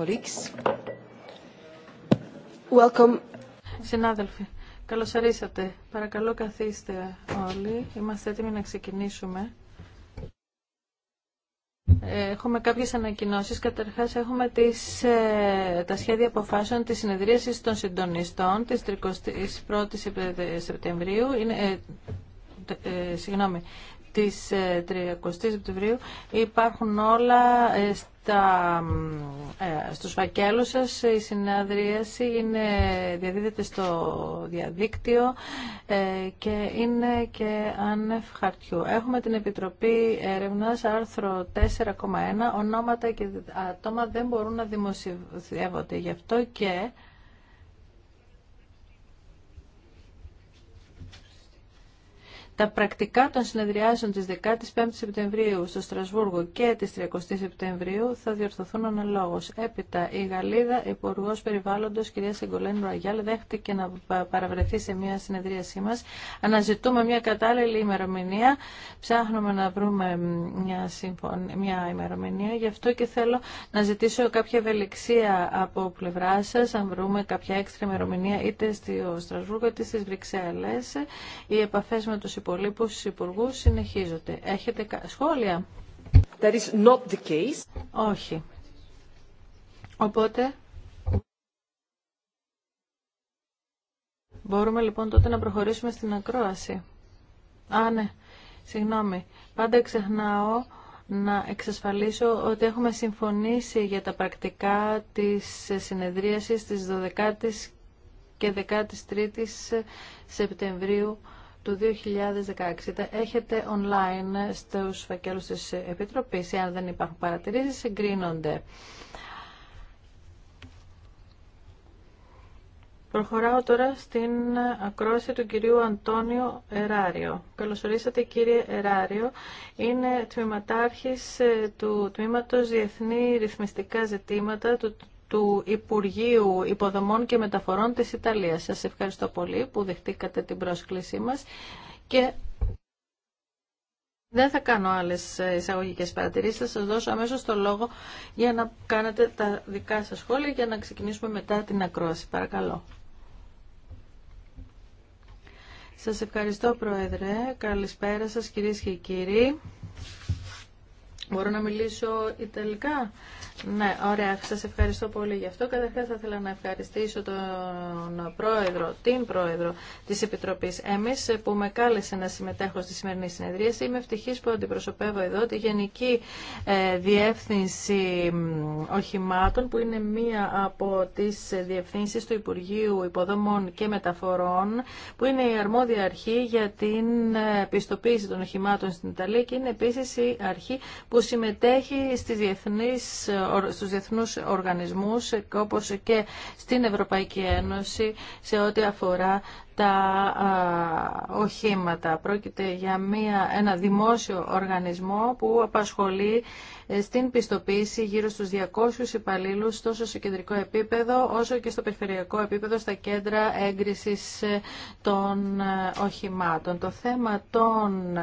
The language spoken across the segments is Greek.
colleagues. Welcome. Συνάδελφοι, καλώς ορίσατε. Παρακαλώ καθίστε όλοι. Είμαστε έτοιμοι να ξεκινήσουμε. Έχουμε κάποιες ανακοινώσεις. Καταρχάς έχουμε τις, ε, τα σχέδια αποφάσεων της συνεδρίασης των συντονιστών της 31ης Σεπτεμβρίου. Είναι, ε, ε, συγγνώμη, της 30 ε, Σεπτεμβρίου υπάρχουν όλα ε, στα, ε, στους φακέλους σας. Η συναδρίαση είναι, διαδίδεται στο διαδίκτυο και είναι και άνευ χαρτιού. Έχουμε την Επιτροπή Έρευνας άρθρο 4,1. Ονόματα και ατόμα δεν μπορούν να δημοσιεύονται. Γι' αυτό και... Τα πρακτικά των συνεδριάσεων της 15 Σεπτεμβρίου στο Στρασβούργο και της 30 Σεπτεμβρίου θα διορθωθούν αναλόγως. Έπειτα η Γαλλίδα Υπουργό Περιβάλλοντος κυρία Σεγκολέν Ραγιάλ δέχτηκε να παραβρεθεί σε μια συνεδρίασή μας. Αναζητούμε μια κατάλληλη ημερομηνία. Ψάχνουμε να βρούμε μια, συμφων... μια ημερομηνία. Γι' αυτό και θέλω να ζητήσω κάποια ευελιξία από πλευρά σα, αν βρούμε κάποια έξτρα ημερομηνία είτε στο Στρασβούργο είτε στις Βρυξέλλες. Οι επαφές με υπολείπους υπουργούς συνεχίζονται. Έχετε σχόλια? That is not the case. Όχι. Οπότε... Μπορούμε λοιπόν τότε να προχωρήσουμε στην ακρόαση. Α, ναι. Συγγνώμη. Πάντα ξεχνάω να εξασφαλίσω ότι έχουμε συμφωνήσει για τα πρακτικά της συνεδρίασης της 12 η και 13ης Σεπτεμβρίου το 2016. Έχετε online στους φακέλους της Επιτροπής. Εάν δεν υπάρχουν παρατηρήσεις, συγκρίνονται. Προχωράω τώρα στην ακρόαση του κυρίου Αντώνιο Εράριο. Καλωσορίσατε κύριε Εράριο. Είναι τμήματάρχης ε, του Τμήματος Διεθνή Ρυθμιστικά Ζητήματα του του Υπουργείου Υποδομών και Μεταφορών της Ιταλίας. Σας ευχαριστώ πολύ που δεχτήκατε την πρόσκλησή μας και δεν θα κάνω άλλες εισαγωγικές παρατηρήσεις. Θα σας δώσω αμέσως το λόγο για να κάνετε τα δικά σας σχόλια για να ξεκινήσουμε μετά την ακρόαση. Παρακαλώ. Σας ευχαριστώ Πρόεδρε. Καλησπέρα σας κυρίες και κύριοι. Μπορώ να μιλήσω Ιταλικά. Ναι, ωραία. σα ευχαριστώ πολύ γι' αυτό. Καταρχά, θα ήθελα να ευχαριστήσω τον πρόεδρο, την πρόεδρο τη Επιτροπή Έμει, ε, που με κάλεσε να συμμετέχω στη σημερινή συνεδρία. Είμαι ευτυχή που αντιπροσωπεύω εδώ τη Γενική ε, Διεύθυνση Οχημάτων που είναι μία από τι διευθύνσει του Υπουργείου Υποδομών και Μεταφορών που είναι η αρμόδια αρχή για την ε, πιστοποίηση των οχημάτων στην Ιταλία και είναι επίση η αρχή που συμμετέχει στι διεθνεί στους διεθνούς οργανισμούς όπως και στην Ευρωπαϊκή Ένωση σε ό,τι αφορά τα οχήματα. Πρόκειται για μια, ένα δημόσιο οργανισμό που απασχολεί ε, στην πιστοποίηση γύρω στους 200 υπαλλήλους τόσο σε κεντρικό επίπεδο όσο και στο περιφερειακό επίπεδο στα κέντρα έγκρισης ε, των ε, οχημάτων. Το θέμα των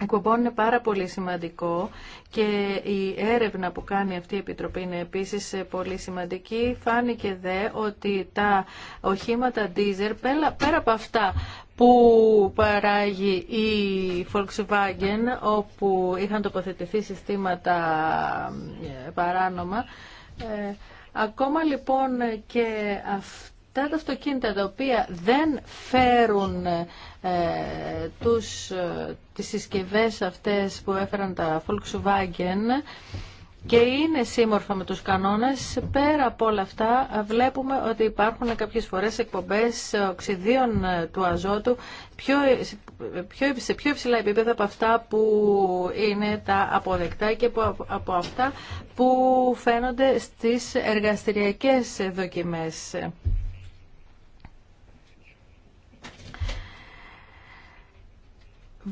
εκπομπών είναι πάρα πολύ σημαντικό και η έρευνα που κάνει αυτή η Επιτροπή είναι επίσης ε, πολύ σημαντική. Φάνηκε δε ότι τα οχήματα diesel πέρα από αυτά που παράγει η Volkswagen όπου είχαν τοποθετηθεί συστήματα ε, παράνομα. Ε, ακόμα λοιπόν και αυτά τα αυτοκίνητα τα οποία δεν φέρουν ε, τους, ε, τις συσκευές αυτές που έφεραν τα Volkswagen και είναι σύμμορφα με τους κανόνες. Πέρα από όλα αυτά βλέπουμε ότι υπάρχουν κάποιες φορές εκπομπές οξυδίων ε, του αζότου πιο, πιο, σε πιο υψηλά επίπεδα από αυτά που είναι τα αποδεκτά και από, από αυτά που φαίνονται στις εργαστηριακές δοκιμές.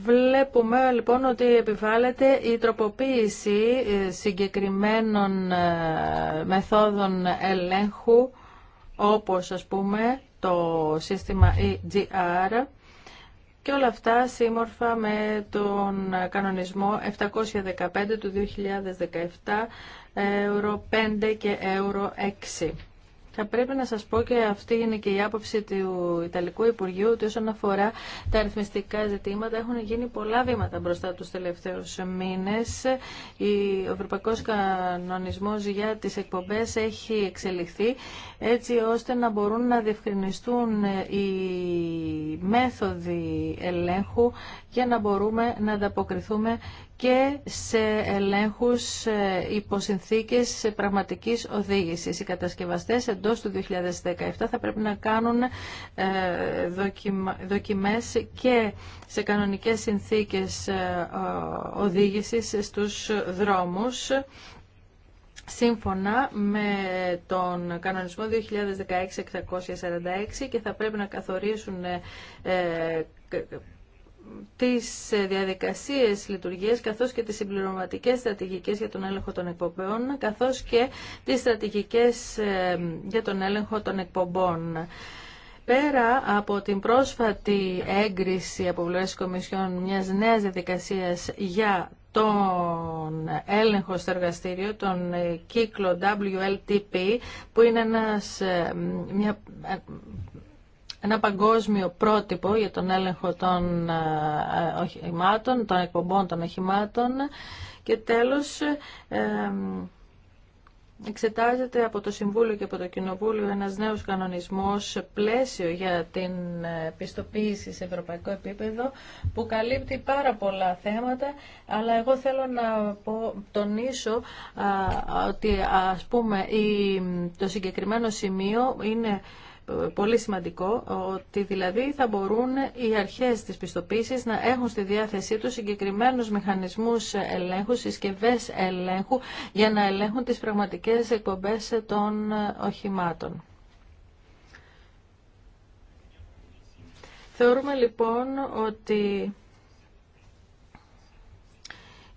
Βλέπουμε λοιπόν ότι επιβάλλεται η τροποποίηση ε, συγκεκριμένων ε, μεθόδων ελέγχου όπως ας πούμε το σύστημα EGR και όλα αυτά σύμμορφα με τον κανονισμό 715 του 2017 ευρώ 5 και ευρώ 6. Θα πρέπει να σας πω και αυτή είναι και η άποψη του Ιταλικού Υπουργείου ότι όσον αφορά τα αριθμιστικά ζητήματα έχουν γίνει πολλά βήματα μπροστά τους τελευταίους μήνες. Ο Ευρωπαϊκός Κανονισμός για τις εκπομπές έχει εξελιχθεί έτσι ώστε να μπορούν να διευκρινιστούν οι μέθοδοι ελέγχου για να μπορούμε να ανταποκριθούμε και σε ελέγχους ε, υποσυνθήκες πραγματικής οδήγησης. Οι κατασκευαστές εντός του 2017 θα πρέπει να κάνουν ε, δοκιμές και σε κανονικές συνθήκες ε, οδήγησης στους δρόμους σύμφωνα με τον κανονισμό 2016-646 και θα πρέπει να καθορίσουν τις ε, διαδικασίες λειτουργίας καθώς και τις συμπληρωματικές στρατηγικές για τον έλεγχο των εκπομπών καθώς και τις στρατηγικές ε, για τον έλεγχο των εκπομπών. Πέρα από την πρόσφατη έγκριση από βουλευτές Κομισιόν μιας νέας διαδικασίας για τον έλεγχο στο εργαστήριο, τον ε, κύκλο WLTP, που είναι ένας, ένα παγκόσμιο πρότυπο για τον έλεγχο των ε, ε, οχημάτων, των εκπομπών των οχημάτων και τέλος ε, Εξετάζεται από το Συμβούλιο και από το Κοινοβούλιο ένας νέος κανονισμός πλαίσιο για την πιστοποίηση σε ευρωπαϊκό επίπεδο που καλύπτει πάρα πολλά θέματα αλλά εγώ θέλω να τονίσω ότι ας πούμε το συγκεκριμένο σημείο είναι πολύ σημαντικό ότι δηλαδή θα μπορούν οι αρχές της πιστοποίησης να έχουν στη διάθεσή τους συγκεκριμένους μηχανισμούς ελέγχου, συσκευέ ελέγχου για να ελέγχουν τις πραγματικές εκπομπές των οχημάτων. Θεωρούμε λοιπόν ότι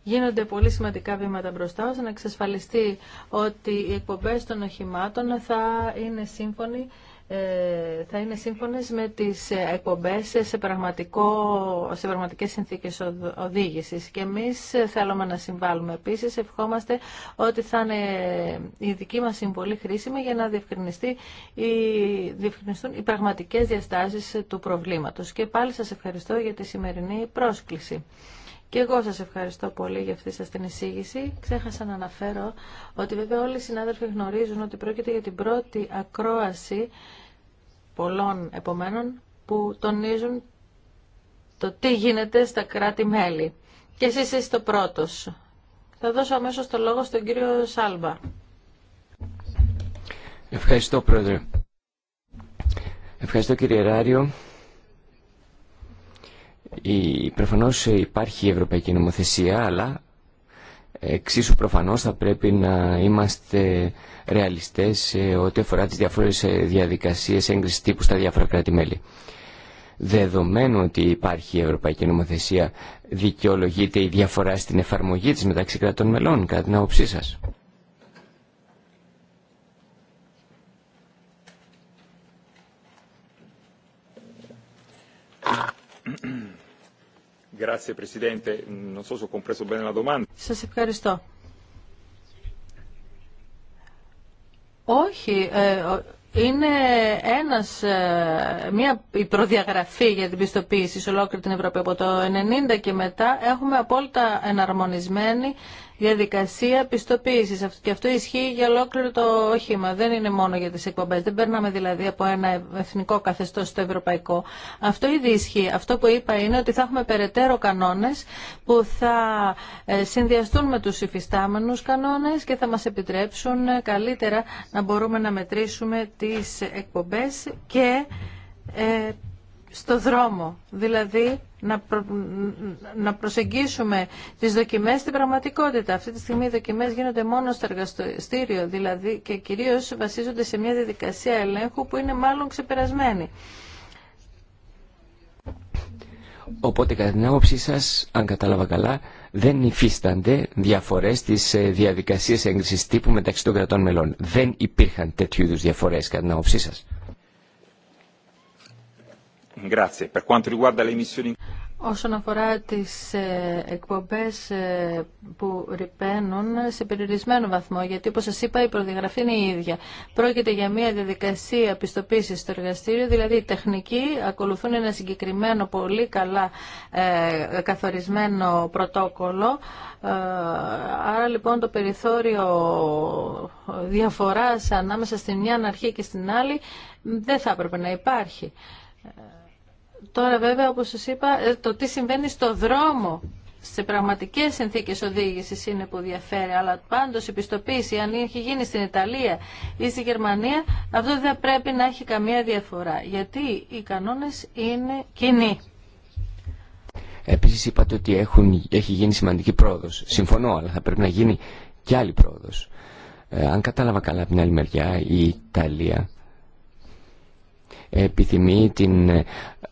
γίνονται πολύ σημαντικά βήματα μπροστά ώστε να εξασφαλιστεί ότι οι εκπομπές των οχημάτων θα είναι σύμφωνοι ε, θα είναι σύμφωνες με τις εκπομπές σε, πραγματικό, σε πραγματικές συνθήκες οδήγησης. Και εμείς θέλουμε να συμβάλλουμε. Επίσης, ευχόμαστε ότι θα είναι η δική μας συμβολή χρήσιμη για να διευκρινιστεί η, διευκρινιστούν οι πραγματικές διαστάσεις του προβλήματος. Και πάλι σας ευχαριστώ για τη σημερινή πρόσκληση. Και εγώ σας ευχαριστώ πολύ για αυτή σας την εισήγηση. Ξέχασα να αναφέρω ότι βέβαια όλοι οι συνάδελφοι γνωρίζουν ότι πρόκειται για την πρώτη ακρόαση πολλών επομένων που τονίζουν το τι γίνεται στα κράτη-μέλη. Και εσείς είστε το πρώτος. Θα δώσω αμέσω το λόγο στον κύριο Σάλμπα. Ευχαριστώ, Πρόεδρε. Ευχαριστώ, κύριε Ράριο. Η, προφανώς υπάρχει η Ευρωπαϊκή Νομοθεσία, αλλά Εξίσου προφανώς θα πρέπει να είμαστε ρεαλιστές ό,τι αφορά τις διάφορες ε, διαδικασίες έγκρισης τύπου στα διάφορα κράτη-μέλη. Δεδομένου ότι υπάρχει η Ευρωπαϊκή Νομοθεσία, δικαιολογείται η διαφορά στην εφαρμογή της μεταξύ κρατών μελών, κατά την άποψή σας. Σας ευχαριστώ. Όχι, ε, είναι ένας, ε, μια, η προδιαγραφή για την πιστοποίηση σε ολόκληρη την Ευρώπη από το 1990 και μετά έχουμε απόλυτα εναρμονισμένη διαδικασία πιστοποίηση. Και αυτό ισχύει για ολόκληρο το όχημα. Δεν είναι μόνο για τι εκπομπέ. Δεν περνάμε δηλαδή από ένα εθνικό καθεστώ στο ευρωπαϊκό. Αυτό ήδη ισχύει. Αυτό που είπα είναι ότι θα έχουμε περαιτέρω κανόνε που θα ε, συνδυαστούν με του υφιστάμενου κανόνε και θα μα επιτρέψουν ε, καλύτερα να μπορούμε να μετρήσουμε τι εκπομπέ και ε, στο δρόμο, δηλαδή να, να προσεγγίσουμε τις δοκιμές στην πραγματικότητα. Αυτή τη στιγμή οι δοκιμές γίνονται μόνο στο εργαστήριο δηλαδή και κυρίως βασίζονται σε μια διαδικασία ελέγχου που είναι μάλλον ξεπερασμένη. Οπότε κατά την άποψή σας, αν κατάλαβα καλά, δεν υφίστανται διαφορές στις ε, διαδικασίες έγκρισης τύπου μεταξύ των κρατών μελών. Δεν υπήρχαν τέτοιου είδους διαφορές κατά την άποψή σας. Όσον αφορά τι ε, εκπομπέ ε, που ρηπαίνουν σε περιορισμένο βαθμό, γιατί όπω σα είπα η προδιαγραφή είναι η ίδια. Πρόκειται για μια διαδικασία πιστοποίηση στο εργαστήριο, δηλαδή οι τεχνικοί ακολουθούν ένα συγκεκριμένο πολύ καλά ε, καθορισμένο πρωτόκολλο. άρα λοιπόν το περιθώριο διαφορά ανάμεσα στην μια αρχή και στην άλλη δεν θα έπρεπε να υπάρχει. Τώρα βέβαια όπως σας είπα ε, το τι συμβαίνει στο δρόμο σε πραγματικέ συνθήκε οδήγηση είναι που διαφέρει. Αλλά πάντω η πιστοποίηση, αν έχει γίνει στην Ιταλία ή στη Γερμανία, αυτό δεν πρέπει να έχει καμία διαφορά. Γιατί οι κανόνε είναι κοινοί. Επίσης είπατε ότι έχουν, έχει γίνει σημαντική προοδο Συμφωνώ, αλλά θα πρέπει να γίνει και άλλη πρόοδος. Ε, αν κατάλαβα καλά την άλλη μεριά, η Ιταλία επιθυμεί την ε,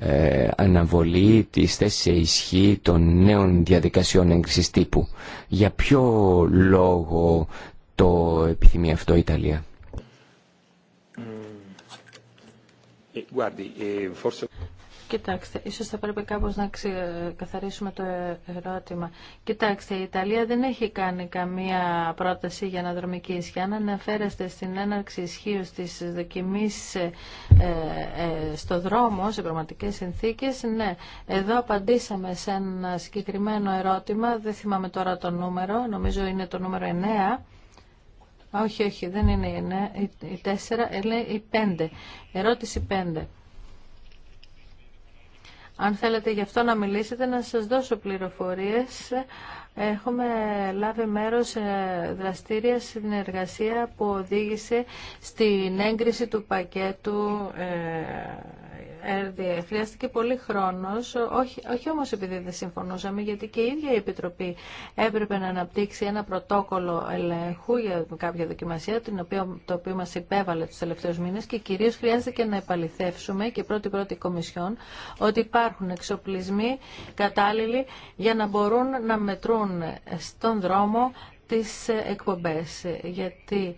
ε, αναβολή της θέσης σε ισχύ των νέων διαδικασιών έγκρισης τύπου. Για ποιο λόγο το επιθυμεί αυτό η Ιταλία. Κοιτάξτε, ίσω θα πρέπει κάπω να καθαρίσουμε το ερώτημα. Κοιτάξτε, η Ιταλία δεν έχει κάνει καμία πρόταση για αναδρομική ισχύ. Αν αναφέρεστε στην έναρξη ισχύω τη δοκιμή ε, ε, στο δρόμο, σε πραγματικέ συνθήκε. ναι. Εδώ απαντήσαμε σε ένα συγκεκριμένο ερώτημα, δεν θυμάμαι τώρα το νούμερο, νομίζω είναι το νούμερο 9. Όχι, όχι, δεν είναι η 4, είναι η 5. Ε, Ερώτηση 5. Αν θέλετε γι' αυτό να μιλήσετε, να σας δώσω πληροφορίες. Έχουμε λάβει μέρος δραστήρια συνεργασία που οδήγησε στην έγκριση του πακέτου ε, Χρειάστηκε πολύ χρόνος, όχι, όχι όμως επειδή δεν συμφωνούσαμε, γιατί και η ίδια η Επιτροπή έπρεπε να αναπτύξει ένα πρωτόκολλο ελέγχου για κάποια δοκιμασία, την οποία, το οποίο μας υπέβαλε τους τελευταίους μήνες και κυρίως χρειάστηκε να επαληθεύσουμε και πρώτη-πρώτη κομισιόν ότι υπάρχουν εξοπλισμοί κατάλληλοι για να μπορούν να μετρούν στον δρόμο τις εκπομπές. Γιατί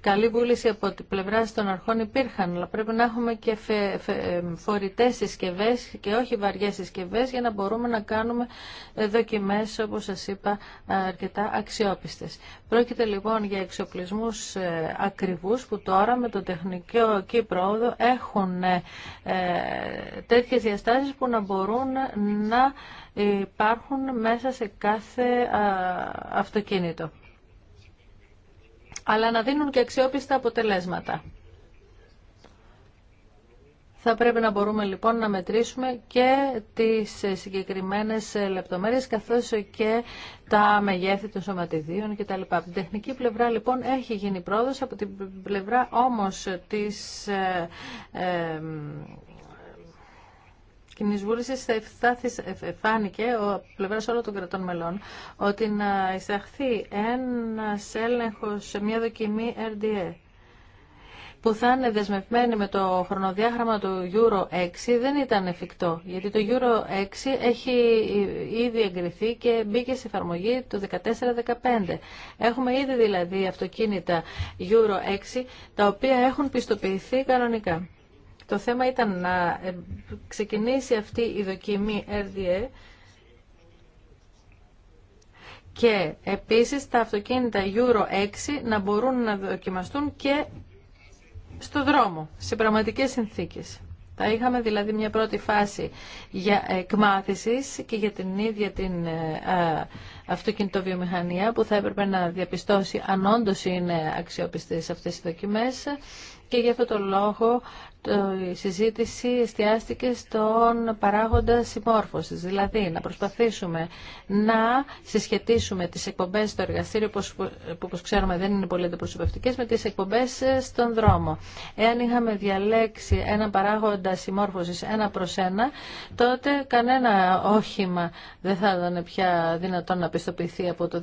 καλή βούληση από την πλευρά των αρχών υπήρχαν, αλλά πρέπει να έχουμε και φε, φε, και όχι βαριές συσκευέ, για να μπορούμε να κάνουμε ε, δοκιμές, όπως σα είπα, ε, αρκετά αξιόπιστες. Πρόκειται λοιπόν για εξοπλισμούς ε, ακριβούς που τώρα με το τεχνικό κύπρο πρόοδο έχουν τέτοιε διαστάσει που να μπορούν να υπάρχουν μέσα σε κάθε αυτοκίνητο αλλά να δίνουν και αξιόπιστα αποτελέσματα. Θα πρέπει να μπορούμε λοιπόν να μετρήσουμε και τις συγκεκριμένες λεπτομέρειες καθώς και τα μεγέθη των σωματιδίων κτλ. Από την τεχνική πλευρά λοιπόν έχει γίνει πρόοδος, από την πλευρά όμως της ε, ε, κοινή βούληση φάνηκε ο πλευρά όλων των κρατών μελών ότι να εισαχθεί ένα έλεγχο σε μια δοκιμή RDA ε, που θα είναι δεσμευμένη με το χρονοδιάγραμμα του Euro 6 δεν ήταν εφικτό, γιατί το Euro 6 έχει ήδη εγκριθεί και μπήκε σε εφαρμογή το 14 2015 Έχουμε ήδη δηλαδή αυτοκίνητα Euro 6 τα οποία έχουν πιστοποιηθεί κανονικά. Το θέμα ήταν να ε, ξεκινήσει αυτή η δοκιμή RDA και επίσης τα αυτοκίνητα Euro 6 να μπορούν να δοκιμαστούν και στο δρόμο, σε πραγματικές συνθήκες. Θα είχαμε δηλαδή μια πρώτη φάση για εκμάθησης και για την ίδια την ε, αυτοκινητοβιομηχανία που θα έπρεπε να διαπιστώσει αν όντω είναι αξιόπιστες αυτές οι δοκιμές και για αυτό το λόγο η συζήτηση εστιάστηκε στον παράγοντα συμμόρφωσης, δηλαδή να προσπαθήσουμε να συσχετίσουμε τις εκπομπές στο εργαστήριο, που όπω ξέρουμε δεν είναι πολύ αντιπροσωπευτικέ, με τις εκπομπές ε, στον δρόμο. Εάν είχαμε διαλέξει ένα παράγοντα συμμόρφωσης ένα προς ένα, τότε κανένα όχημα δεν θα ήταν πια δυνατόν να πιστοποιηθεί από το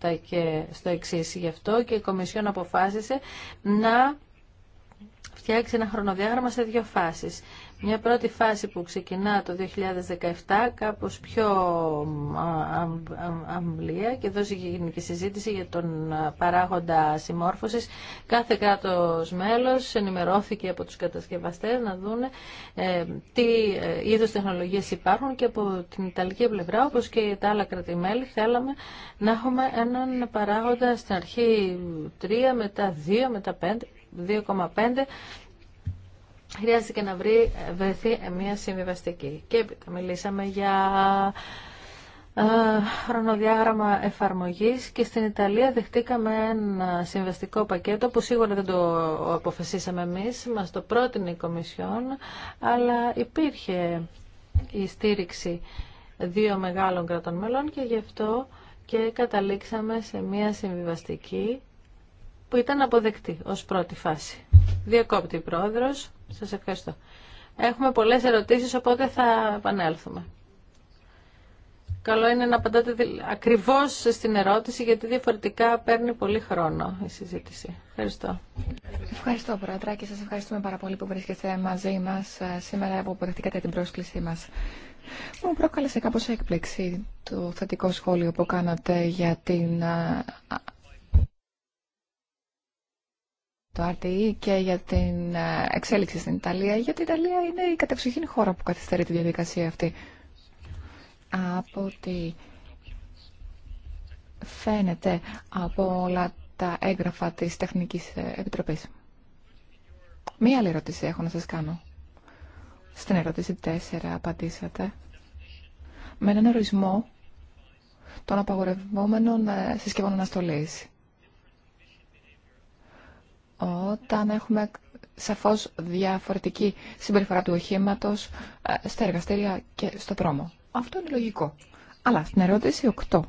2017 και στο εξή. Γι' αυτό και η Κομισιόν αποφάσισε να φτιάξει ένα χρονοδιάγραμμα σε δύο φάσεις. Μια πρώτη φάση που ξεκινά το 2017, κάπως πιο αμβλία και δώσει γενική συζήτηση για τον παράγοντα συμμόρφωσης. Κάθε κράτος μέλος ενημερώθηκε από τους κατασκευαστές να δούνε ε, τι ε, είδους τεχνολογίες υπάρχουν και από την Ιταλική πλευρά, όπως και τα άλλα κρατημέλη, θέλαμε να έχουμε έναν παράγοντα στην αρχή 3, μετά 2, μετά 5 2,5 και να βρει, βρεθεί μια συμβιβαστική. Και έπειτα μιλήσαμε για ε, χρονοδιάγραμμα εφαρμογής και στην Ιταλία δεχτήκαμε ένα συμβαστικό πακέτο που σίγουρα δεν το αποφασίσαμε εμείς, μας το πρότεινε η Κομισιόν, αλλά υπήρχε η στήριξη δύο μεγάλων κρατών μελών και γι' αυτό και καταλήξαμε σε μια συμβιβαστική που ήταν αποδεκτή ως πρώτη φάση. Διακόπτη η Πρόεδρος. Σας ευχαριστώ. Έχουμε πολλές ερωτήσεις, οπότε θα επανέλθουμε. Καλό είναι να απαντάτε ακριβώς στην ερώτηση, γιατί διαφορετικά παίρνει πολύ χρόνο η συζήτηση. Ευχαριστώ. Ευχαριστώ, Πρόεδρα, και σας ευχαριστούμε πάρα πολύ που βρίσκεστε μαζί μας ε, σήμερα που αποδεχτήκατε την πρόσκλησή μας. Μου πρόκαλεσε κάπως έκπληξη το θετικό σχόλιο που κάνατε για την ε, το RTE και για την ε, εξέλιξη στην Ιταλία, γιατί η Ιταλία είναι η κατευθυντική χώρα που καθυστερεί τη διαδικασία αυτή. Από ότι φαίνεται από όλα τα έγγραφα της Τεχνικής ε, Επιτροπής. Μία άλλη ερώτηση έχω να σας κάνω. Στην ερώτηση 4 απαντήσατε. Με έναν ορισμό των απαγορευόμενων ε, συσκευών αναστολής όταν έχουμε σαφώς διαφορετική συμπεριφορά του οχήματος ε, στα εργαστήρια και στο δρόμο. Αυτό είναι λογικό. Αλλά στην ερώτηση 8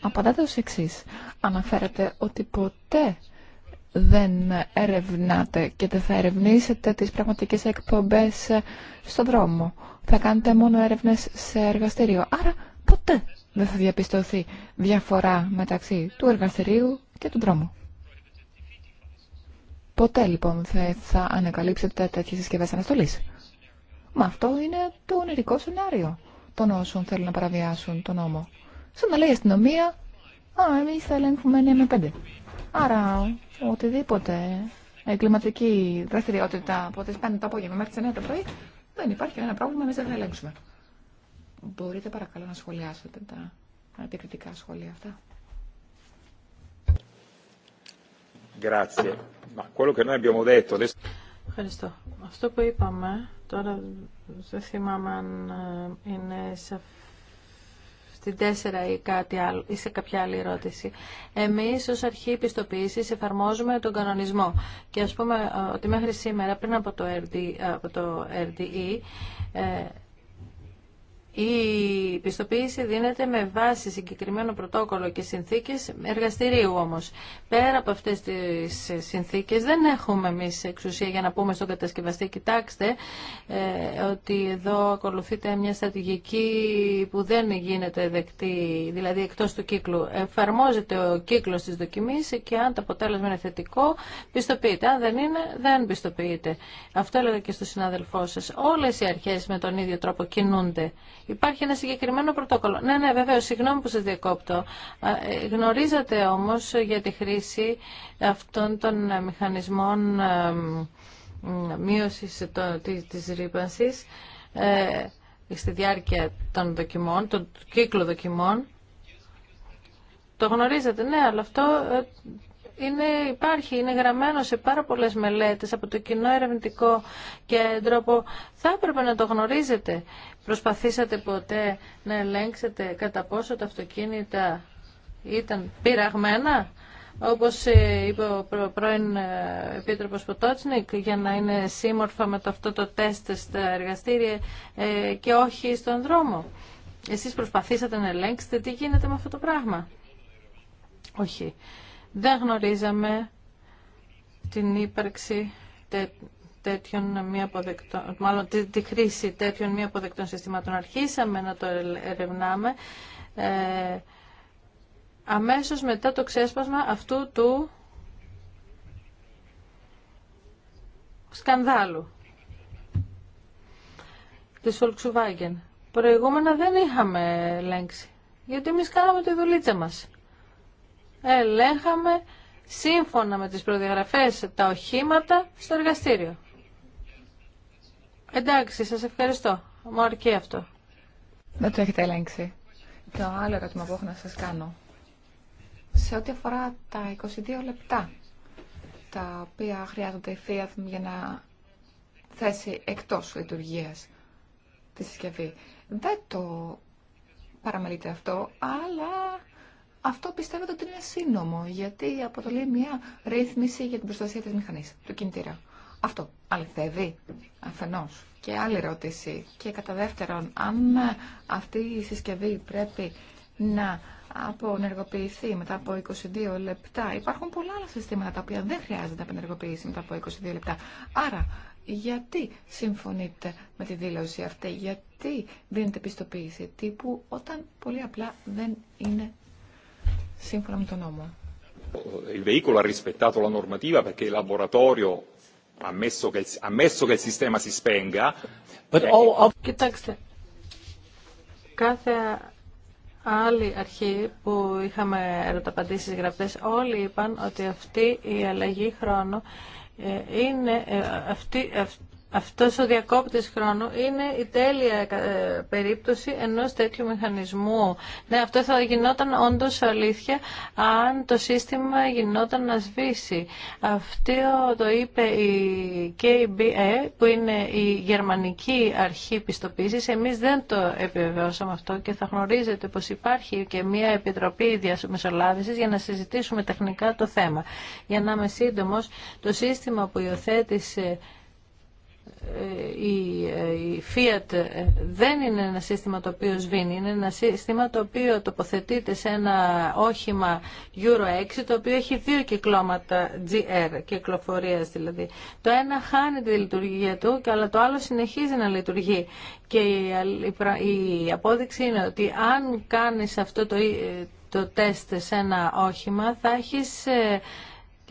απαντάτε ως εξή. Αναφέρετε ότι ποτέ δεν ερευνάτε και δεν θα ερευνήσετε τις πραγματικές εκπομπές ε, στο δρόμο. Θα κάνετε μόνο έρευνες σε εργαστήριο. Άρα ποτέ δεν θα διαπιστωθεί διαφορά μεταξύ του εργαστηρίου και του δρόμου. Ποτέ λοιπόν θα, θα ανακαλύψετε τέτοιες συσκευές αναστολής. Μα αυτό είναι το ονειρικό σενάριο των όσων θέλουν να παραβιάσουν τον νόμο. Σαν να λέει η αστυνομία, α, εμείς θα ελέγχουμε 9 με 5. Άρα οτιδήποτε εγκληματική δραστηριότητα από τι 5 το απόγευμα μέχρι τις 9 το πρωί, δεν υπάρχει κανένα πρόβλημα, εμείς δεν θα ελέγξουμε. Μπορείτε παρακαλώ να σχολιάσετε τα επικριτικά σχόλια αυτά. Ευχαριστώ. Αυτό που είπαμε, τώρα δεν θυμάμαι αν ε, είναι στην τέσσερα ή, κάτι άλλο, ή σε κάποια άλλη ερώτηση. Εμείς ως αρχή πιστοποίησης εφαρμόζουμε τον κανονισμό. Και ας πούμε ε, ότι μέχρι σήμερα, πριν από το RDE, η πιστοποίηση δίνεται με βάση συγκεκριμένο πρωτόκολλο και συνθήκες εργαστηρίου όμως. Πέρα από αυτές τις συνθήκες δεν έχουμε εμεί εξουσία για να πούμε στον κατασκευαστή κοιτάξτε ε, ότι εδώ ακολουθείται μια στρατηγική που δεν γίνεται δεκτή, δηλαδή εκτός του κύκλου. Εφαρμόζεται ο κύκλος της δοκιμής και αν το αποτέλεσμα είναι θετικό πιστοποιείται. Αν δεν είναι δεν πιστοποιείται. Αυτό έλεγα και στο συνάδελφό σας. Όλες οι αρχές με τον ίδιο τρόπο κινούνται Υπάρχει ένα συγκεκριμένο πρωτόκολλο. Ναι, ναι, βέβαια, συγγνώμη που σα διακόπτω. Ε, γνωρίζατε όμω για τη χρήση αυτών των ε, μηχανισμών ε, μείωση τη ρήπανση στη διάρκεια των δοκιμών, των κύκλο δοκιμών. Το γνωρίζετε, ναι, αλλά αυτό είναι, υπάρχει, είναι γραμμένο σε πάρα πολλές μελέτες από το κοινό ερευνητικό κέντρο που θα έπρεπε να το γνωρίζετε. Προσπαθήσατε ποτέ να ελέγξετε κατά πόσο τα αυτοκίνητα ήταν πειραγμένα, όπως ε, είπε ο πρώην ε, Επίτροπος Ποτότσνικ, για να είναι σύμμορφα με το αυτό το τεστ στα εργαστήρια ε, και όχι στον δρόμο. Εσείς προσπαθήσατε να ελέγξετε τι γίνεται με αυτό το πράγμα. Όχι. Δεν γνωρίζαμε την ύπαρξη τέτοιων μη αποδεκτών, μάλλον τη, τη χρήση τέτοιων μη αποδεκτών συστημάτων. Αρχίσαμε να το ερευνάμε ε, αμέσως μετά το ξέσπασμα αυτού του σκανδάλου της Volkswagen. Προηγούμενα δεν είχαμε ελέγξει, γιατί εμείς κάναμε τη δουλίτσα μας. Ελέγχαμε σύμφωνα με τις προδιαγραφές τα οχήματα στο εργαστήριο. Εντάξει, σας ευχαριστώ. Μου αρκεί αυτό. Δεν το έχετε ελέγξει. Το άλλο ερώτημα που έχω να σας κάνω. Σε ό,τι αφορά τα 22 λεπτά, τα οποία χρειάζονται η Fiat για να θέσει εκτός λειτουργίας τη συσκευή. Δεν το παραμελείτε αυτό, αλλά αυτό πιστεύετε ότι είναι σύνομο, γιατί αποτελεί μια ρύθμιση για την προστασία της μηχανής, του κινητήρα. Αυτό αληθεύει αφενός. Και άλλη ερώτηση. Και κατά δεύτερον, αν ε, αυτή η συσκευή πρέπει να απονεργοποιηθεί μετά από 22 λεπτά. Υπάρχουν πολλά άλλα συστήματα τα οποία δεν χρειάζεται να απενεργοποιήσει μετά από 22 λεπτά. Άρα, γιατί συμφωνείτε με τη δήλωση αυτή, γιατί δίνετε πιστοποίηση τύπου όταν πολύ απλά δεν είναι σύμφωνα με τον νόμο. Il veicolo ha rispettato la normativa perché il laboratorio ammesso che il sistema si spenga. Eh, eh, Κοιτάξτε, κάθε άλλη αρχή που είχαμε ερωταπαντήσεις γραπτές, όλοι είπαν ότι αυτή η αλλαγή χρόνου ε, είναι ε, αυτή, αυτή αυτός ο διακόπτης χρόνου είναι η τέλεια ε, περίπτωση ενός τέτοιου μηχανισμού. Ναι, αυτό θα γινόταν όντως αλήθεια αν το σύστημα γινόταν να σβήσει. Αυτό το είπε η KBE που είναι η γερμανική αρχή πιστοποίησης. Εμείς δεν το επιβεβαιώσαμε αυτό και θα γνωρίζετε πως υπάρχει και μια επιτροπή διαμεσολάβησης για να συζητήσουμε τεχνικά το θέμα. Για να είμαι σύντομος, το σύστημα που υιοθέτησε ε, ε, η Fiat ε, δεν είναι ένα σύστημα το οποίο σβήνει, είναι ένα σύστημα το οποίο τοποθετείται σε ένα όχημα Euro 6 το οποίο έχει δύο κυκλώματα GR κυκλοφορίας δηλαδή. Το ένα χάνει τη λειτουργία του αλλά το άλλο συνεχίζει να λειτουργεί και η απόδειξη είναι ότι αν κάνεις αυτό το, το τεστ σε ένα όχημα θα έχεις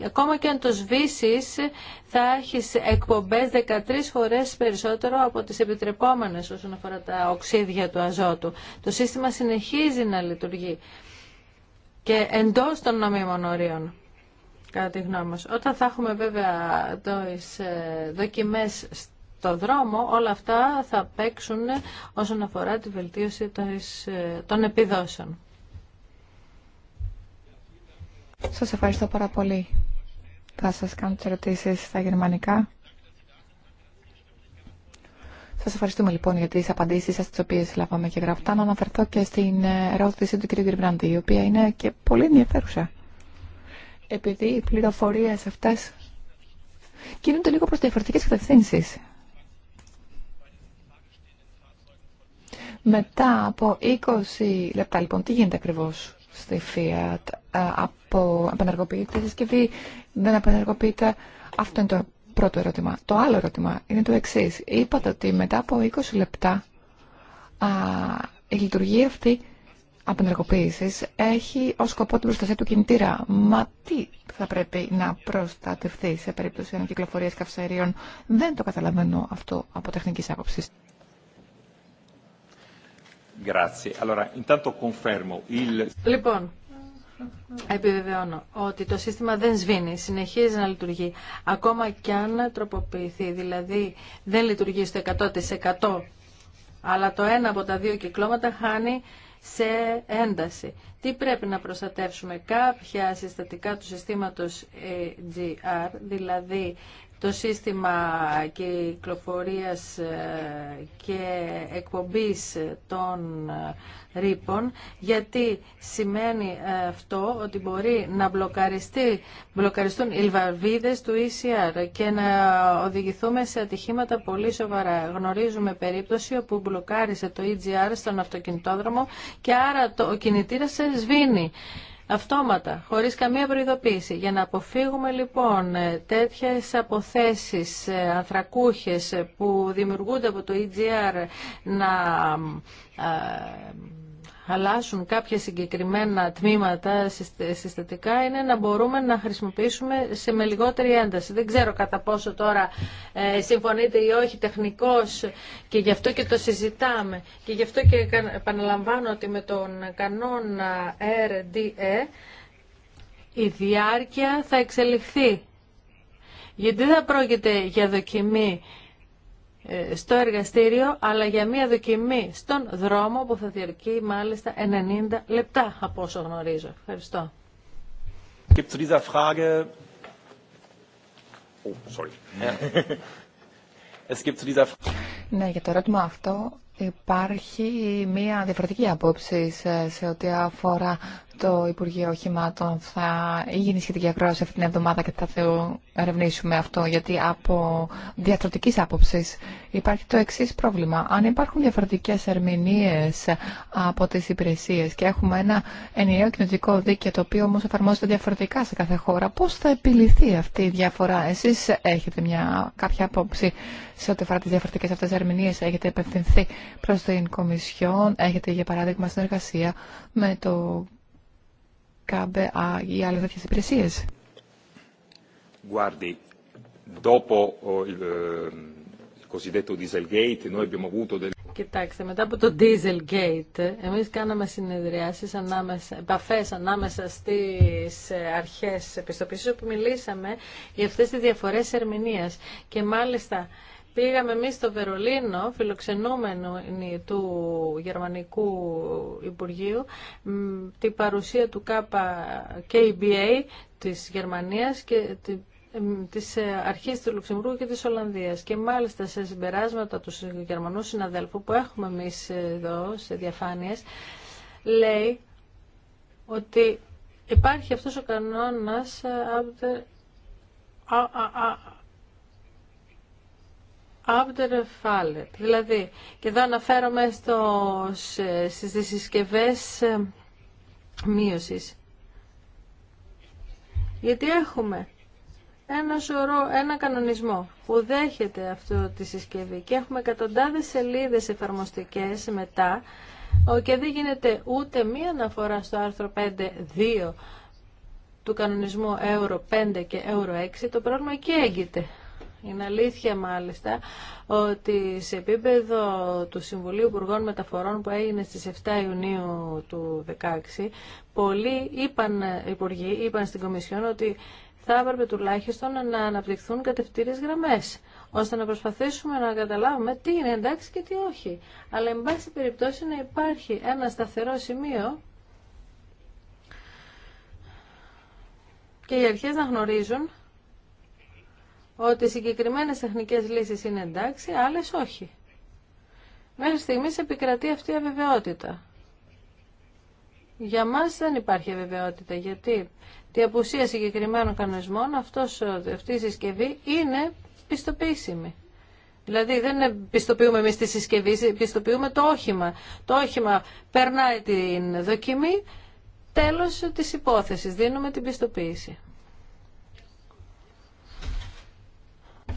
ακόμα και αν το σβήσει, θα έχεις εκπομπές 13 φορές περισσότερο από τις επιτρεπόμενες όσον αφορά τα οξύδια του αζότου. Το σύστημα συνεχίζει να λειτουργεί και εντός των νομίμων ορίων κατά τη γνώμη μας. Όταν θα έχουμε βέβαια τις ε, δοκιμές στο δρόμο, όλα αυτά θα παίξουν όσον αφορά τη βελτίωση ε, των επιδόσεων. Σας ευχαριστώ πάρα πολύ θα σας κάνω τις ερωτήσεις στα γερμανικά. Σας ευχαριστούμε λοιπόν για τις απαντήσεις σας τις οποίες λάβαμε και γραφτά. Να αναφερθώ και στην ερώτηση του κ. Γκριμπράντη, η οποία είναι και πολύ ενδιαφέρουσα. Επειδή οι πληροφορίες αυτές κινούνται λίγο προς διαφορετικές κατευθύνσεις. Μετά από 20 λεπτά λοιπόν, τι γίνεται ακριβώς στη Fiat ε, από, απενεργοποιείται και συσκευή, δεν απενεργοποιείται. Αυτό είναι το πρώτο ερώτημα. Το άλλο ερώτημα είναι το εξή. Είπατε ότι μετά από 20 λεπτά α, η λειτουργία αυτή απενεργοποίηση έχει ω σκοπό την προστασία του κινητήρα. Μα τι θα πρέπει να προστατευτεί σε περίπτωση ανακυκλοφορία καυσαερίων. Δεν το καταλαβαίνω αυτό από τεχνική άποψη. Λοιπόν, Επιβεβαιώνω ότι το σύστημα δεν σβήνει, συνεχίζει να λειτουργεί, ακόμα και αν τροποποιηθεί, δηλαδή δεν λειτουργεί στο 100% αλλά το ένα από τα δύο κυκλώματα χάνει σε ένταση. Τι πρέπει να προστατεύσουμε κάποια συστατικά του συστήματος GR, ε, δηλαδή το σύστημα κυκλοφορίας ε, και εκπομπής των ε, ρήπων, γιατί σημαίνει ε, αυτό ότι μπορεί να μπλοκαριστεί, μπλοκαριστούν οι βαρβίδες του ECR και να οδηγηθούμε σε ατυχήματα πολύ σοβαρά. Γνωρίζουμε περίπτωση όπου μπλοκάρισε το EGR στον αυτοκινητόδρομο και άρα το, ο κινητήρας σβήνει αυτόματα, χωρίς καμία προειδοποίηση. Για να αποφύγουμε λοιπόν ε, τέτοιες αποθέσεις ε, ανθρακούχες ε, που δημιουργούνται από το EGR να αλλάσουν κάποια συγκεκριμένα τμήματα συστατικά είναι να μπορούμε να χρησιμοποιήσουμε σε με λιγότερη ένταση. Δεν ξέρω κατά πόσο τώρα ε, συμφωνείτε ή όχι τεχνικός και γι' αυτό και το συζητάμε. Και γι' αυτό και επαναλαμβάνω ότι με τον κανόνα RDE η διάρκεια θα εξελιχθεί. Γιατί δεν πρόκειται για δοκιμή στο εργαστήριο, αλλά για μία δοκιμή στον δρόμο που θα διαρκεί μάλιστα 90 λεπτά, από όσο γνωρίζω. Ευχαριστώ. Ναι, για το ερώτημα αυτό υπάρχει μία διαφορετική απόψη σε ό,τι αφορά το Υπουργείο Οχημάτων θα γίνει σχετική ακρόαση αυτή την εβδομάδα και θα θεω ερευνήσουμε αυτό, γιατί από διατροτικής άποψη υπάρχει το εξή πρόβλημα. Αν υπάρχουν διαφορετικέ ερμηνείε από τι υπηρεσίε και έχουμε ένα ενιαίο κοινωτικό δίκαιο το οποίο όμω εφαρμόζεται διαφορετικά σε κάθε χώρα, πώ θα επιληθεί αυτή η διαφορά. Εσεί έχετε μια, κάποια άποψη σε ό,τι αφορά τις διαφορετικές αυτές ερμηνείε. έχετε επευθυνθεί προ την Κομισιόν, έχετε για παράδειγμα συνεργασία με το ΚΑΜΠΕ ή άλλες τέτοιες υπηρεσίες. Guardi, dopo oh, eh, il cosiddetto Dieselgate, noi abbiamo avuto delle... Κοιτάξτε, μετά από το Dieselgate, εμείς κάναμε συνεδριάσεις, ανάμεσα, επαφές ανάμεσα στις ε, αρχές επιστοποίησης, όπου μιλήσαμε για αυτές τις διαφορές ερμηνείας. Και μάλιστα Πήγαμε εμεί στο Βερολίνο, φιλοξενούμενοι του Γερμανικού Υπουργείου, την παρουσία του KBA της Γερμανίας και της ε, αρχής του Λουξεμβούργου και της Ολλανδίας και μάλιστα σε συμπεράσματα του Γερμανού συναδέλφου που έχουμε εμείς εδώ σε διαφάνειες λέει ότι υπάρχει αυτός ο κανόνας ε, after fallet. Δηλαδή, και εδώ αναφέρομαι στο, στις συσκευές ε, μείωσης. Γιατί έχουμε ένα σωρό, ένα κανονισμό που δέχεται αυτό τη συσκευή και έχουμε εκατοντάδες σελίδες εφαρμοστικές μετά και δεν γίνεται ούτε μία αναφορά στο άρθρο 5.2 του κανονισμού Euro 5 και Euro 6, το πρόβλημα εκεί έγκυται. Είναι αλήθεια μάλιστα ότι σε επίπεδο του Συμβουλίου Υπουργών Μεταφορών που έγινε στις 7 Ιουνίου του 2016, πολλοί είπαν, υπουργοί είπαν στην Κομισιόν ότι θα έπρεπε τουλάχιστον να αναπτυχθούν κατευθύνες γραμμές ώστε να προσπαθήσουμε να καταλάβουμε τι είναι εντάξει και τι όχι. Αλλά, εν πάση περιπτώσει, να υπάρχει ένα σταθερό σημείο και οι αρχές να γνωρίζουν ότι συγκεκριμένε τεχνικέ λύσει είναι εντάξει, άλλε όχι. Μέχρι στιγμή επικρατεί αυτή η αβεβαιότητα. Για μας δεν υπάρχει αβεβαιότητα, γιατί τη απουσία συγκεκριμένων κανονισμών αυτός, αυτή η συσκευή είναι πιστοποιήσιμη. Δηλαδή δεν πιστοποιούμε εμείς τη συσκευή, πιστοποιούμε το όχημα. Το όχημα περνάει την δοκιμή, τέλος της υπόθεσης, δίνουμε την πιστοποίηση.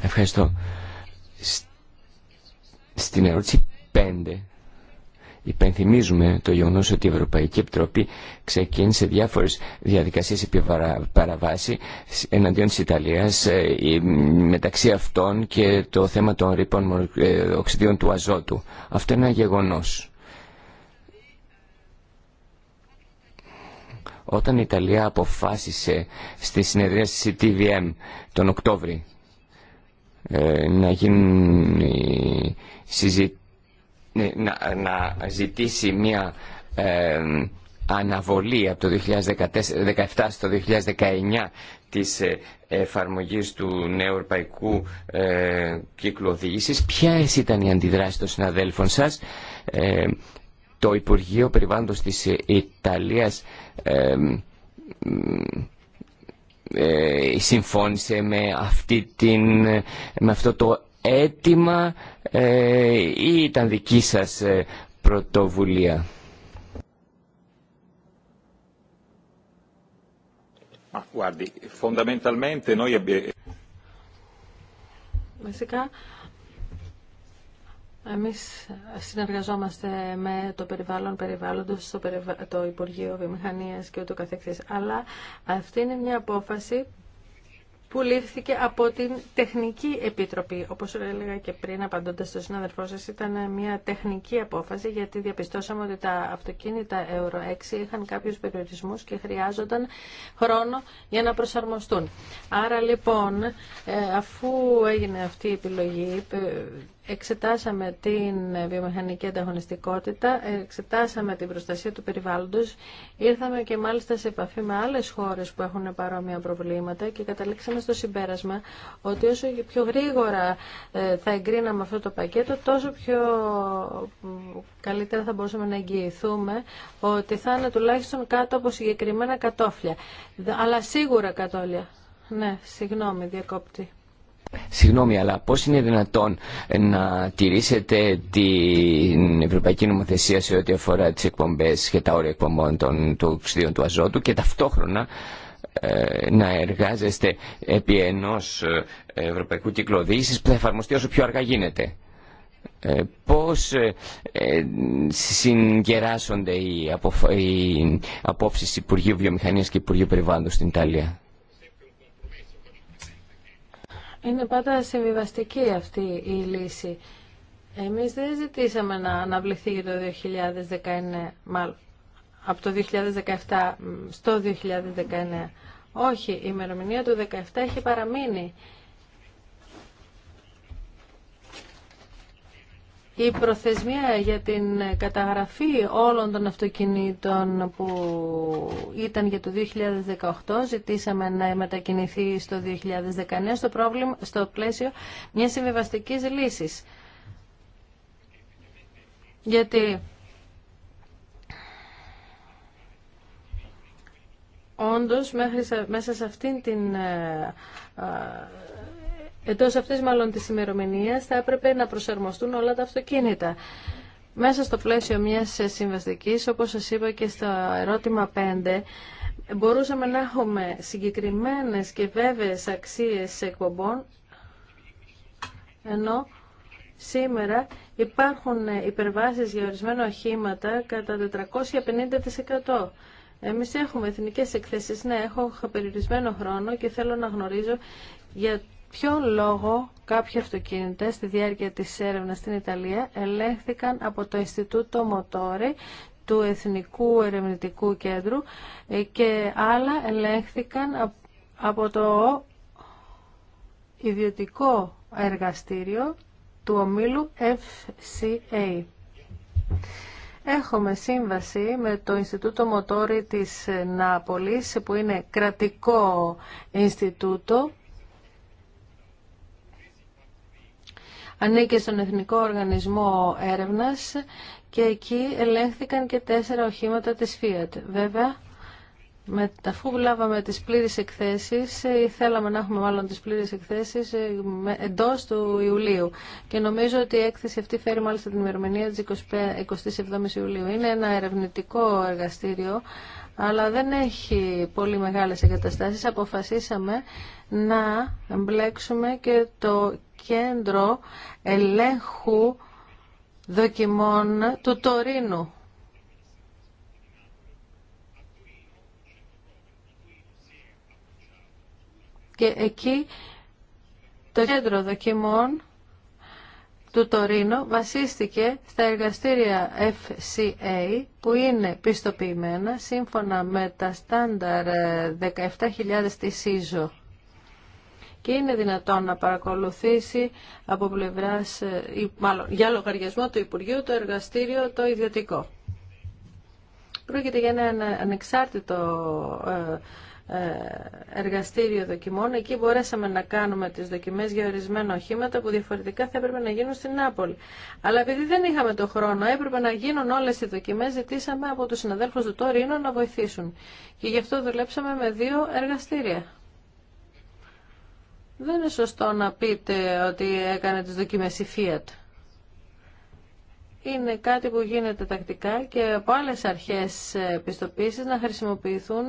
Ευχαριστώ. Στην ερώτηση 5 υπενθυμίζουμε το γεγονό ότι η Ευρωπαϊκή Επιτροπή ξεκίνησε διάφορες διαδικασίες επί παραβάση εναντίον της Ιταλίας ε, μεταξύ αυτών και το θέμα των ρήπων ε, οξυδίων του αζότου. Αυτό είναι ένα γεγονός. Όταν η Ιταλία αποφάσισε στη συνεδρία της CTVM τον Οκτώβρη ε, να ναι, να, να ζητήσει μια ε, αναβολή από το 2017 στο 2019 της ε, εφαρμογής του νέου ευρωπαϊκού ε, κύκλου οδήγησης. ποια ήταν η αντιδράσεις των συναδέλφων σας. το Υπουργείο Περιβάντος της Ιταλίας ε, συμφώνησε με, αυτή την, με αυτό το αίτημα ε, ή ήταν δική σας ε, πρωτοβουλία. Ah, guardi, fondamentalmente noi abbiamo... Βασικά, εμείς συνεργαζόμαστε με το περιβάλλον περιβάλλοντος, το, το Υπουργείο Βιομηχανίας και ούτω καθεξής. Αλλά αυτή είναι μια απόφαση που λήφθηκε από την Τεχνική Επιτροπή. Όπως έλεγα και πριν απαντώντας στον συναδελφό σας, ήταν μια τεχνική απόφαση γιατί διαπιστώσαμε ότι τα αυτοκίνητα Euro 6 είχαν κάποιους περιορισμούς και χρειάζονταν χρόνο για να προσαρμοστούν. Άρα λοιπόν, ε, αφού έγινε αυτή η επιλογή, ε, Εξετάσαμε την ε, βιομηχανική ανταγωνιστικότητα, εξετάσαμε την προστασία του περιβάλλοντος, ήρθαμε και μάλιστα σε επαφή με άλλες χώρες που έχουν παρόμοια προβλήματα και καταλήξαμε στο συμπέρασμα ότι όσο πιο γρήγορα ε, θα εγκρίναμε αυτό το πακέτο, τόσο πιο καλύτερα θα μπορούσαμε να εγγυηθούμε ότι θα είναι τουλάχιστον κάτω από συγκεκριμένα κατόφλια. Αλλά σίγουρα κατόλια. Ναι, συγγνώμη, διακόπτη. Συγγνώμη, αλλά πώ είναι δυνατόν να τηρήσετε την Ευρωπαϊκή Νομοθεσία σε ό,τι αφορά τι εκπομπέ και τα όρια εκπομπών των, του οξυδίων του αζότου και ταυτόχρονα ε, να εργάζεστε επί ενός ε, ευρωπαϊκού κύκλου που θα εφαρμοστεί όσο πιο αργά γίνεται. Ε, πώς ε, ε, συγκεράσονται οι, αποφ... οι απόψεις Υπουργείου Βιομηχανίας και Υπουργείου Περιβάλλοντος στην Ιταλία. Είναι πάντα συμβιβαστική αυτή η λύση. Εμείς δεν ζητήσαμε να αναβληθεί το 2019, μάλλον από το 2017 στο 2019. Όχι, η ημερομηνία του 2017 έχει παραμείνει. η προθεσμία για την καταγραφή όλων των αυτοκινήτων που ήταν για το 2018 ζητήσαμε να μετακινηθεί στο 2019 στο, πρόβλημα, στο πλαίσιο μιας συμβιβαστική λύσης. Γιατί όντως μέχρι, μέσα σε αυτήν την ε, Εντό αυτής μάλλον τη ημερομηνία θα έπρεπε να προσαρμοστούν όλα τα αυτοκίνητα. Μέσα στο πλαίσιο μιας συμβαστική, όπως σας είπα και στο ερώτημα 5, μπορούσαμε να έχουμε συγκεκριμένες και βέβαιες αξίες εκπομπών, ενώ σήμερα υπάρχουν υπερβάσεις για ορισμένα οχήματα κατά 450%. Εμείς έχουμε εθνικές εκθέσεις, ναι, έχω περιορισμένο χρόνο και θέλω να γνωρίζω για ποιο λόγο κάποιοι αυτοκίνητα στη διάρκεια της έρευνας στην Ιταλία ελέγχθηκαν από το Ινστιτούτο Μοτόρε του Εθνικού Ερευνητικού Κέντρου ε, και άλλα ελέγχθηκαν από το ιδιωτικό εργαστήριο του ομίλου FCA. Έχουμε σύμβαση με το Ινστιτούτο Μοτόρι της Νάπολης που είναι κρατικό Ινστιτούτο ανήκε στον Εθνικό Οργανισμό Έρευνας και εκεί ελέγχθηκαν και τέσσερα οχήματα της Fiat. Βέβαια, με, αφού λάβαμε τις πλήρες εκθέσεις, ε, θέλαμε να έχουμε μάλλον τις πλήρες εκθέσεις ε, εντός του Ιουλίου. Και νομίζω ότι η έκθεση αυτή φέρει μάλιστα την ημερομηνία της 27 Ιουλίου. Είναι ένα ερευνητικό εργαστήριο αλλά δεν έχει πολύ μεγάλες εγκαταστάσεις, αποφασίσαμε να εμπλέξουμε και το κέντρο ελέγχου δοκιμών του Τωρίνου. Και εκεί το κέντρο δοκιμών του Τωρίνο βασίστηκε στα εργαστήρια FCA που είναι πιστοποιημένα σύμφωνα με τα στάνταρ 17.000 της ΙΖΟ και είναι δυνατόν να παρακολουθήσει από πλευράς, ε, ή μάλλον για λογαριασμό του Υπουργείου, το εργαστήριο το ιδιωτικό. Πρόκειται για ένα ανεξάρτητο ε, εργαστήριο δοκιμών. Εκεί μπορέσαμε να κάνουμε τις δοκιμές για ορισμένα οχήματα που διαφορετικά θα έπρεπε να γίνουν στην Νάπολη. Αλλά επειδή δεν είχαμε το χρόνο, έπρεπε να γίνουν όλες οι δοκιμές, ζητήσαμε από τους συναδέλφους του Τωρίνο να βοηθήσουν. Και γι' αυτό δουλέψαμε με δύο εργαστήρια. Δεν είναι σωστό να πείτε ότι έκανε τις δοκιμές η Fiat είναι κάτι που γίνεται τακτικά και από άλλε αρχές πιστοποίησης να χρησιμοποιηθούν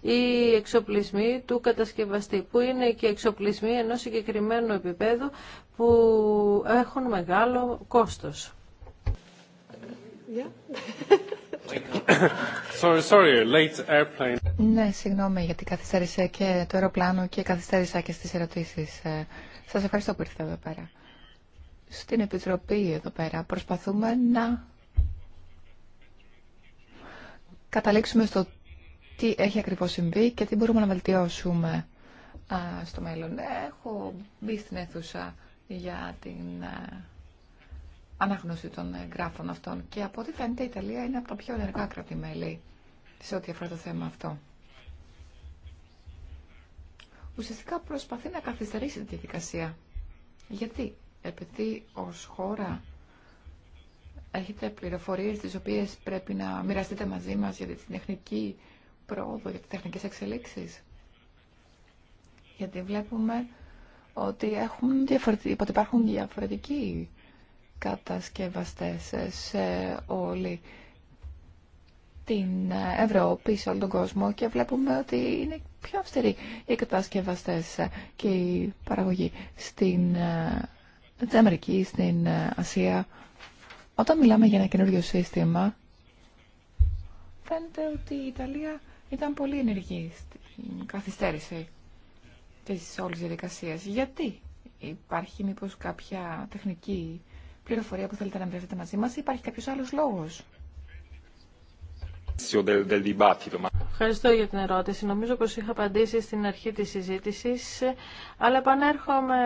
οι εξοπλισμοί του κατασκευαστή, που είναι και εξοπλισμοί ενός συγκεκριμένου επίπεδου που έχουν μεγάλο κόστος. sorry, sorry, late airplane. Ναι, συγγνώμη γιατί καθυστέρησε και το αεροπλάνο και καθυστέρησα και στις ερωτήσεις. Ε, σας ευχαριστώ που ήρθατε εδώ πέρα στην Επιτροπή εδώ πέρα προσπαθούμε να καταλήξουμε στο τι έχει ακριβώς συμβεί και τι μπορούμε να βελτιώσουμε στο μέλλον. Έχω μπει στην αίθουσα για την ανάγνωση των γράφων αυτών και από ό,τι φαίνεται η Ιταλία είναι από τα πιο ενεργά κρατημέλη σε ό,τι αφορά το θέμα αυτό. Ουσιαστικά προσπαθεί να καθυστερήσει τη διαδικασία. Γιατί επειδή ως χώρα έχετε πληροφορίες τις οποίες πρέπει να μοιραστείτε μαζί μας για την τεχνική πρόοδο, για τις τεχνικές εξελίξεις. Γιατί βλέπουμε ότι, έχουν ότι υπάρχουν διαφορετικοί κατασκευαστές σε όλη την Ευρώπη, σε όλο τον κόσμο και βλέπουμε ότι είναι πιο αυστηροί οι κατασκευαστές και η παραγωγή στην ε, στην Αμερική, στην Ασία, όταν μιλάμε για ένα καινούριο σύστημα, φαίνεται ότι η Ιταλία ήταν πολύ ενεργή στην καθυστέρηση της όλης διαδικασίας. Γιατί υπάρχει μήπως κάποια τεχνική πληροφορία που θέλετε να μοιραστείτε μαζί μας ή υπάρχει κάποιος άλλος λόγος. Ευχαριστώ για την ερώτηση. Νομίζω πως είχα απαντήσει στην αρχή της συζήτησης, αλλά επανέρχομαι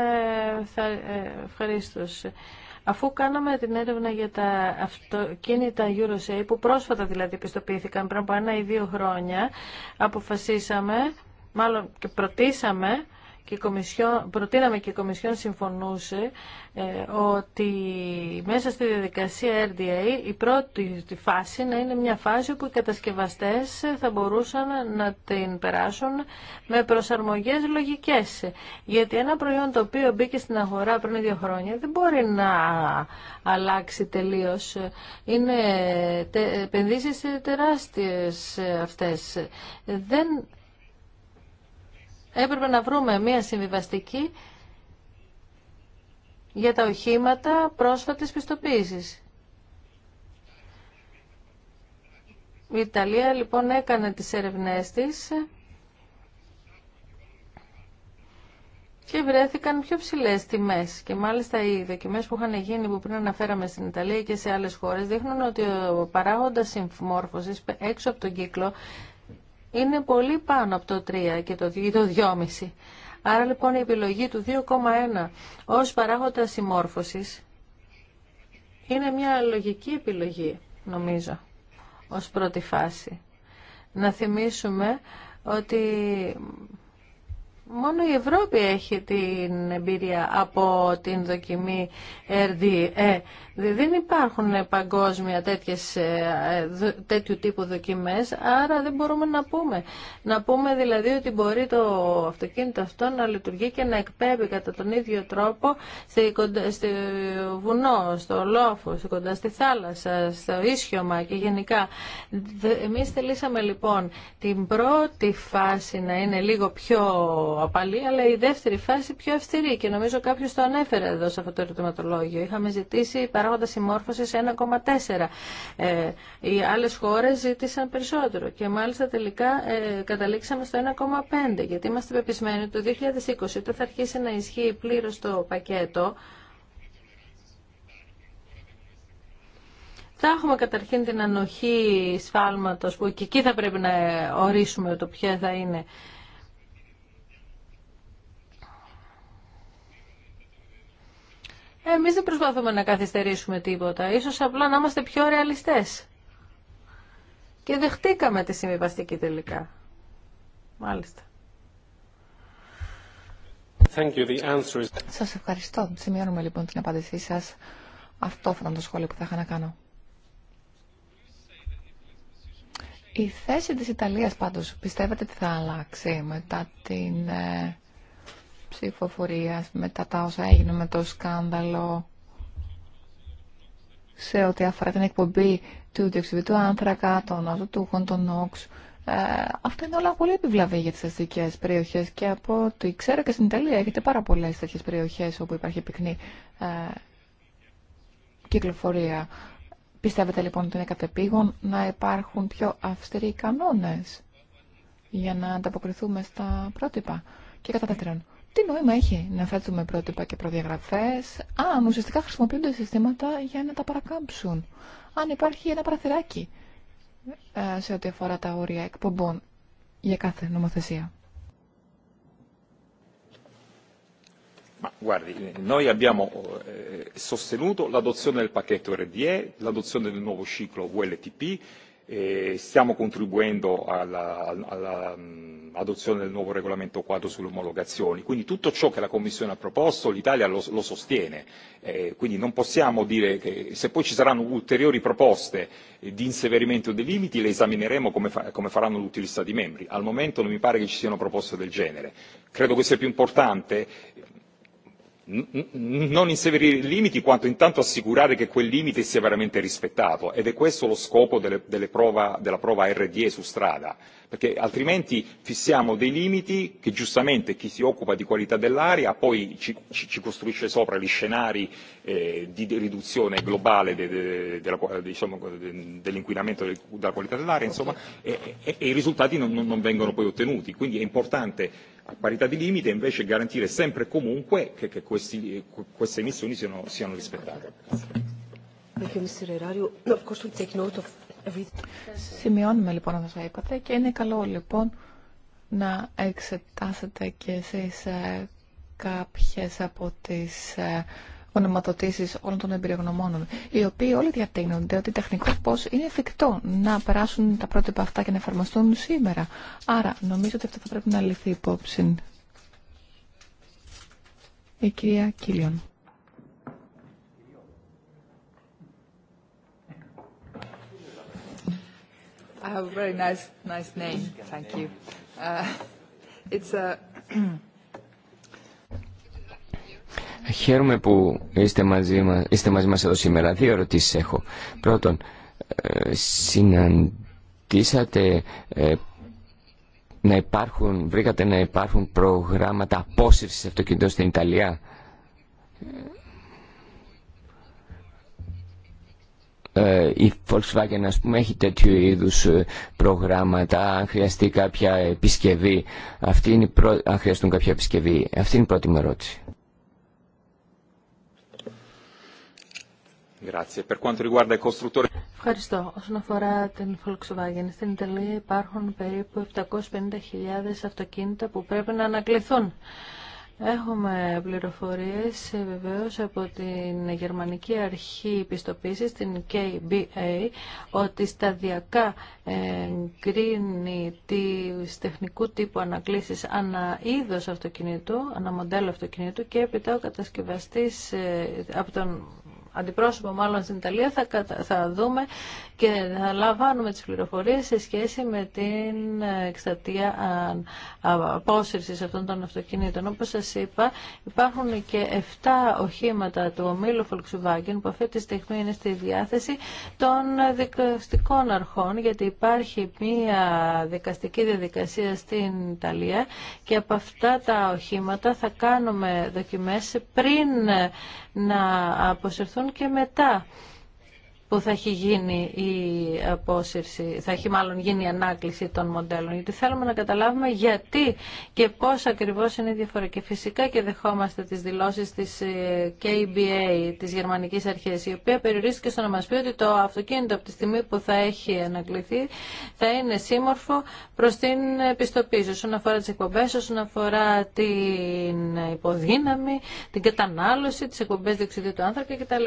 θα, ε, ευχαρίστως. Αφού κάναμε την έρευνα για τα αυτοκίνητα EuroSafe, που πρόσφατα δηλαδή πιστοποιήθηκαν πριν από ένα ή δύο χρόνια, αποφασίσαμε, μάλλον και προτίσαμε, και προτείναμε και η Κομισιόν συμφωνούσε ε, ότι μέσα στη διαδικασία RDA η πρώτη τη φάση να είναι μια φάση όπου οι κατασκευαστές θα μπορούσαν να την περάσουν με προσαρμογές λογικές. Γιατί ένα προϊόν το οποίο μπήκε στην αγορά πριν δύο χρόνια δεν μπορεί να αλλάξει τελείως. Είναι επενδύσεις τεράστιες αυτές. Δεν έπρεπε να βρούμε μια συμβιβαστική για τα οχήματα πρόσφατης πιστοποίησης. Η Ιταλία λοιπόν έκανε τις έρευνές της και βρέθηκαν πιο ψηλές τιμές και μάλιστα οι δοκιμές που είχαν γίνει που πριν αναφέραμε στην Ιταλία και σε άλλες χώρες δείχνουν ότι ο παράγοντας συμμόρφωσης έξω από τον κύκλο είναι πολύ πάνω από το 3 και το 2,5. Άρα λοιπόν η επιλογή του 2,1 ως παράγοντα συμμόρφωσης είναι μια λογική επιλογή νομίζω ως πρώτη φάση. Να θυμίσουμε ότι Μόνο η Ευρώπη έχει την εμπειρία από την δοκιμή RDE. Ε. Δεν υπάρχουν παγκόσμια ε, τέτοιου τύπου δοκιμές, άρα δεν μπορούμε να πούμε. Να πούμε δηλαδή ότι μπορεί το αυτοκίνητο αυτό να λειτουργεί και να εκπέμπει κατά τον ίδιο τρόπο στη βουνό, στο λόφο, κοντά στη θάλασσα, στο ίσιωμα και γενικά. Εμείς θελήσαμε λοιπόν την πρώτη φάση να είναι λίγο πιο απαλή, αλλά η δεύτερη φάση πιο αυστηρή και νομίζω κάποιο το ανέφερε εδώ σε αυτό το ερωτηματολόγιο. Είχαμε ζητήσει παράγοντα συμμόρφωση 1,4. Ε, οι άλλε χώρε ζήτησαν περισσότερο και μάλιστα τελικά ε, καταλήξαμε στο 1,5 γιατί είμαστε πεπισμένοι ότι το 2020 όταν θα αρχίσει να ισχύει πλήρως το πακέτο Θα έχουμε καταρχήν την ανοχή σφάλματος που και εκεί θα πρέπει να ορίσουμε το ποια θα είναι Εμείς δεν προσπαθούμε να καθυστερήσουμε τίποτα. Ίσως απλά να είμαστε πιο ρεαλιστές. Και δεχτήκαμε τη συμβιβαστική τελικά. Μάλιστα. Thank you. The is... Σας ευχαριστώ. Σημειώνουμε λοιπόν την απάντησή σας. Αυτό ήταν το σχόλιο που θα είχα να κάνω. Η θέση της Ιταλίας πάντως πιστεύετε ότι θα αλλάξει μετά την ε, ψηφοφορίας μετά τα όσα έγινε με το σκάνδαλο σε ό,τι αφορά την εκπομπή του διοξυβητού άνθρακα, των αζωτούχων, των νόξ. Ε, είναι όλα πολύ επιβλαβή για τις αστικές περιοχές και από ό,τι ξέρω και στην Ιταλία έχετε πάρα πολλές τέτοιες περιοχές όπου υπάρχει πυκνή ε, κυκλοφορία. Πιστεύετε λοιπόν ότι είναι κατεπήγον να υπάρχουν πιο αυστηροί κανόνες για να ανταποκριθούμε στα πρότυπα. Και κατά δεύτερον, τι νόημα έχει να θέτουμε πρότυπα και προδιαγραφές αν ουσιαστικά χρησιμοποιούνται συστήματα για να τα παρακάμψουν. Αν υπάρχει ένα παραθυράκι ε, σε ό,τι αφορά τα όρια εκπομπών για κάθε νομοθεσία. Ma guardi, noi abbiamo ε, sostenuto l'adozione del pacchetto RDE, l'adozione del nuovo ciclo ULTP Stiamo contribuendo all'adozione del nuovo regolamento quadro sulle omologazioni, quindi tutto ciò che la Commissione ha proposto l'Italia lo sostiene, quindi non possiamo dire che se poi ci saranno ulteriori proposte di inseverimento dei limiti le esamineremo come faranno tutti gli Stati membri. Al momento non mi pare che ci siano proposte del genere. Credo che sia più importante non inserire limiti quanto intanto assicurare che quel limite sia veramente rispettato ed è questo lo scopo della prova rde su strada perché altrimenti fissiamo dei limiti che giustamente chi si occupa di qualità dell'aria poi ci costruisce sopra gli scenari di riduzione globale dell'inquinamento della qualità dell'aria, insomma, e i risultati non vengono poi ottenuti. Quindi è importante, a parità di limite, invece garantire sempre e comunque che queste emissioni siano rispettate. Σημειώνουμε λοιπόν όσα σας είπατε και είναι καλό λοιπόν να εξετάσετε και εσείς ε, κάποιες από τις ε, ονοματοτήσεις όλων των εμπειρογνωμόνων, οι οποίοι όλοι διατείνονται ότι τεχνικό πώς είναι εφικτό να περάσουν τα πρότυπα αυτά και να εφαρμοστούν σήμερα. Άρα νομίζω ότι αυτό θα πρέπει να λυθεί υπόψη. Η κυρία Κίλιον. a very nice, nice name. Thank you. Uh, Χαίρομαι που είστε μαζί, μα είστε μαζί μας εδώ σήμερα. Δύο ερωτήσει έχω. Πρώτον, ε, συναντήσατε ε, να υπάρχουν, βρήκατε να υπάρχουν προγράμματα απόσυρσης αυτοκινητών στην Ιταλία. Ε, Ε, η Volkswagen ας πούμε έχει τέτοιου είδους ε, προγράμματα αν χρειαστεί κάποια επισκευή αυτή είναι η αν χρειαστούν κάποια επισκευή αυτή είναι η πρώτη μου ερώτηση Ευχαριστώ. Όσον αφορά την Volkswagen, στην Ιταλία υπάρχουν περίπου 750.000 αυτοκίνητα που πρέπει να ανακληθούν. Έχουμε πληροφορίες ε, βεβαίως από την Γερμανική Αρχή Πιστοποίησης, την KBA, ότι σταδιακά ε, κρίνει τις τεχνικού τύπου ανακλήσεις ανά είδος αυτοκινήτου, ανά μοντέλο αυτοκινήτου και έπειτα ο κατασκευαστής ε, από τον αντιπρόσωπο μάλλον στην Ιταλία, θα, θα δούμε και θα λαμβάνουμε τις πληροφορίες σε σχέση με την εκστατεία απόσυρσης αυτών των αυτοκινήτων. Όπως σας είπα, υπάρχουν και 7 οχήματα του ομίλου Volkswagen που αυτή τη στιγμή είναι στη διάθεση των δικαστικών αρχών, γιατί υπάρχει μία δικαστική διαδικασία στην Ιταλία και από αυτά τα οχήματα θα κάνουμε δοκιμές πριν να αποσυρθούν και μετά που θα έχει γίνει η απόσυρση, θα έχει μάλλον γίνει η ανάκληση των μοντέλων, γιατί θέλουμε να καταλάβουμε γιατί και πώς ακριβώς είναι η Και Φυσικά και δεχόμαστε τις δηλώσεις της ε, KBA, της Γερμανικής Αρχής, η οποία περιορίστηκε στο να μας πει ότι το αυτοκίνητο από τη στιγμή που θα έχει ανακληθεί θα είναι σύμμορφο προς την πιστοποίηση, όσον αφορά τις εκπομπές, όσον αφορά την υποδύναμη, την κατανάλωση, τις εκπομπές διοξιδίου του άνθρακα κτλ.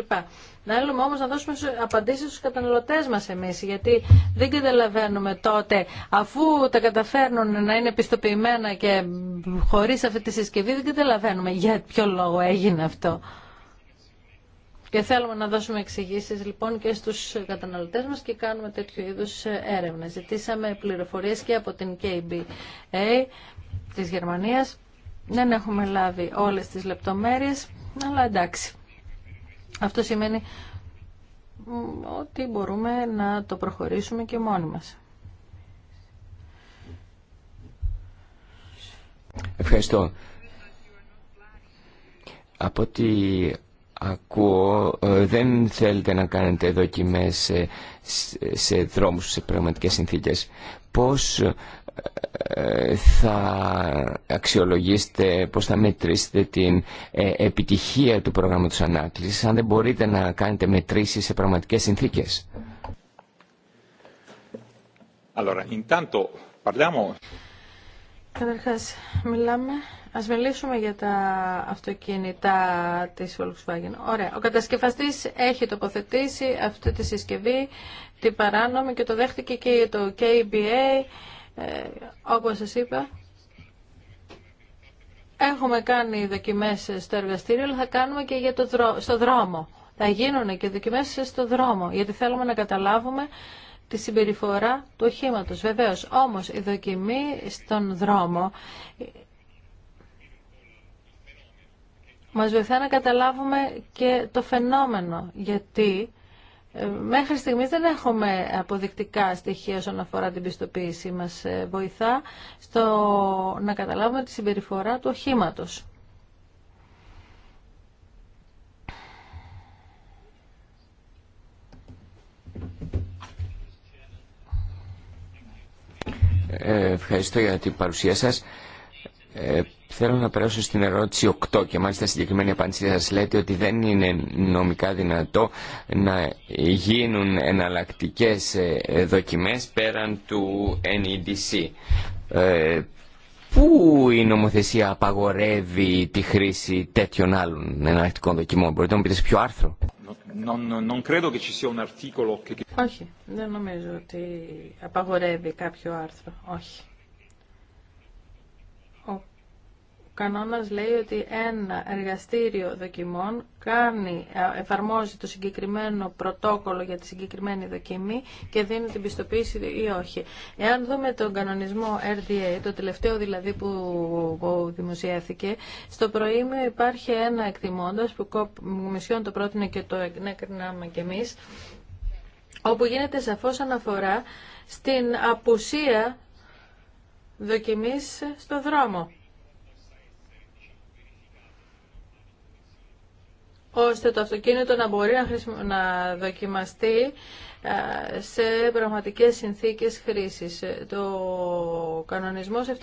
Να όμως να δώσουμε απαντήσει στους καταναλωτές μας εμείς, γιατί δεν καταλαβαίνουμε τότε, αφού τα καταφέρνουν να είναι πιστοποιημένα και χωρίς αυτή τη συσκευή, δεν καταλαβαίνουμε για ποιο λόγο έγινε αυτό. Και θέλουμε να δώσουμε εξηγήσει λοιπόν και στου καταναλωτέ μα και κάνουμε τέτοιου είδου έρευνα. Ζητήσαμε πληροφορίε και από την KBA τη Γερμανία. Δεν έχουμε λάβει όλε τι λεπτομέρειε, αλλά εντάξει. Αυτό σημαίνει ότι μπορούμε να το προχωρήσουμε και μόνοι μας. Ευχαριστώ. Από ό,τι ακούω, ε, δεν θέλετε να κάνετε δοκιμές σε, σε δρόμους, σε πραγματικές συνθήκες. Πώς θα αξιολογήσετε, πώς θα μετρήσετε την ε, επιτυχία του προγράμματος ανάκλησης αν δεν μπορείτε να κάνετε μετρήσεις σε πραγματικές συνθήκες. Allora, intanto parliamo... Καταρχάς, μιλάμε, ας μιλήσουμε για τα αυτοκίνητα της Volkswagen. Ωραία, ο κατασκευαστής έχει τοποθετήσει αυτή τη συσκευή, την παράνομη και το δέχτηκε και το KBA ε, όπως σας είπα, έχουμε κάνει δοκιμές στο εργαστήριο, αλλά θα κάνουμε και για το στο δρόμο. Θα γίνουν και δοκιμές στο δρόμο, γιατί θέλουμε να καταλάβουμε τη συμπεριφορά του οχήματο. Βεβαίω, όμως, η δοκιμή στον δρόμο μας βοηθά να καταλάβουμε και το φαινόμενο. Γιατί ε, μέχρι στιγμή δεν έχουμε αποδεικτικά στοιχεία όσον αφορά την πιστοποίηση μας. Ε, βοηθά στο να καταλάβουμε τη συμπεριφορά του οχήματο. Ε, ευχαριστώ για την παρουσία σας. Θέλω να περάσω στην ερώτηση 8 και μάλιστα συγκεκριμένη απάντηση σας λέτε ότι δεν είναι νομικά δυνατό να γίνουν εναλλακτικές ε, δοκιμές πέραν του NEDC. Ε, πού η νομοθεσία απαγορεύει τη χρήση τέτοιων άλλων εναλλακτικών δοκιμών. Μπορείτε να μου πείτε σε ποιο άρθρο. Όχι, δεν νομίζω ότι απαγορεύει κάποιο άρθρο. Όχι. κανόνας λέει ότι ένα εργαστήριο δοκιμών κάνει, εφαρμόζει το συγκεκριμένο πρωτόκολλο για τη συγκεκριμένη δοκιμή και δίνει την πιστοποίηση ή όχι. Εάν δούμε τον κανονισμό RDA, το τελευταίο δηλαδή που δημοσιεύθηκε, στο προήμιο υπάρχει ένα εκτιμώντας που η Κομισιόν το πρότεινε και το εκνέκριναμε κι εμείς, όπου γίνεται σαφώς αναφορά στην απουσία δοκιμής στο δρόμο. ώστε το αυτοκίνητο να μπορεί να, να δοκιμαστεί σε πραγματικές συνθήκες χρήσης. Ε, το κανονισμός 715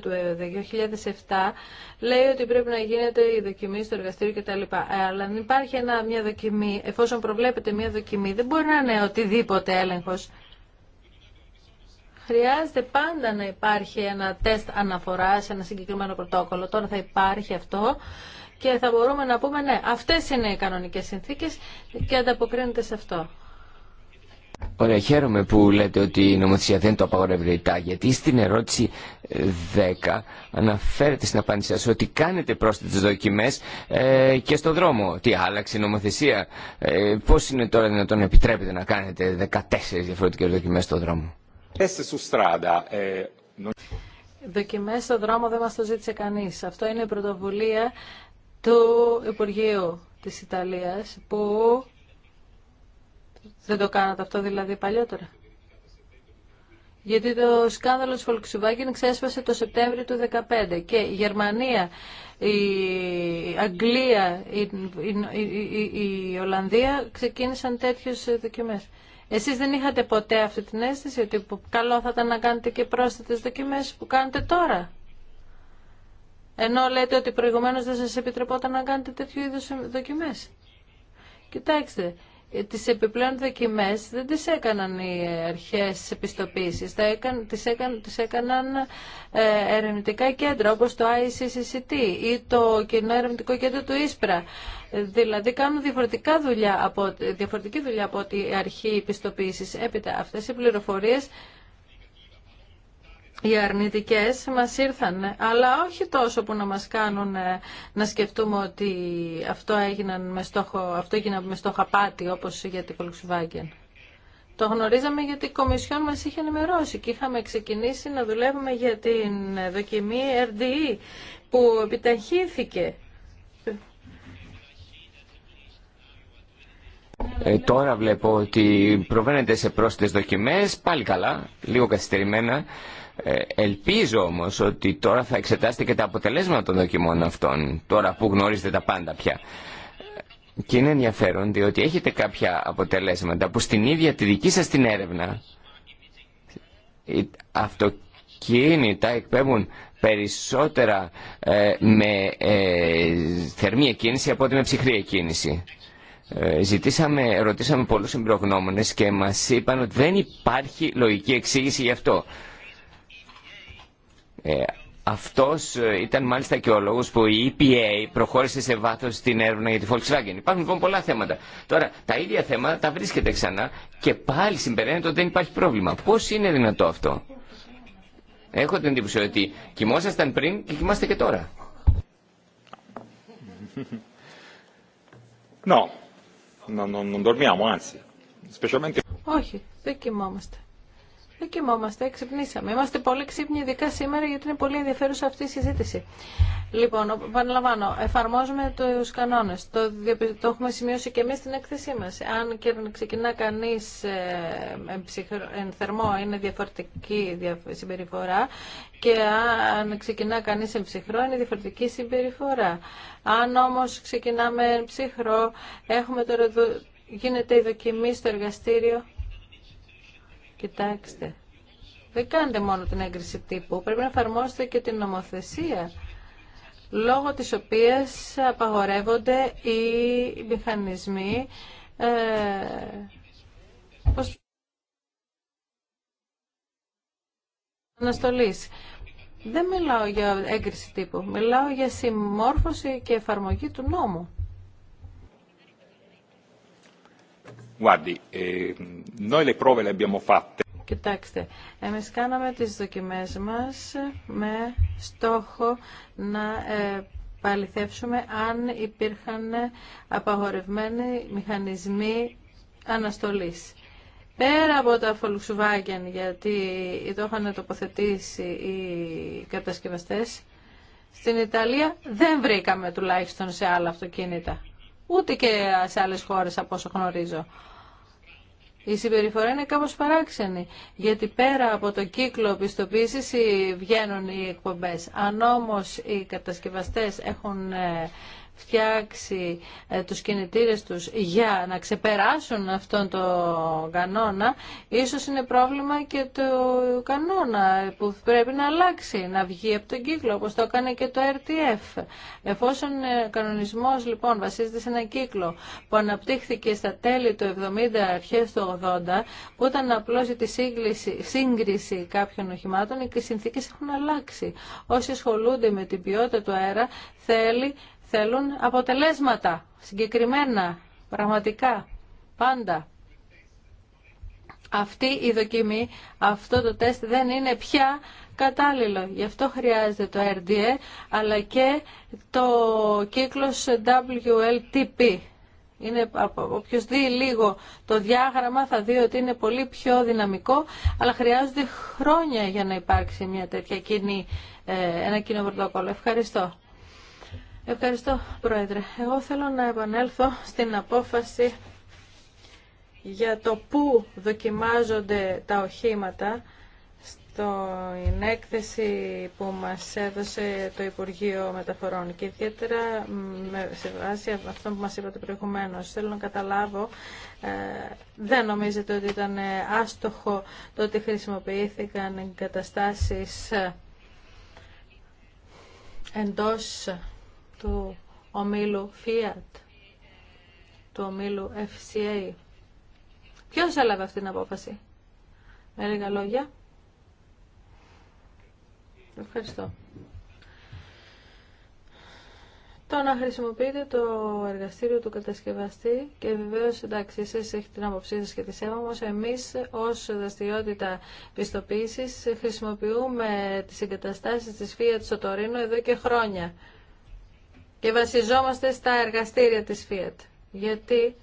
του 2007 ε, λέει ότι πρέπει να γίνεται η δοκιμή στο εργαστήριο κτλ. Ε, αλλά αν υπάρχει ένα, μια δοκιμή, εφόσον προβλέπεται μια δοκιμή, δεν μπορεί να είναι οτιδήποτε έλεγχος. Χρειάζεται πάντα να υπάρχει ένα τεστ αναφοράς, ένα συγκεκριμένο πρωτόκολλο. Τώρα θα υπάρχει αυτό και θα μπορούμε να πούμε ναι, αυτές είναι οι κανονικές συνθήκες και ανταποκρίνεται σε αυτό. Ωραία, χαίρομαι που λέτε ότι η νομοθεσία δεν το απαγορεύει ρητά, γιατί στην ερώτηση 10 αναφέρεται στην απάντησή σας ότι κάνετε πρόσθετες δοκιμές ε, και στον δρόμο. Τι άλλαξε η νομοθεσία, ε, πώς είναι τώρα δυνατόν να επιτρέπετε να κάνετε 14 διαφορετικές δοκιμές στον δρόμο. Ε, δοκιμές στον δρόμο δεν μας το ζήτησε κανείς. Αυτό είναι η πρωτοβουλία το Υπουργείο της Ιταλίας που δεν το κάνατε αυτό δηλαδή παλιότερα. Γιατί το σκάνδαλο της Volkswagen ξέσπασε το Σεπτέμβριο του 2015 και η Γερμανία, η Αγγλία, η, η, η Ολλανδία ξεκίνησαν τέτοιες δοκιμές. Εσείς δεν είχατε ποτέ αυτή την αίσθηση ότι καλό θα ήταν να κάνετε και πρόσθετες δοκιμές που κάνετε τώρα. Ενώ λέτε ότι προηγουμένως δεν σας επιτρεπόταν να κάνετε τέτοιου είδους δοκιμές. Κοιτάξτε, ε, τις επιπλέον δοκιμές δεν τις έκαναν οι ε, αρχές επιστοποίησης, τα τις, τις έκαναν ε, ερευνητικά κέντρα όπως το ICCCT ή το Κοινό Ερευνητικό Κέντρο του Ίσπρα. Δηλαδή κάνουν διαφορετικά δουλειά από, διαφορετική δουλειά από ότι η αρχή επιστοποίησης. Έπειτα αρχη επιστοποιησης επειτα αυτες οι πληροφορίες οι αρνητικές μας ήρθαν, αλλά όχι τόσο που να μας κάνουν ε, να σκεφτούμε ότι αυτό έγινε με στόχο, αυτό έγινε με στόχο απάτη όπως για την Volkswagen. Το γνωρίζαμε γιατί η Κομισιόν μας είχε ενημερώσει και είχαμε ξεκινήσει να δουλεύουμε για την δοκιμή RDE που επιταχύθηκε. Ε, τώρα βλέπω ότι προβαίνεται σε πρόσθετες δοκιμές, πάλι καλά, λίγο καθυστερημένα. Ε, ελπίζω όμως ότι τώρα θα εξετάσετε και τα αποτελέσματα των δοκιμών αυτών, τώρα που γνωρίζετε τα πάντα πια. Και είναι ενδιαφέρον διότι έχετε κάποια αποτελέσματα που στην ίδια τη δική σας την έρευνα αυτοκίνητα εκπέμπουν περισσότερα ε, με ε, θερμή εκκίνηση από ότι με ψυχρή εκκίνηση. Ε, ζητήσαμε, ρωτήσαμε πολλούς εμπειρογνώμονες και μας είπαν ότι δεν υπάρχει λογική εξήγηση γι' αυτό. Ε, αυτός ε, ήταν μάλιστα και ο λόγος που η EPA προχώρησε σε βάθος στην έρευνα για τη Volkswagen. Υπάρχουν λοιπόν πολλά θέματα. Τώρα τα ίδια θέματα τα βρίσκεται ξανά και πάλι συμπεραίνεται ότι δεν υπάρχει πρόβλημα. Πώς είναι δυνατό αυτό. Έχω την εντύπωση ότι κοιμόσασταν πριν και κοιμάστε και τώρα. Όχι, δεν κοιμόμαστε. Δεν κοιμόμαστε, ξυπνήσαμε. Είμαστε πολύ ξύπνοι, ειδικά σήμερα, γιατί είναι πολύ ενδιαφέρουσα αυτή η συζήτηση. Λοιπόν, επαναλαμβάνω, εφαρμόζουμε του κανόνε. Το, το έχουμε σημειώσει και εμεί στην έκθεσή μα. Αν και ξεκινά κανεί ε, εν θερμό, είναι διαφορετική συμπεριφορά. Και αν ξεκινά κανεί εν ψυχρό, είναι διαφορετική συμπεριφορά. Αν όμω ξεκινάμε εν ψυχρό, έχουμε τώρα γίνεται η δοκιμή στο εργαστήριο Κοιτάξτε, δεν κάνετε μόνο την έγκριση τύπου, πρέπει να εφαρμόσετε και την νομοθεσία λόγω της οποίας απαγορεύονται οι μηχανισμοί ε, Δεν μιλάω για έγκριση τύπου, μιλάω για συμμόρφωση και εφαρμογή του νόμου. Guardi, eh, noi Κοιτάξτε, εμείς κάναμε τις δοκιμές μας με στόχο να ε, παληθεύσουμε αν υπήρχαν απαγορευμένοι μηχανισμοί αναστολής. Πέρα από τα Volkswagen, γιατί το είχαν τοποθετήσει οι κατασκευαστές, στην Ιταλία δεν βρήκαμε τουλάχιστον σε άλλα αυτοκίνητα ούτε και σε άλλες χώρες από όσο γνωρίζω. Η συμπεριφορά είναι κάπως παράξενη, γιατί πέρα από το κύκλο πιστοποίησης βγαίνουν οι εκπομπές. Αν όμως οι κατασκευαστές έχουν ε, φτιάξει ε, τους κινητήρες τους για να ξεπεράσουν αυτόν τον κανόνα, ίσως είναι πρόβλημα και το κανόνα που πρέπει να αλλάξει, να βγει από τον κύκλο, όπως το έκανε και το RTF. Εφόσον ε, ο κανονισμός λοιπόν βασίζεται σε ένα κύκλο που αναπτύχθηκε στα τέλη του 70 αρχές του 80, που ήταν απλώς τη σύγκριση, σύγκριση κάποιων οχημάτων, οι συνθήκες έχουν αλλάξει. Όσοι ασχολούνται με την ποιότητα του αέρα θέλει Θέλουν αποτελέσματα, συγκεκριμένα, πραγματικά, πάντα. Αυτή η δοκιμή, αυτό το τεστ δεν είναι πια κατάλληλο. Γι' αυτό χρειάζεται το RDA, αλλά και το κύκλος WLTP. Είναι, όποιος δει λίγο το διάγραμμα θα δει ότι είναι πολύ πιο δυναμικό, αλλά χρειάζονται χρόνια για να υπάρξει μια τέτοια κοινή, ε, ένα κοινό πρωτόκολλο. Ευχαριστώ. Ευχαριστώ, Πρόεδρε. Εγώ θέλω να επανέλθω στην απόφαση για το πού δοκιμάζονται τα οχήματα στην έκθεση που μας έδωσε το Υπουργείο Μεταφορών και ιδιαίτερα σε βάση αυτό που μας είπατε προηγουμένως. Θέλω να καταλάβω, ε, δεν νομίζετε ότι ήταν άστοχο το ότι χρησιμοποιήθηκαν εγκαταστάσεις ε, εντός του ομίλου Fiat, του ομίλου FCA. Ποιος έλαβε αυτή την απόφαση. Με λίγα λόγια. Ευχαριστώ. Το να χρησιμοποιείτε το εργαστήριο του κατασκευαστή και βεβαίω εντάξει, εσεί έχετε την άποψή σα και τη σέβομαι, όμω εμεί ω δραστηριότητα πιστοποίηση χρησιμοποιούμε τι εγκαταστάσει τη ΦΙΑ του Σωτορίνου εδώ και χρόνια και βασιζόμαστε στα εργαστήρια της Fiat. Γιατί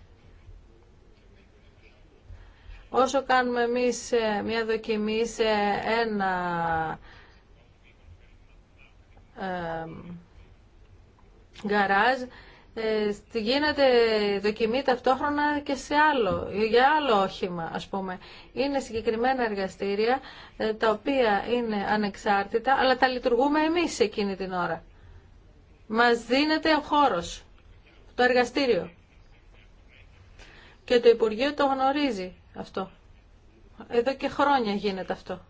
όσο κάνουμε εμείς ε, μια δοκιμή σε ένα ε, γκαράζ, ε, γίνεται δοκιμή ταυτόχρονα και σε άλλο, για άλλο όχημα ας πούμε. Είναι συγκεκριμένα εργαστήρια ε, τα οποία είναι ανεξάρτητα αλλά τα λειτουργούμε εμείς εκείνη την ώρα μας δίνεται ο χώρος, το εργαστήριο. Και το Υπουργείο το γνωρίζει αυτό. Εδώ και χρόνια γίνεται αυτό.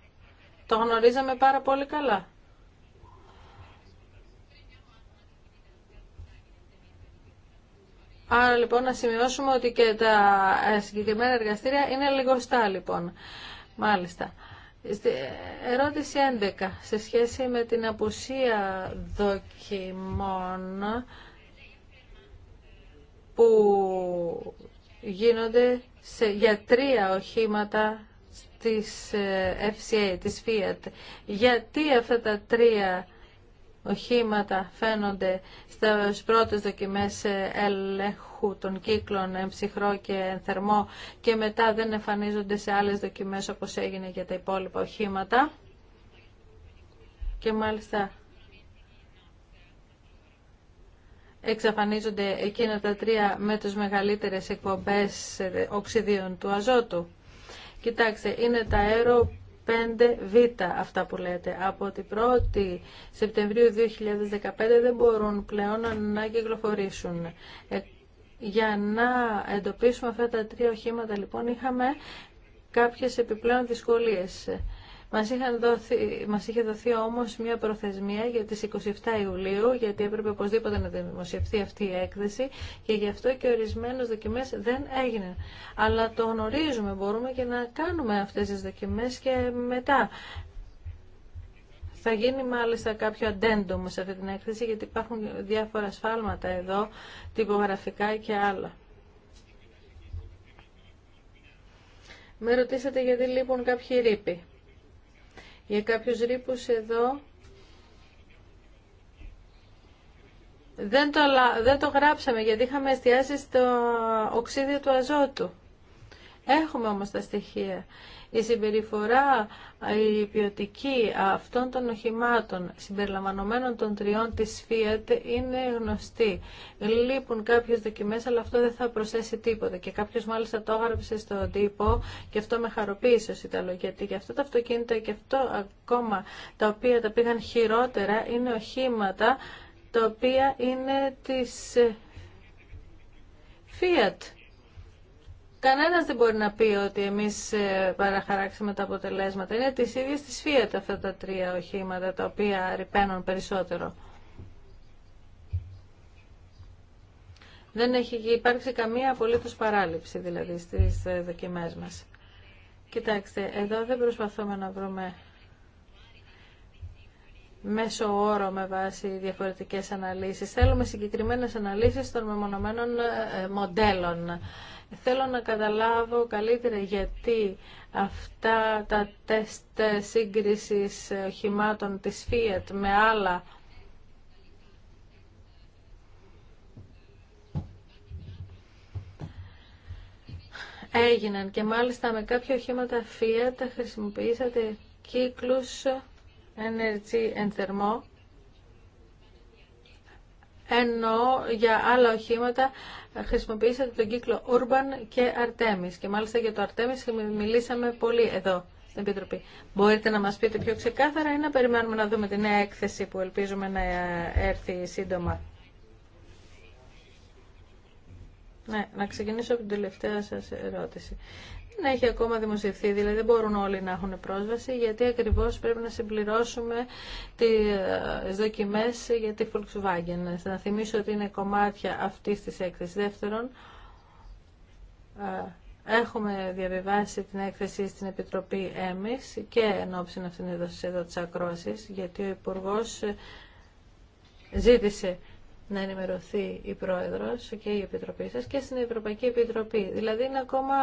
Το γνωρίζαμε πάρα πολύ καλά. Άρα λοιπόν να σημειώσουμε ότι και τα ε, συγκεκριμένα εργαστήρια είναι λιγοστά λοιπόν. Μάλιστα ερώτηση 11, σε σχέση με την απουσία δοκιμών που γίνονται σε, για τρία οχήματα της ε, FCA, της Fiat. Γιατί αυτά τα τρία οχήματα φαίνονται στις πρώτες δοκιμές ελέγχου των κύκλων ψυχρό και θερμό και μετά δεν εμφανίζονται σε άλλες δοκιμές όπως έγινε για τα υπόλοιπα οχήματα. Και μάλιστα εξαφανίζονται εκείνα τα τρία με τις μεγαλύτερες εκπομπές οξυδίων του αζότου. Κοιτάξτε, είναι τα αέρο 5Β αυτά που λέτε. Από την 1η Σεπτεμβρίου 2015 δεν μπορούν πλέον να κυκλοφορήσουν. Ε, για να εντοπίσουμε αυτά τα τρία οχήματα λοιπόν είχαμε κάποιες επιπλέον δυσκολίες. Μας, είχαν δοθεί, μας είχε δοθεί όμως μια προθεσμία για τις 27 Ιουλίου, γιατί έπρεπε οπωσδήποτε να δημοσιευθεί αυτή η έκθεση και γι' αυτό και ορισμένες δοκιμές δεν έγιναν. Αλλά το γνωρίζουμε, μπορούμε και να κάνουμε αυτές τις δοκιμές και μετά. Θα γίνει μάλιστα κάποιο αντέντομο σε αυτή την έκθεση, γιατί υπάρχουν διάφορα σφάλματα εδώ, τυπογραφικά και άλλα. Με ρωτήσατε γιατί λείπουν κάποιοι ρήποι. Για κάποιους ρήπους εδώ δεν το, δεν το γράψαμε γιατί είχαμε εστιάσει στο οξύδιο του αζότου. Έχουμε όμως τα στοιχεία η συμπεριφορά η ποιοτική αυτών των οχημάτων συμπεριλαμβανομένων των τριών της Fiat είναι γνωστή. Λείπουν κάποιες δοκιμές αλλά αυτό δεν θα προσθέσει τίποτα και κάποιος μάλιστα το έγραψε στον τύπο και αυτό με χαροποίησε ως Ιταλό γιατί και αυτό τα αυτοκίνητα και αυτό ακόμα τα οποία τα πήγαν χειρότερα είναι οχήματα τα οποία είναι της ε, Fiat Κανένα δεν μπορεί να πει ότι εμείς ε, παραχαράξαμε τα αποτελέσματα. Είναι τις ίδιες τη Fiat αυτά τα τρία οχήματα τα οποία ρηπαίνουν περισσότερο. Δεν έχει υπάρξει καμία απολύτως παράληψη δηλαδή στις ε, δοκιμές μας. Κοιτάξτε, εδώ δεν προσπαθούμε να βρούμε μέσο όρο με βάση διαφορετικές αναλύσεις. Θέλουμε συγκεκριμένες αναλύσεις των μεμονωμένων ε, μοντέλων. Θέλω να καταλάβω καλύτερα γιατί αυτά τα τεστ σύγκρισης οχημάτων της Fiat με άλλα έγιναν και μάλιστα με κάποια οχήματα Fiat χρησιμοποιήσατε κύκλους Energy and Thermo ενώ για άλλα οχήματα χρησιμοποιήσατε τον κύκλο Urban και Artemis και μάλιστα για το Artemis μιλήσαμε πολύ εδώ στην Επιτροπή. Μπορείτε να μας πείτε πιο ξεκάθαρα ή να περιμένουμε να δούμε την έκθεση που ελπίζουμε να έρθει σύντομα. Ναι, να ξεκινήσω από την τελευταία σας ερώτηση δεν έχει ακόμα δημοσιευθεί, δηλαδή δεν μπορούν όλοι να έχουν πρόσβαση, γιατί ακριβώς πρέπει να συμπληρώσουμε τις δοκιμές για τη Volkswagen. Να θυμίσω ότι είναι κομμάτια αυτή τη έκθεσης. Δεύτερον, Έχουμε διαβιβάσει την έκθεση στην Επιτροπή ΕΜΙΣ και εν να αυτήν εδώ της ακρόση γιατί ο Υπουργός ε, ζήτησε να ενημερωθεί η Πρόεδρος και η Επιτροπή σας και στην Ευρωπαϊκή Επιτροπή. Δηλαδή είναι ακόμα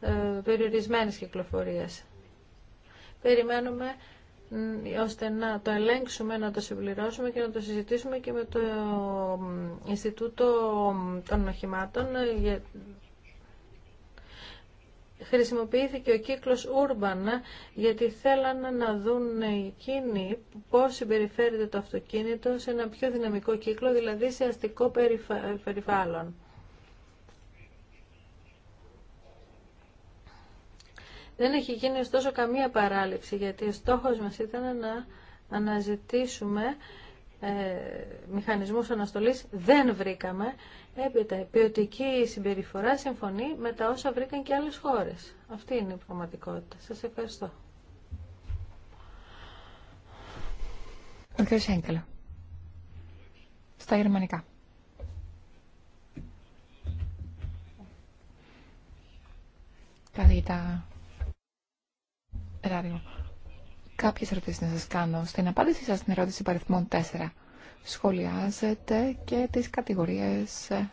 ε, περιορισμένες Περιμένουμε ώστε να το ελέγξουμε, να το συμπληρώσουμε και να το συζητήσουμε και με το Ινστιτούτο των Οχημάτων ε, χρησιμοποιήθηκε ο κύκλος Urban γιατί θέλαν να δουν εκείνοι πώς συμπεριφέρεται το αυτοκίνητο σε ένα πιο δυναμικό κύκλο, δηλαδή σε αστικό περιβάλλον. Δεν έχει γίνει ωστόσο καμία παράληψη γιατί ο στόχος μας ήταν να αναζητήσουμε ε, μηχανισμούς αναστολής δεν βρήκαμε. Έπειτα, η ποιοτική συμπεριφορά συμφωνεί με τα όσα βρήκαν και άλλες χώρες. Αυτή είναι η πραγματικότητα. Σας ευχαριστώ. Στα γερμανικά. Καθηγητά Ράδιο. Κάποιες ερωτήσεις να σας κάνω. Στην απάντησή σας στην ερώτηση παριθμών 4 σχολιάζετε και τις κατηγορίες ε,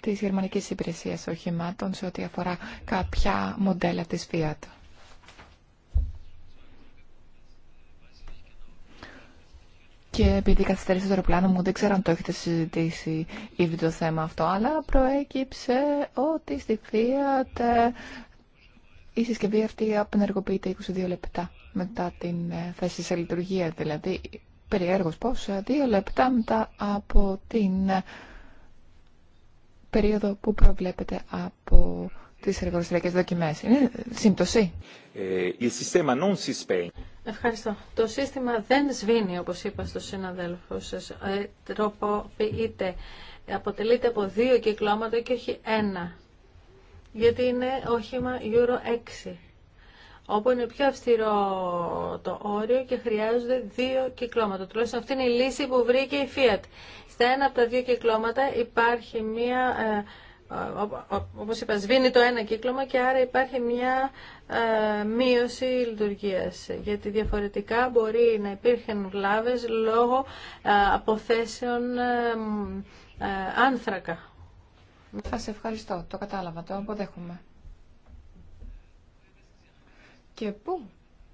της γερμανικής υπηρεσίας οχημάτων σε ό,τι αφορά κάποια μοντέλα της Fiat. Και επειδή καθυστερήσατε το αεροπλάνο μου, δεν ξέρω αν το έχετε συζητήσει ήδη το θέμα αυτό, αλλά προέκυψε ότι στη Fiat ε, η συσκευή αυτή απενεργοποιείται 22 λεπτά μετά την ε, θέση σε λειτουργία, δηλαδή περιέργως πώς, 2 ε, λεπτά μετά από την ε, περίοδο που προβλέπεται από τις εργοστηριακές δοκιμές. Είναι σύμπτωση. Ευχαριστώ. Το σύστημα δεν σβήνει, όπως είπα στο συναδέλφο σας. Τροποποιείται. Αποτελείται από δύο κυκλώματα και όχι ένα γιατί είναι όχημα Euro 6 όπου είναι πιο αυστηρό το όριο και χρειάζονται δύο κυκλώματα. Τουλάχιστον αυτή είναι η λύση που βρήκε η Fiat. Στα ένα από τα δύο κυκλώματα υπάρχει μία, ε, όπως είπα, σβήνει το ένα κύκλωμα και άρα υπάρχει μία ε, μείωση λειτουργίας. Γιατί διαφορετικά μπορεί να υπήρχαν βλάβες λόγω ε, αποθέσεων άνθρακα σε ευχαριστώ. Το κατάλαβα. Το αποδέχομαι. Και πού,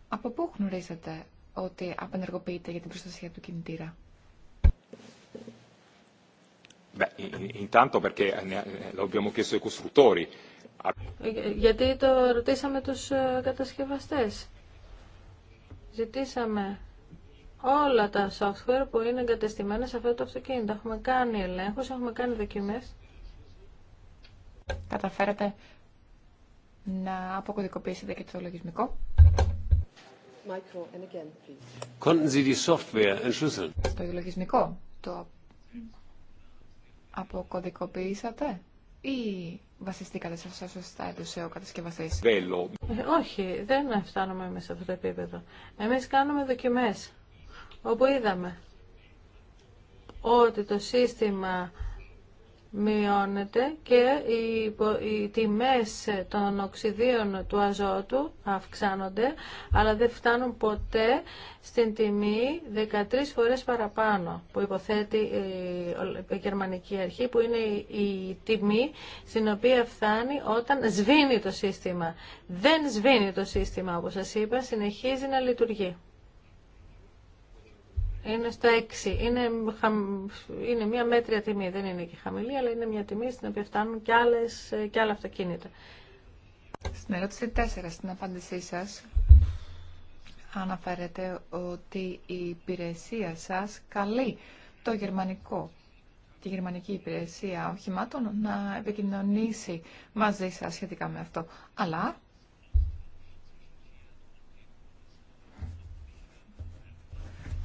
από πού γνωρίζετε ότι απενεργοποιείται για την προστασία του κινητήρα. Γιατί το ρωτήσαμε τους ε, κατασκευαστές. Ζητήσαμε όλα τα software που είναι εγκατεστημένα σε αυτό το αυτοκίνητο. Έχουμε κάνει ελέγχους, έχουμε κάνει δοκιμές καταφέρατε να αποκωδικοποιήσετε και το λογισμικό. Sie die Software entschlüsseln? Το λογισμικό το αποκωδικοποιήσατε ή βασιστήκατε σε αυτά σωστά έδωσε ο κατασκευαστή. όχι, δεν φτάνουμε εμεί σε αυτό το επίπεδο. Εμεί κάνουμε δοκιμέ όπου είδαμε ότι το σύστημα μειώνεται και οι, οι τιμές των οξυδίων του αζότου αυξάνονται, αλλά δεν φτάνουν ποτέ στην τιμή 13 φορές παραπάνω που υποθέτει η γερμανική αρχή, που είναι η τιμή στην οποία φτάνει όταν σβήνει το σύστημα. Δεν σβήνει το σύστημα, όπως σας είπα, συνεχίζει να λειτουργεί. Είναι στο 6. Είναι, είναι μια μέτρια τιμή. Δεν είναι και χαμηλή, αλλά είναι μια τιμή στην οποία φτάνουν και, άλλες, και άλλα αυτοκίνητα. Στην ερώτηση 4, στην απάντησή σας, αναφέρετε ότι η υπηρεσία σας καλεί το γερμανικό, τη γερμανική υπηρεσία οχημάτων να επικοινωνήσει μαζί σας σχετικά με αυτό. Αλλά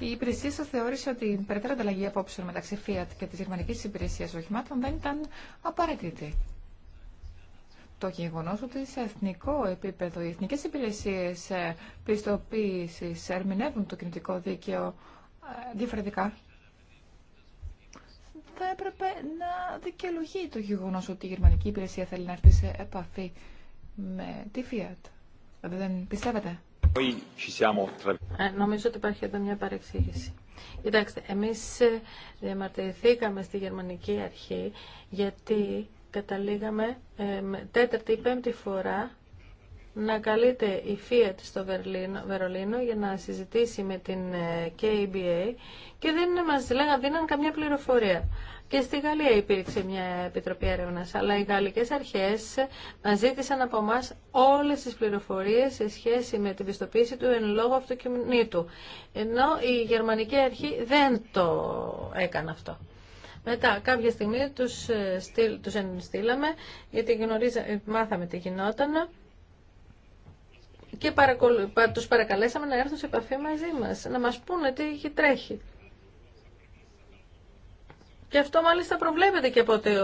η υπηρεσία σα θεώρησε ότι η περαιτέρω ανταλλαγή απόψεων μεταξύ Fiat και τη γερμανική υπηρεσία οχημάτων δεν ήταν απαραίτητη. Το γεγονό ότι σε εθνικό επίπεδο οι εθνικέ υπηρεσίε πιστοποίηση ερμηνεύουν το κινητικό δίκαιο ε, διαφορετικά θα έπρεπε να δικαιολογεί το γεγονό ότι η γερμανική υπηρεσία θέλει να έρθει σε επαφή με τη Fiat. Δεν πιστεύετε. Ε, νομίζω ότι υπάρχει εδώ μια παρεξήγηση. Κοιτάξτε, εμείς ε, διαμαρτυρηθήκαμε στη γερμανική αρχή γιατί καταλήγαμε ε, τέταρτη ή πέμπτη φορά να καλείται η Fiat στο Βερολίνο, Βερολίνο για να συζητήσει με την ε, KBA και δεν μας λέγανε, δίναν καμιά πληροφορία. Και στη Γαλλία υπήρξε μια επιτροπή έρευνα. Αλλά οι γαλλικέ αρχέ μα ζήτησαν από εμά όλε τι πληροφορίε σε σχέση με την πιστοποίηση του εν λόγω αυτοκινήτου. Ενώ η γερμανική αρχή δεν το έκανε αυτό. Μετά κάποια στιγμή τους, ε, στείλ, τους ενστήλαμε γιατί γνωρίζα, ε, μάθαμε τι γινόταν και παρακολου, τους παρακαλέσαμε να έρθουν σε επαφή μαζί μας, να μας πούνε τι τρέχει. Και αυτό μάλιστα προβλέπεται και από τους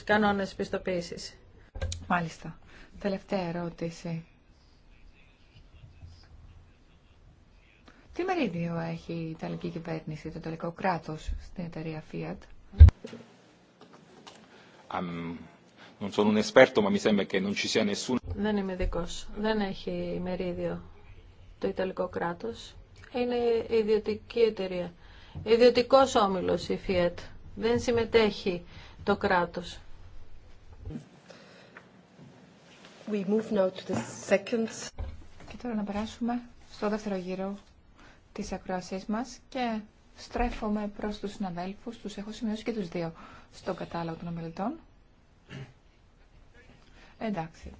ε, κανόνες πιστοποίησης. Μάλιστα. Τελευταία ερώτηση. Τι μερίδιο έχει η Ιταλική κυβέρνηση, το Ιταλικό κράτος στην εταιρεία Fiat. Um, Δεν είμαι δικός. Δεν έχει μερίδιο το Ιταλικό κράτος. Είναι ιδιωτική εταιρεία ιδιωτικός όμιλος η ΦΙΕΤ. Δεν συμμετέχει το κράτος. We move now to the Και τώρα να περάσουμε στο δεύτερο γύρο της ακροασής μας και στρέφομαι προς τους συναδέλφους, τους έχω σημειώσει και τους δύο στον κατάλογο των ομιλητών. Εντάξει,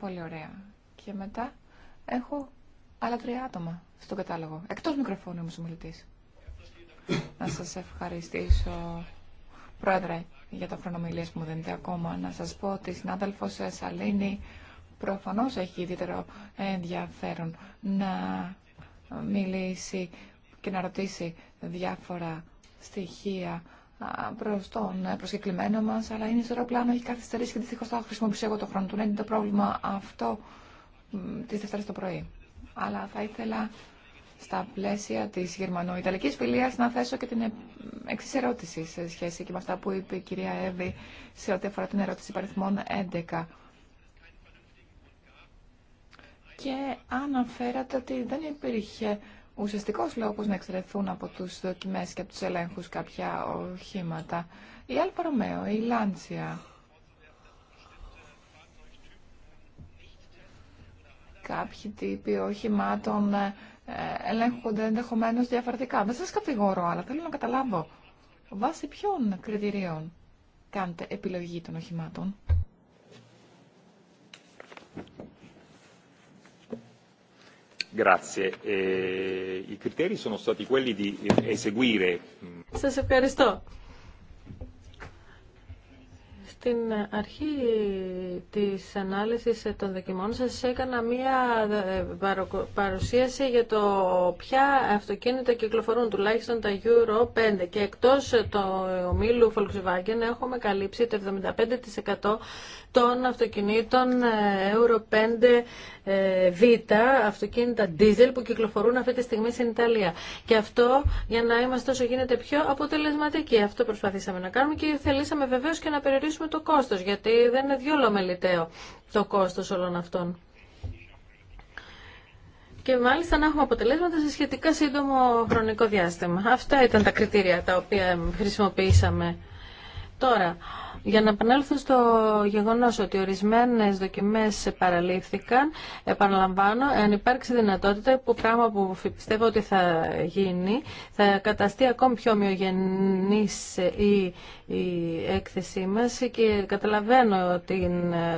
πολύ ωραία. Και μετά έχω άλλα τρία άτομα στον κατάλογο, εκτός μικροφώνου όμως ομιλητής να σας ευχαριστήσω, Πρόεδρε, για τα χρονομιλία που μου δίνετε ακόμα. Να σας πω ότι η συνάδελφος Σαλίνη προφανώς έχει ιδιαίτερο ενδιαφέρον να μιλήσει και να ρωτήσει διάφορα στοιχεία προ τον προσκεκλημένο μα, αλλά είναι στο αεροπλάνο, έχει καθυστερήσει και δυστυχώ θα χρησιμοποιήσω εγώ το χρόνο του. είναι το πρόβλημα αυτό τη Δευτέρα το πρωί. Αλλά θα ήθελα στα πλαίσια της γερμανοϊταλικής φιλίας να θέσω και την εξή ερώτηση σε σχέση και με αυτά που είπε η κυρία Εύη σε ό,τι αφορά την ερώτηση παριθμών 11. Και αναφέρατε ότι δεν υπήρχε ουσιαστικός λόγος να εξαιρεθούν από τους δοκιμές και από τους ελέγχους κάποια οχήματα. Η Αλφα Ρωμαίο, η Λάντσια, κάποιοι τύποι οχημάτων ελέγχονται ενδεχομένω διαφορετικά. Δεν σα κατηγορώ, αλλά θέλω να καταλάβω βάσει ποιων κριτηρίων κάνετε επιλογή των οχημάτων. Ε, eh, σα ευχαριστώ. Στην αρχή της ανάλυσης των δοκιμών σας έκανα μία ε, παρουσίαση για το ποια αυτοκίνητα κυκλοφορούν, τουλάχιστον τα Euro 5 και εκτός του ομίλου Volkswagen έχουμε καλύψει το 75% των αυτοκινήτων ε, Euro 5 ε, Β, αυτοκίνητα diesel που κυκλοφορούν αυτή τη στιγμή στην Ιταλία. Και αυτό για να είμαστε όσο γίνεται πιο αποτελεσματικοί. Αυτό προσπαθήσαμε να κάνουμε και θελήσαμε βεβαίω και να περιορίσουμε το κόστος, γιατί δεν είναι διόλο μελιτέο το κόστος όλων αυτών. Και μάλιστα να έχουμε αποτελέσματα σε σχετικά σύντομο χρονικό διάστημα. Αυτά ήταν τα κριτήρια τα οποία χρησιμοποιήσαμε. Τώρα, για να επανέλθω στο γεγονός ότι ορισμένες δοκιμές παραλήφθηκαν, επαναλαμβάνω, αν υπάρξει δυνατότητα, που πράγμα που πιστεύω ότι θα γίνει, θα καταστεί ακόμη πιο ομοιογενής η, έκθεσή μας και καταλαβαίνω την,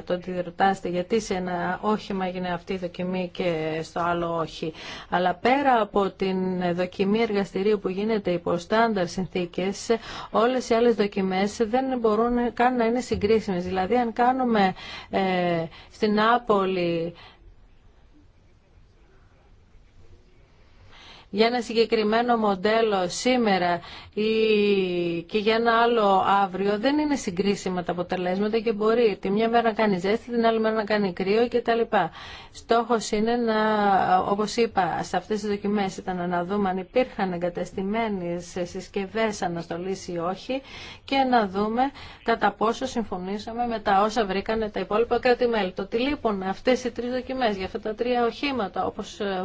το ότι ρωτάστε γιατί σε ένα όχημα έγινε αυτή η δοκιμή και στο άλλο όχι. Αλλά πέρα από την δοκιμή εργαστηρίου που γίνεται υπό στάνταρ συνθήκες, όλες οι άλλες δοκιμές δεν μπορούν καν να είναι συγκρίσιμες. Δηλαδή, αν κάνουμε ε, στην Νάπολη για ένα συγκεκριμένο μοντέλο σήμερα ή και για ένα άλλο αύριο δεν είναι συγκρίσιμα τα αποτελέσματα και μπορεί τη μια μέρα να κάνει ζέστη, την άλλη μέρα να κάνει κρύο κτλ. Στόχος είναι να, όπως είπα, σε αυτές τις δοκιμές ήταν να δούμε αν υπήρχαν εγκατεστημένες συσκευές αναστολής ή όχι και να δούμε κατά πόσο συμφωνήσαμε με τα όσα βρήκανε τα υπόλοιπα κράτη-μέλη. Το τι λείπουν αυτές οι τρεις δοκιμές για αυτά τα τρία οχήματα, όπως ε,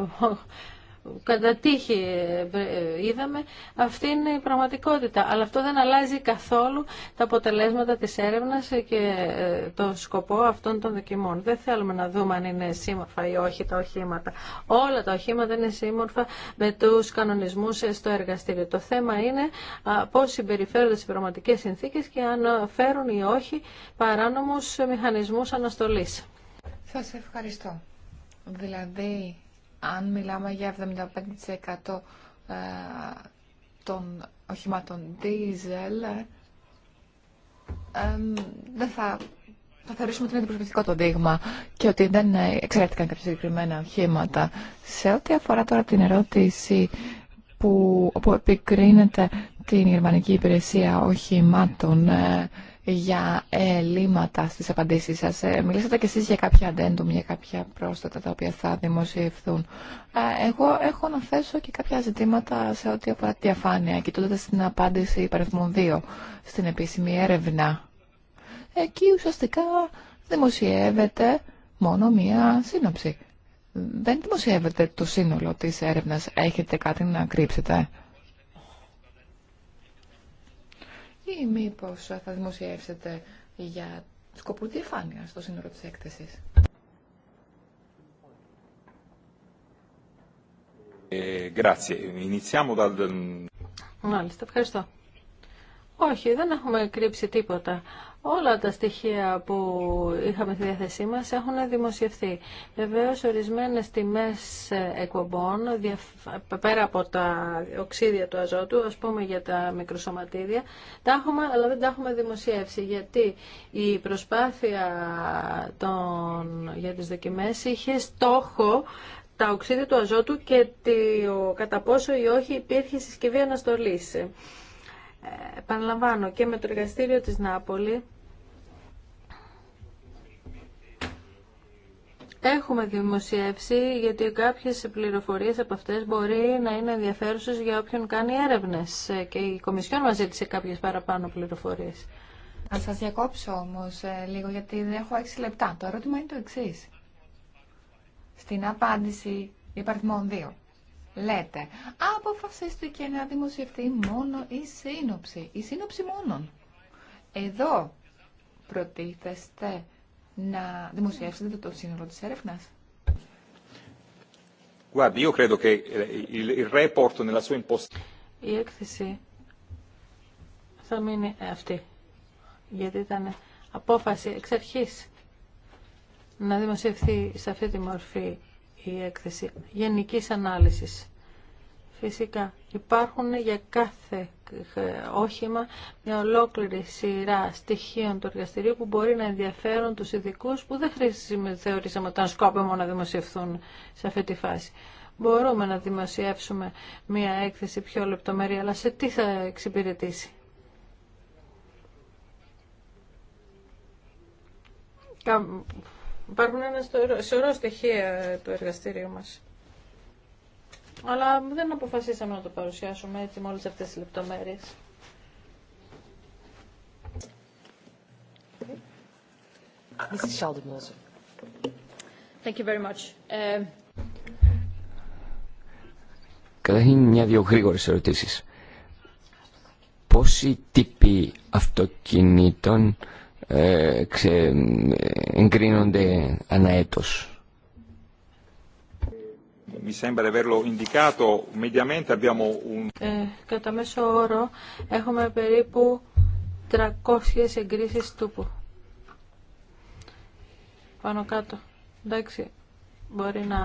κατά τύχη ε, είδαμε, αυτή είναι η πραγματικότητα. Αλλά αυτό δεν αλλάζει καθόλου τα αποτελέσματα της έρευνας και ε, το σκοπό αυτών των δοκιμών. Δεν θέλουμε να δούμε αν είναι σύμμορφα ή όχι τα οχήματα. Όλα τα οχήματα είναι σύμμορφα με τους κανονισμούς ε, στο εργαστήριο. Το θέμα είναι πώς συμπεριφέρονται στις πραγματικές συνθήκες και αν φέρουν ή όχι παράνομους μηχανισμούς αναστολής. Σας ευχαριστώ. Δηλαδή, αν μιλάμε για 75% ε, των οχημάτων diesel, ε, δεν θα, θα θεωρήσουμε ότι είναι αντιπροσωπευτικό το δείγμα και ότι δεν εξαιρέθηκαν κάποια συγκεκριμένα οχήματα. Σε ό,τι αφορά τώρα την ερώτηση που, που επικρίνεται την Γερμανική Υπηρεσία Οχημάτων, ε, για ελλείμματα στις απαντήσεις σας. Ε, μιλήσατε και εσείς για κάποια αντέντουμ, για κάποια πρόσθετα τα οποία θα δημοσιευθούν. Εγώ έχω να θέσω και κάποια ζητήματα σε ό,τι αφορά τη διαφάνεια, κοιτώντας την απάντηση υπαριθμών 2 στην επίσημη έρευνα. Εκεί ουσιαστικά δημοσιεύεται μόνο μία σύνοψη. Δεν δημοσιεύεται το σύνολο της έρευνας. Έχετε κάτι να κρύψετε. ή μήπω θα δημοσιεύσετε για σκοπού διαφάνεια στο σύνολο τη Έκθεση. Ε, Μάλιστα, ευχαριστώ. Όχι, δεν έχουμε κρύψει τίποτα. Όλα τα στοιχεία που είχαμε στη διάθεσή μας έχουν δημοσιευθεί. Βεβαίως, ορισμένες τιμές εκπομπών, πέρα από τα οξύδια του αζότου, ας πούμε για τα μικροσωματίδια, τα έχουμε, αλλά δεν τα έχουμε δημοσιεύσει, γιατί η προσπάθεια των, για τις δοκιμές είχε στόχο τα οξύδια του αζότου και κατά πόσο ή όχι υπήρχε συσκευή αναστολής επαναλαμβάνω, και με το εργαστήριο της Νάπολη Έχουμε δημοσιεύσει γιατί κάποιες πληροφορίες από αυτές μπορεί να είναι ενδιαφέρουσες για όποιον κάνει έρευνες και η Κομισιόν μας ζήτησε κάποιες παραπάνω πληροφορίες. Να σας διακόψω όμως ε, λίγο γιατί δεν έχω έξι λεπτά. Το ερώτημα είναι το εξής. Στην απάντηση μόνο δύο λέτε. Αποφασίστηκε να δημοσιευτεί μόνο η σύνοψη, η σύνοψη μόνον. Εδώ προτίθεστε να δημοσιεύσετε το σύνολο της έρευνας. Η έκθεση θα μείνει ε, αυτή, γιατί ήταν απόφαση εξ αρχής να δημοσιευθεί σε αυτή τη μορφή η έκθεση γενικής ανάλυσης. Φυσικά υπάρχουν για κάθε όχημα μια ολόκληρη σειρά στοιχείων του εργαστηρίου που μπορεί να ενδιαφέρουν τους ειδικού που δεν θεωρήσαμε ότι ήταν σκόπιμο να δημοσιευθούν σε αυτή τη φάση. Μπορούμε να δημοσιεύσουμε μια έκθεση πιο λεπτομερή, αλλά σε τι θα εξυπηρετήσει. Υπάρχουν ένα σωρό στοιχεία του εργαστήριου μας. Αλλά δεν αποφασίσαμε να το παρουσιάσουμε έτσι με αυτές τις λεπτομέρειες. Thank you very much. Um, Καταρχήν μια-δυο γρήγορες ερωτήσεις. Πόσοι τύποι αυτοκινήτων ε, ξε, εγκρίνονται αναέτος. Ε, κατά μέσο όρο έχουμε περίπου 300 εγκρίσεις τούπου. Πάνω κάτω. Εντάξει, μπορεί να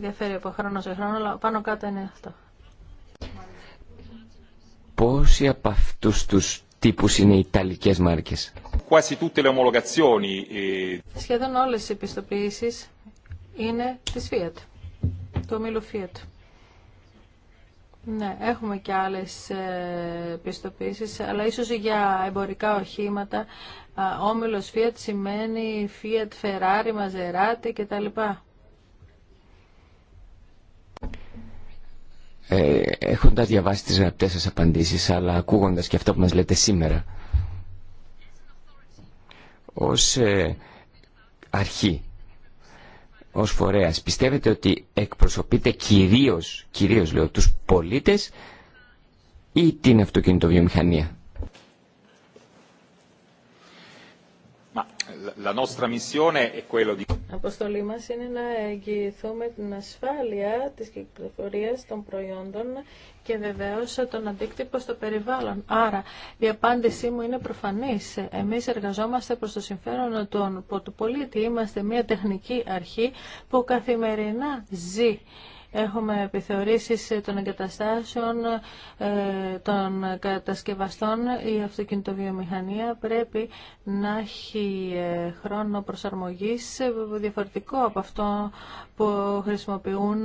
διαφέρει από χρόνο σε χρόνο, αλλά πάνω κάτω είναι αυτό. Πόσοι από αυτούς τους τύπους είναι οι Ιταλικές μάρκες. E Σχεδόν όλες οι επιστοποιήσεις είναι της Fiat, του ομίλου Fiat. Ναι, έχουμε και άλλες ε, πιστοποίησεις, αλλά ίσως για εμπορικά οχήματα, όμιλος Fiat σημαίνει Fiat, Ferrari, Maserati κτλ. Ε, έχοντας διαβάσει τις γραπτές σας απαντήσεις, αλλά ακούγοντας και αυτό που μας λέτε σήμερα, ως ε, αρχή, ως φορέας. Πιστεύετε ότι εκπροσωπείτε κυρίως, κυρίως λέω, τους πολίτες ή την αυτοκινητοβιομηχανία. Αποστολή μας είναι να εγγυηθούμε την ασφάλεια της κυκλοφορίας των προϊόντων και βεβαίως τον αντίκτυπο στο περιβάλλον. Άρα η απάντησή μου είναι προφανής. Εμείς εργαζόμαστε προς το συμφέρον του πολίτη. Είμαστε μια τεχνική αρχή που καθημερινά ζει Έχουμε επιθεωρήσεις ε, των εγκαταστάσεων, ε, των κατασκευαστών. Η αυτοκινητοβιομηχανία πρέπει να έχει ε, χρόνο προσαρμογής διαφορετικό από αυτό που χρησιμοποιούν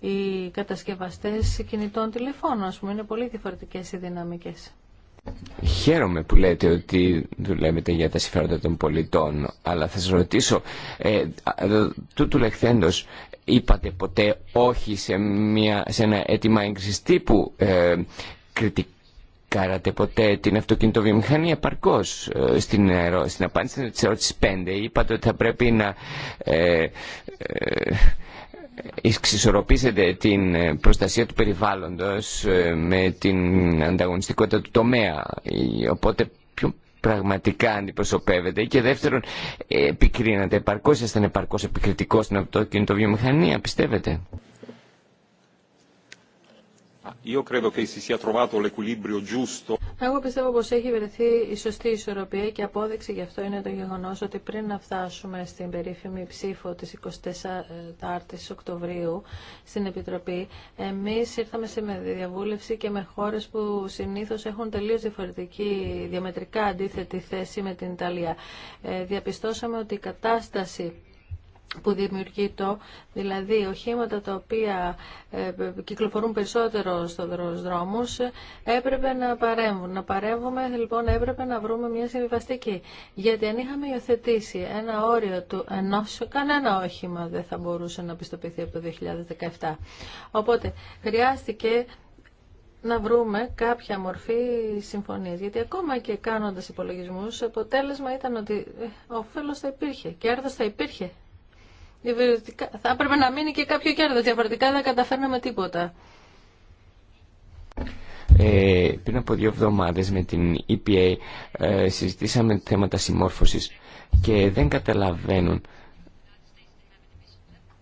οι κατασκευαστές κινητών τηλεφώνων. είναι πολύ διαφορετικές οι δυναμικές. Χαίρομαι που λέτε ότι δουλεύετε για τα συμφέροντα των πολιτών, αλλά θα σας ρωτήσω, ε, ε τούτου λεχθέντος, είπατε ποτέ όχι σε, μια, σε ένα αίτημα έγκρισης τύπου ε, κριτικάρατε ποτέ την αυτοκινητοβιομηχανία παρκώς ε, στην, στην απάντηση της ερώτησης 5 είπατε ότι θα πρέπει να ε, εξισορροπήσετε την ε, προστασία του περιβάλλοντος ε, με την ανταγωνιστικότητα του τομέα. Ε, οπότε πιο πραγματικά αντιπροσωπεύεται και δεύτερον επικρίνατε επαρκώς, ήσασταν επαρκώς επικριτικός στην αυτοκινητοβιομηχανία, πιστεύετε. Io Εγώ πιστεύω πως έχει βρεθεί η σωστή ισορροπία και απόδειξη γι' αυτό είναι το γεγονός ότι πριν να φτάσουμε στην περίφημη ψήφο της 24ης Οκτωβρίου στην Επιτροπή, εμείς ήρθαμε σε διαβούλευση και με χώρες που συνήθως έχουν τελείως διαφορετική, διαμετρικά αντίθετη θέση με την Ιταλία. Ε, διαπιστώσαμε ότι η κατάσταση που δημιουργεί το, δηλαδή οχήματα τα οποία ε, κυκλοφορούν περισσότερο στους δρόμους, έπρεπε να παρέμβουν. Να παρέμβουμε, λοιπόν, έπρεπε να βρούμε μια συμβιβαστική. Γιατί αν είχαμε υιοθετήσει ένα όριο του ενός, κανένα όχημα δεν θα μπορούσε να πιστοποιηθεί από το 2017. Οπότε, χρειάστηκε να βρούμε κάποια μορφή συμφωνία. Γιατί ακόμα και κάνοντας υπολογισμούς, αποτέλεσμα ήταν ότι οφέλο ε, θα υπήρχε, κέρδος θα υπήρχε Διαφορετικά, θα έπρεπε να μείνει και κάποιο κέρδος, διαφορετικά δεν καταφέρναμε τίποτα. Ε, πριν από δύο εβδομάδες με την EPA ε, συζητήσαμε θέματα συμμόρφωσης και δεν καταλαβαίνουν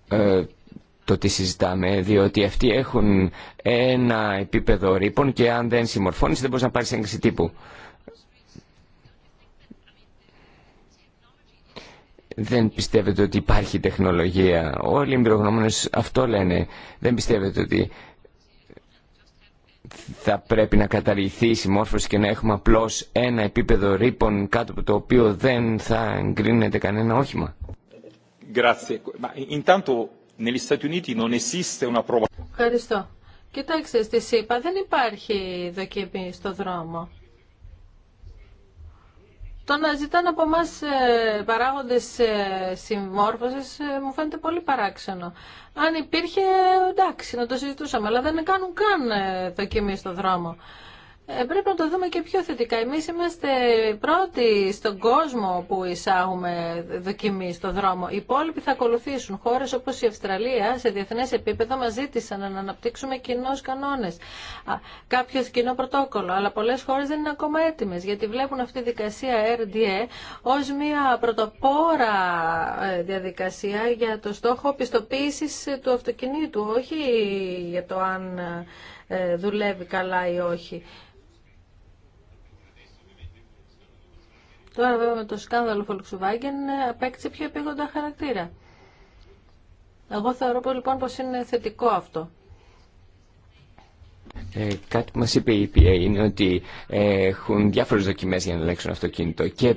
ε, το τι συζητάμε, διότι αυτοί έχουν ένα επίπεδο ρήπων και αν δεν συμμορφώνεις δεν μπορείς να πάρεις έγκριση τύπου. δεν πιστεύετε ότι υπάρχει τεχνολογία. Όλοι οι εμπειρογνώμονες αυτό λένε. Δεν πιστεύετε ότι θα πρέπει να καταργηθεί η συμμόρφωση και να έχουμε απλώς ένα επίπεδο ρήπων κάτω από το οποίο δεν θα εγκρίνεται κανένα όχημα. Ευχαριστώ. Κοιτάξτε, στη ΣΥΠΑ δεν υπάρχει δοκιμή στο δρόμο. Το να ζητάνε από εμά ε, παράγοντε συμμόρφωση ε, μου φαίνεται πολύ παράξενο. Αν υπήρχε, εντάξει, να το συζητούσαμε, αλλά δεν κάνουν καν ε, δοκιμή στο δρόμο. Ε, πρέπει να το δούμε και πιο θετικά. Εμείς είμαστε πρώτοι στον κόσμο που εισάγουμε δοκιμή στο δρόμο. Οι υπόλοιποι θα ακολουθήσουν. Χώρες όπως η Αυστραλία σε διεθνές επίπεδο μας ζήτησαν να αναπτύξουμε κοινού κανόνες, κάποιο κοινό πρωτόκολλο. Αλλά πολλές χώρες δεν είναι ακόμα έτοιμες γιατί βλέπουν αυτή τη δικασία RDA ως μια πρωτοπόρα ε, διαδικασία για το στόχο πιστοποίησης ε, του αυτοκινήτου, όχι για το αν δουλεύει καλά ή όχι. Τώρα βέβαια με το σκάνδαλο Volkswagen ε, απέκτησε πιο επίγοντα χαρακτήρα. Εγώ θεωρώ λοιπόν πως είναι θετικό αυτό. Ε, κάτι που μας είπε η EPA είναι ότι ε, έχουν διάφορες δοκιμές για να ελέγξουν αυτοκίνητο και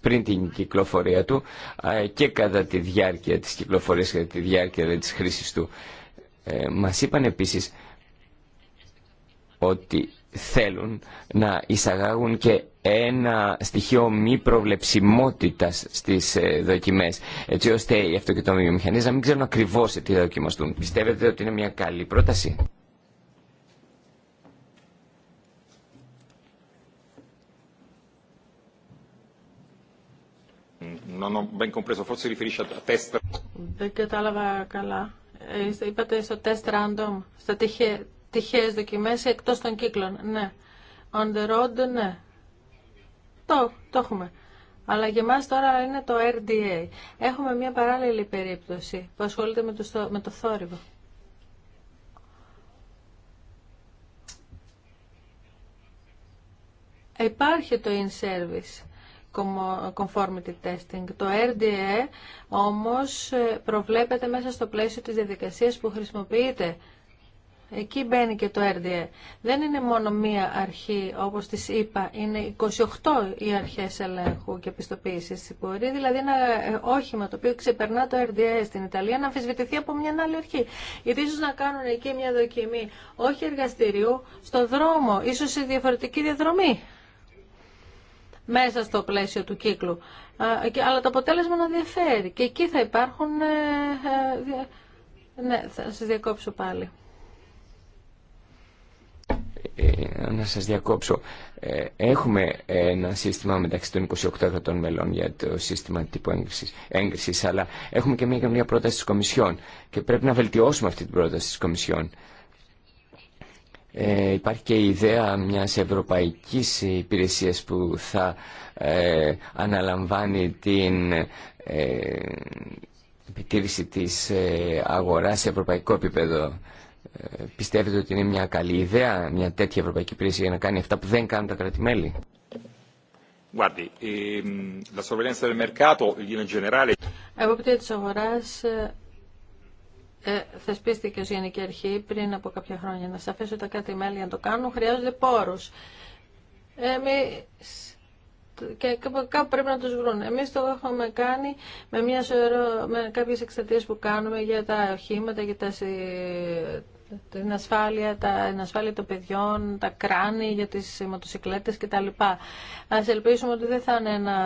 πριν την κυκλοφορία του ε, και κατά τη διάρκεια της κυκλοφορίας, και τη διάρκεια δηλαδή της χρήσης του. Ε, μας είπαν επίσης ότι θέλουν να εισαγάγουν και ένα στοιχείο μη προβλεψιμότητας στις ε, δοκιμές έτσι ώστε οι αυτοκινητοβιομηχανίες να μην ξέρουν ακριβώς σε τι δοκιμαστούν. Πιστεύετε ότι είναι μια καλή πρόταση? Δεν κατάλαβα καλά. Ε, είπατε στο test random, στα τυχαία τυχαίες δοκιμές εκτός των κύκλων. Ναι. On the road, ναι. Το, το έχουμε. Αλλά για εμάς τώρα είναι το RDA. Έχουμε μια παράλληλη περίπτωση που ασχολείται με το, με το θόρυβο. Υπάρχει το in-service conformity testing. Το RDA όμως ε, προβλέπεται μέσα στο πλαίσιο της διαδικασίας που χρησιμοποιείται Εκεί μπαίνει και το RDA Δεν είναι μόνο μία αρχή, όπως τις είπα, είναι 28 οι αρχές ελέγχου και πιστοποίησης. Μπορεί δηλαδή ένα ε, όχημα το οποίο ξεπερνά το RDA στην Ιταλία να αμφισβητηθεί από μια άλλη αρχή. Γιατί ίσως να κάνουν εκεί μια δοκιμή, όχι εργαστηρίου, στο δρόμο, ίσως σε διαφορετική διαδρομή μέσα στο πλαίσιο του κύκλου. Αλλά το αποτέλεσμα να διαφέρει και εκεί θα υπάρχουν... Ε, ε, ναι, θα σας διακόψω πάλι. Ε, να σας διακόψω. Ε, έχουμε ένα σύστημα μεταξύ των 28 κρατών μελών για το σύστημα τύπου έγκρισης, έγκρισης αλλά έχουμε και μια καινούργια πρόταση της Κομισιόν και πρέπει να βελτιώσουμε αυτή την πρόταση της Κομισιόν. Ε, υπάρχει και η ιδέα μιας ευρωπαϊκής υπηρεσίας που θα αναλαμβάνει την ε, επιτήρηση της αγοράς σε ευρωπαϊκό επίπεδο πιστεύετε ότι είναι μια καλή ιδέα μια τέτοια ευρωπαϊκή υπηρεσία για να κάνει αυτά που δεν κάνουν τα κράτη-μέλη. Εποπτεία τη αγορά θεσπίστηκε ω Γενική Αρχή πριν από κάποια χρόνια. Να σα αφήσω τα κρατη μέλη να το κάνουν. Χρειάζονται πόρου. Εμείς και κάπου πρέπει να τους βρουν. Εμείς το έχουμε κάνει με, μια σωρό, κάποιες που κάνουμε για τα οχήματα, για τα, την ασφάλεια, τα, την των παιδιών, τα κράνη για τις μοτοσυκλέτες κτλ. Ας ελπίσουμε ότι δεν θα είναι ένα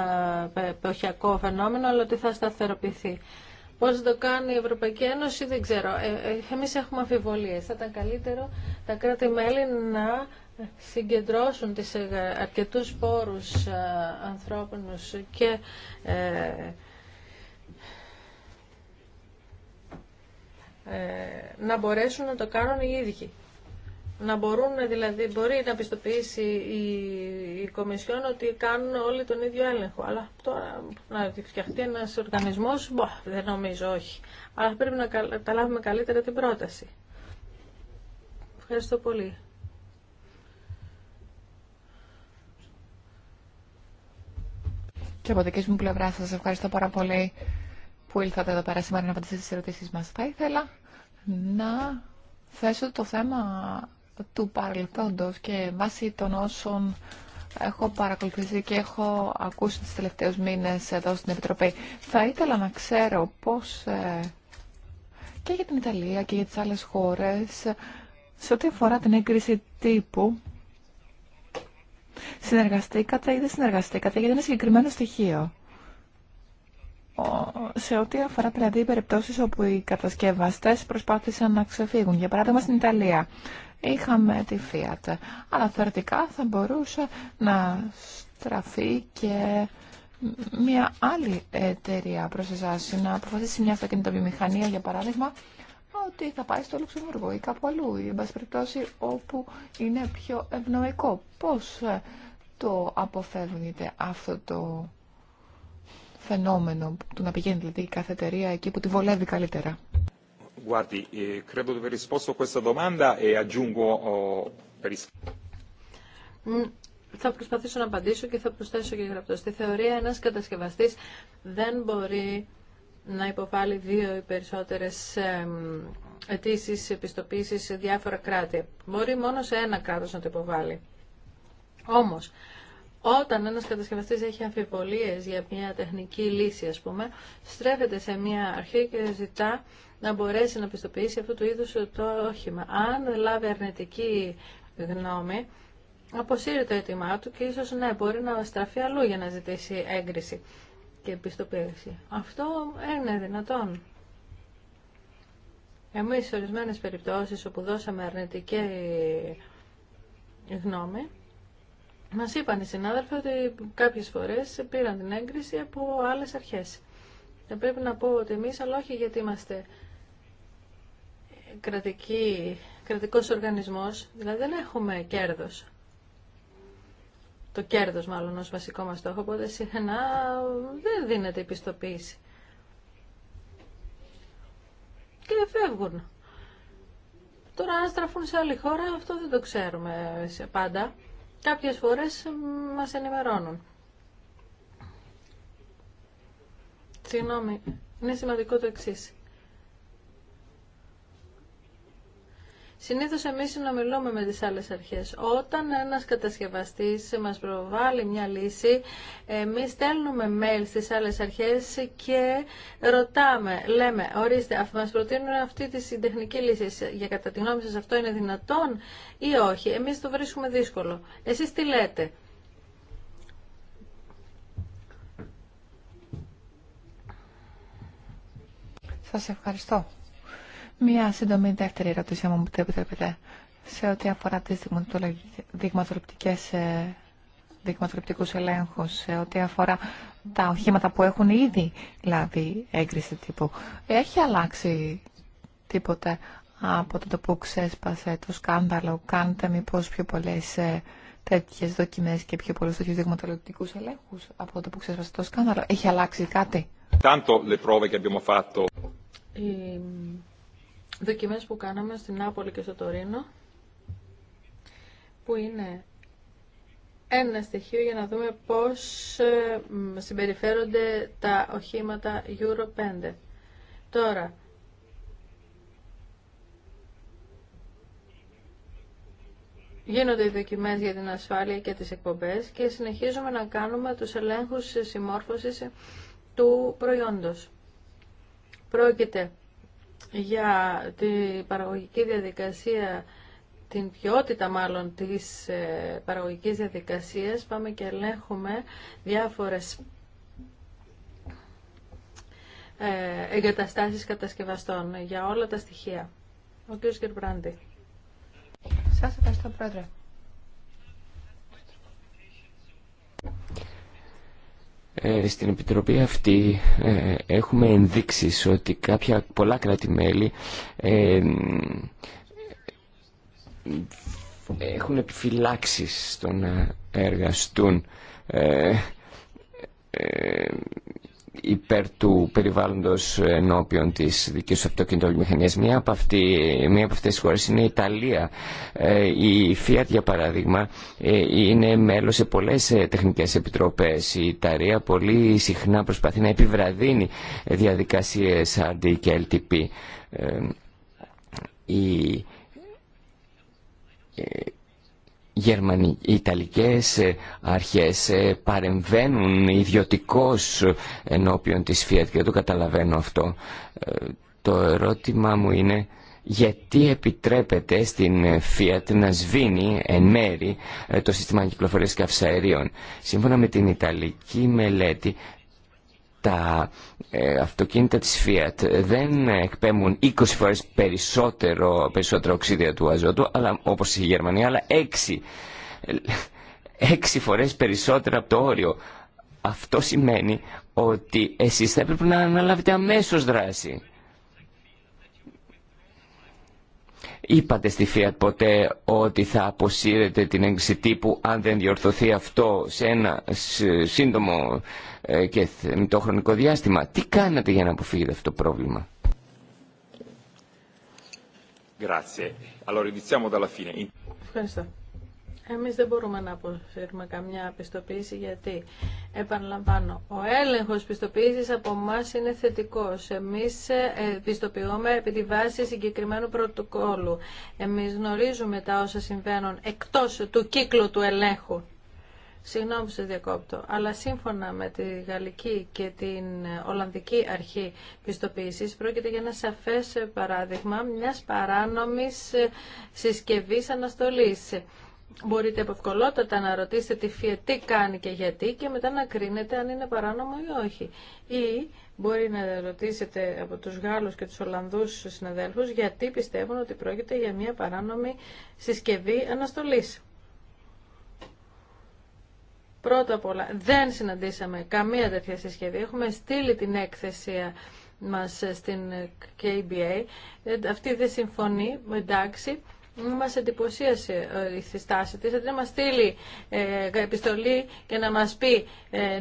πεοχιακό φαινόμενο, αλλά ότι θα σταθεροποιηθεί. Πώ θα το κάνει η Ευρωπαϊκή Ένωση δεν ξέρω. Ε, ε Εμεί έχουμε αμφιβολίε. Θα ήταν καλύτερο τα κράτη-μέλη να συγκεντρώσουν τις αρκετούς πόρους ανθρώπινους και ε, ε, να μπορέσουν να το κάνουν οι ίδιοι. Να μπορούν, δηλαδή, μπορεί να πιστοποιήσει η, η Κομισιόν ότι κάνουν όλοι τον ίδιο έλεγχο. Αλλά τώρα να φτιαχτεί ένα οργανισμό, δεν νομίζω, όχι. Αλλά πρέπει να καταλάβουμε καλύτερα την πρόταση. Ευχαριστώ πολύ. Και από δική μου πλευρά σα ευχαριστώ πάρα πολύ που ήλθατε εδώ πέρα σήμερα να απαντήσετε στις ερωτήσει μα. Θα ήθελα να θέσω το θέμα του παρελθόντο και βάσει των όσων έχω παρακολουθήσει και έχω ακούσει τις τελευταίους μήνες εδώ στην Επιτροπή. Θα ήθελα να ξέρω πώς ε, και για την Ιταλία και για τις άλλε χώρες σε ό,τι αφορά την έγκριση τύπου Συνεργαστήκατε ή δεν συνεργαστήκατε γιατί είναι συγκεκριμένο στοιχείο. Σε ό,τι αφορά δηλαδή οι περιπτώσεις όπου οι κατασκευαστές προσπάθησαν να ξεφύγουν. Για παράδειγμα στην Ιταλία είχαμε τη Fiat. Αλλά θεωρητικά θα μπορούσε να στραφεί και μια άλλη εταιρεία προς εσάς να αποφασίσει μια αυτοκινητοβιομηχανία για παράδειγμα ότι θα πάει στο Λουξεμβούργο ή κάπου αλλού ή εν περιπτώσει όπου είναι πιο ευνοϊκό. Πώς ε, το αποφεύγεται αυτό το φαινόμενο του να πηγαίνει δηλαδή κάθε εταιρεία εκεί που τη βολεύει καλύτερα. Guardi, ε, credo di aver risposto a questa domanda e oh, θα προσπαθήσω να απαντήσω και θα προσθέσω και γραπτό. Στη θεωρία ένας κατασκευαστής δεν μπορεί να υποβάλει δύο ή περισσότερες αιτήσει επιστοποίηση σε διάφορα κράτη. Μπορεί μόνο σε ένα κράτος να το υποβάλει. Όμως, όταν ένας κατασκευαστή έχει αμφιβολίε για μια τεχνική λύση, ας πούμε, στρέφεται σε μια αρχή και ζητά να μπορέσει να πιστοποιήσει αυτού του είδου το όχημα. Αν λάβει αρνητική γνώμη, αποσύρει το αίτημά του και ίσω ναι, μπορεί να στραφεί αλλού για να ζητήσει έγκριση και επιστοποίηση. Αυτό είναι δυνατόν. Εμείς σε ορισμένες περιπτώσεις όπου δώσαμε αρνητική γνώμη, μας είπαν οι συνάδελφοι ότι κάποιες φορές πήραν την έγκριση από άλλες αρχές. Θα ε, πρέπει να πω ότι εμείς, αλλά όχι γιατί είμαστε κρατική, κρατικός οργανισμός, δηλαδή δεν έχουμε κέρδος το κέρδος μάλλον ως βασικό μας στόχο, οπότε συχνά δεν δίνεται η πιστοποίηση. Και φεύγουν. Τώρα αν στραφούν σε άλλη χώρα, αυτό δεν το ξέρουμε σε πάντα. Κάποιες φορές μας ενημερώνουν. Συγγνώμη, είναι σημαντικό το εξής. Συνήθω εμείς συνομιλούμε με τις άλλε αρχές. Όταν ένας κατασκευαστή μας προβάλλει μια λύση, εμείς στέλνουμε mail στις άλλε αρχές και ρωτάμε, λέμε, ορίστε, αφού μας προτείνουν αυτή τη συντεχνική λύση. Για κατά τη γνώμη σα αυτό είναι δυνατόν ή όχι. Εμείς το βρίσκουμε δύσκολο. Εσείς τι λέτε. Σας ευχαριστώ. Μία σύντομη δεύτερη ερώτηση, αν μου επιτρέπετε, σε ό,τι αφορά τι δειγματοληπτικές ε, δειγματοληπτικούς ελέγχους σε ό,τι αφορά τα οχήματα που έχουν ήδη λάβει έγκριση τύπου. Έχει αλλάξει τίποτε από το που ξέσπασε το σκάνδαλο. Κάντε μήπω πιο πολλέ ε, τέτοιε δοκιμέ και πιο πολλού τέτοιου δειγματοληπτικού ελέγχου από το που ξέσπασε το σκάνδαλο. Έχει αλλάξει κάτι. Tanto δοκιμές που κάναμε στην Νάπολη και στο Τωρίνο, που είναι ένα στοιχείο για να δούμε πώς ε, συμπεριφέρονται τα οχήματα Euro 5. Τώρα, Γίνονται οι δοκιμές για την ασφάλεια και τις εκπομπές και συνεχίζουμε να κάνουμε τους ελέγχους συμμόρφωσης του προϊόντος. Πρόκειται για την παραγωγική διαδικασία, την ποιότητα μάλλον της ε, παραγωγικής διαδικασίας, πάμε και ελέγχουμε διάφορες ε, εγκαταστάσεις κατασκευαστών για όλα τα στοιχεία. Ο κ. Γερμπράντη. Σας ευχαριστώ, Πρόεδρε. Ε, στην Επιτροπή αυτή ε, έχουμε ενδείξεις ότι κάποια πολλά κράτη-μέλη ε, έχουν επιφυλάξεις στο να εργαστούν υπέρ του περιβάλλοντος ενώπιον της δικής του Μία από, αυτή, μία από αυτές τις χώρες είναι η Ιταλία. Ε, η Fiat για παράδειγμα ε, είναι μέλος σε πολλές ε, τεχνικές επιτροπές. Η Ιταλία πολύ συχνά προσπαθεί να επιβραδύνει διαδικασίες αντί και LTP οι Ιταλικές ε, αρχές ε, παρεμβαίνουν ιδιωτικώς ενώπιον της Fiat και δεν το καταλαβαίνω αυτό. Ε, το ερώτημά μου είναι γιατί επιτρέπεται στην Fiat να σβήνει εν μέρη το σύστημα κυκλοφορίας καυσαερίων. Σύμφωνα με την Ιταλική μελέτη τα ε, αυτοκίνητα της Fiat δεν εκπέμπουν 20 φορές περισσότερο, περισσότερο οξύδια του αζότου, αλλά, όπως στη Γερμανία, αλλά 6, 6 φορές περισσότερο από το όριο. Αυτό σημαίνει ότι εσείς θα έπρεπε να αναλάβετε αμέσως δράση. Είπατε στη Fiat ποτέ ότι θα αποσύρετε την έγκριση τύπου αν δεν διορθωθεί αυτό σε ένα σύντομο ε, και το χρονικό διάστημα. Τι κάνατε για να αποφύγετε αυτό το πρόβλημα. Ευχαριστώ. Εμείς δεν μπορούμε να αποφέρουμε καμιά πιστοποίηση γιατί, επαναλαμβάνω, ο έλεγχος πιστοποίησης από εμά είναι θετικός. Εμείς ε, πιστοποιούμε επί τη βάση συγκεκριμένου πρωτοκόλου. Εμείς γνωρίζουμε τα όσα συμβαίνουν εκτός του κύκλου του ελέγχου. Συγγνώμη σε διακόπτω, αλλά σύμφωνα με τη Γαλλική και την Ολλανδική Αρχή Πιστοποίησης πρόκειται για ένα σαφές παράδειγμα μιας παράνομης συσκευής αναστολής. Μπορείτε ευκολότατα να ρωτήσετε τι ΦΙΕ τι κάνει και γιατί και μετά να κρίνετε αν είναι παράνομο ή όχι. Ή μπορεί να ρωτήσετε από τους Γάλλους και τους Ολλανδούς συναδέλφους γιατί πιστεύουν ότι πρόκειται για μια παράνομη συσκευή αναστολής. Πρώτα απ' όλα, δεν συναντήσαμε καμία τέτοια συσχεδία. Έχουμε στείλει την έκθεση μας στην KBA. Ε, αυτή δεν συμφωνεί, εντάξει. Μα εντυπωσίασε ε, η στάση τη. Αντί να μα στείλει ε, επιστολή και να μα πει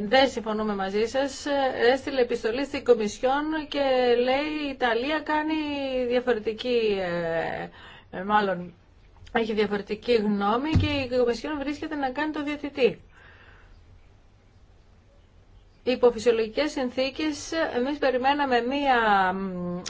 δεν συμφωνούμε μαζί σα, έστειλε επιστολή στην Κομισιόν και λέει η Ιταλία κάνει διαφορετική, μάλλον έχει διαφορετική γνώμη και η Κομισιόν βρίσκεται να κάνει το διαιτητή υπό φυσιολογικέ συνθήκες εμεί περιμέναμε μία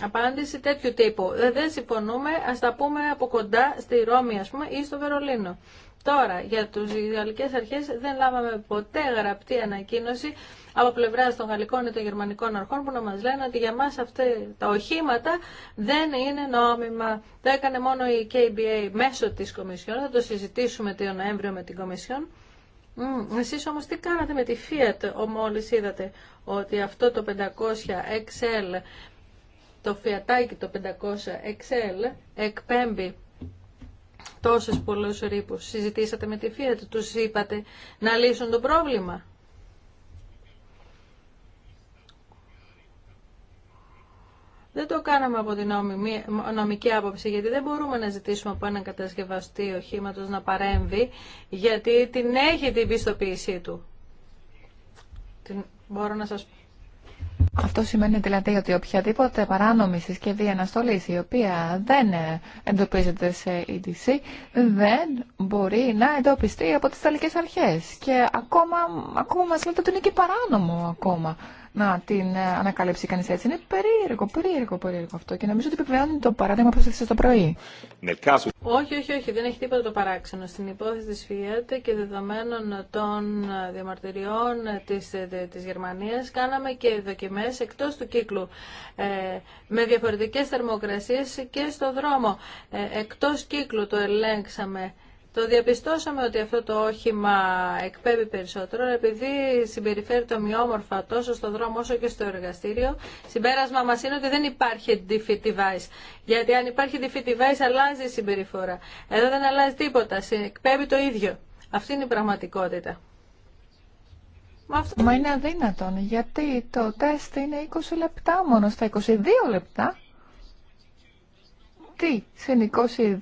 απάντηση τέτοιου τύπου. Ε, δεν συμφωνούμε, ας τα πούμε από κοντά στη Ρώμη ας πούμε ή στο Βερολίνο. Τώρα, για τους γαλλικέ αρχές δεν λάβαμε ποτέ γραπτή ανακοίνωση από πλευρά των γαλλικών ή των γερμανικών αρχών που να μας λένε ότι για μας αυτά τα οχήματα δεν είναι νόμιμα. Το έκανε μόνο η KBA μέσω τη Κομισιόν, θα το συζητήσουμε το Νοέμβριο με την Κομισιόν. Mm, εσείς όμως τι κάνατε με τη Fiat, ο, είδατε ότι αυτό το 500 XL, το Fiatάκι το 500 XL εκπέμπει τόσες πολλές ρήπους. Συζητήσατε με τη Fiat, τους είπατε να λύσουν το πρόβλημα. Δεν το κάναμε από την νομική άποψη, γιατί δεν μπορούμε να ζητήσουμε από έναν κατασκευαστή οχήματος να παρέμβει, γιατί την έχει την πιστοποίησή του. Την... να αυτό σημαίνει δηλαδή ότι οποιαδήποτε παράνομη συσκευή αναστολή η οποία δεν ε, εντοπίζεται σε EDC δεν μπορεί να εντοπιστεί από τι ταλικέ Αρχέ. Και ακόμα, ακόμα μα λέτε ότι είναι και παράνομο ακόμα να την ε, ανακαλύψει κανείς έτσι. Είναι περίεργο, περίεργο, περίεργο αυτό και νομίζω ότι επιβεβαιώνει το παράδειγμα που σας το πρωί. Ναι, όχι, όχι, όχι, δεν έχει τίποτα το παράξενο. Στην υπόθεση τη Fiat και δεδομένων των διαμαρτυριών τη ε, της Γερμανίας κάναμε και δοκιμέ εκτός του κύκλου ε, με διαφορετικέ θερμοκρασίε και στο δρόμο. Εκτό κύκλου το ελέγξαμε το διαπιστώσαμε ότι αυτό το όχημα εκπέμπει περισσότερο επειδή συμπεριφέρεται ομοιόμορφα τόσο στο δρόμο όσο και στο εργαστήριο. Συμπέρασμα μα είναι ότι δεν υπάρχει defeat device. Γιατί αν υπάρχει defeat device αλλάζει η συμπεριφορά. Εδώ δεν αλλάζει τίποτα. Εκπέμπει το ίδιο. Αυτή είναι η πραγματικότητα. Αυτό... Μα είναι αδύνατον γιατί το τεστ είναι 20 λεπτά μόνο στα 22 λεπτά τι σε 22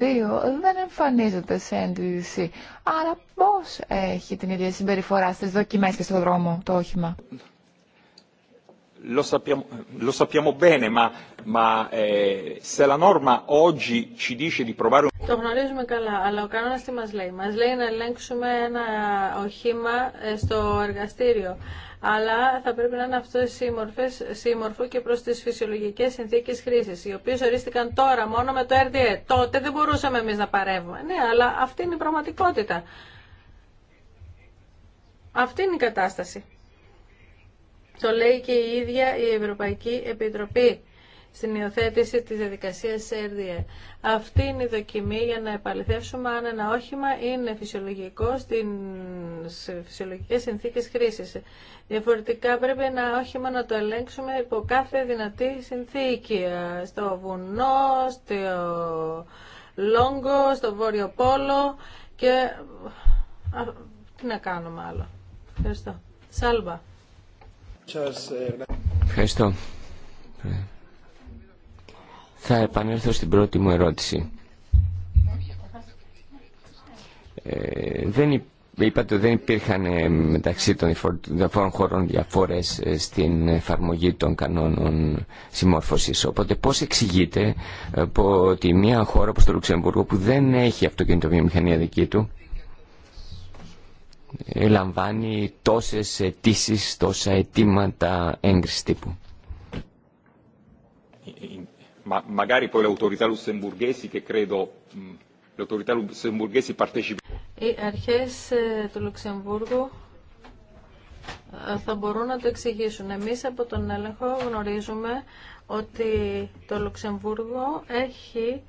δεν εμφανίζεται σε ένδυση. Άρα πώς έχει την ίδια συμπεριφορά στις δοκιμές και στον δρόμο το όχημα lo sappiamo bene, ma eh, se la norma oggi Το γνωρίζουμε καλά, αλλά ο κανόνα τι μα λέει. Μα λέει να ελέγξουμε ένα οχήμα ε, στο εργαστήριο. Αλλά θα πρέπει να είναι αυτό σύμμορφο και προ τι φυσιολογικέ συνθήκε χρήση, οι οποίε ορίστηκαν τώρα μόνο με το RDE. Τότε δεν μπορούσαμε εμεί να παρεύουμε. Ναι, αλλά αυτή είναι η πραγματικότητα. Αυτή είναι η κατάσταση. Το λέει και η ίδια η Ευρωπαϊκή Επιτροπή στην υιοθέτηση της διαδικασίας ΣΕΡΔΙΕ. Αυτή είναι η δοκιμή για να επαληθεύσουμε αν ένα όχημα είναι φυσιολογικό στις φυσιολογικές συνθήκες χρήσης. Διαφορετικά πρέπει ένα όχημα να το ελέγξουμε υπό κάθε δυνατή συνθήκη. Ε, στο βουνό, στο λόγκο, στο βόρειο πόλο και... Τι να κάνουμε άλλο. Ευχαριστώ. Σάλβα. Ε, Ευχαριστώ. Θα επανέλθω στην πρώτη μου ερώτηση. Ε, δεν Είπατε ότι δεν υπήρχαν ε, μεταξύ των διαφόρων χωρών διαφόρες στην εφαρμογή των κανόνων συμμόρφωσης. Οπότε πώς εξηγείτε ότι μια χώρα όπως το Λουξεμβούργο που δεν έχει αυτοκινητοβιομηχανία δική του λαμβάνει τόσες αιτήσει, τόσα αιτήματα έγκρισης τύπου. Οι αρχές ε, του Λουξεμβούργου ε, θα μπορούν να το εξηγήσουν. Εμείς από τον έλεγχο γνωρίζουμε ότι το Λουξεμβούργο έχει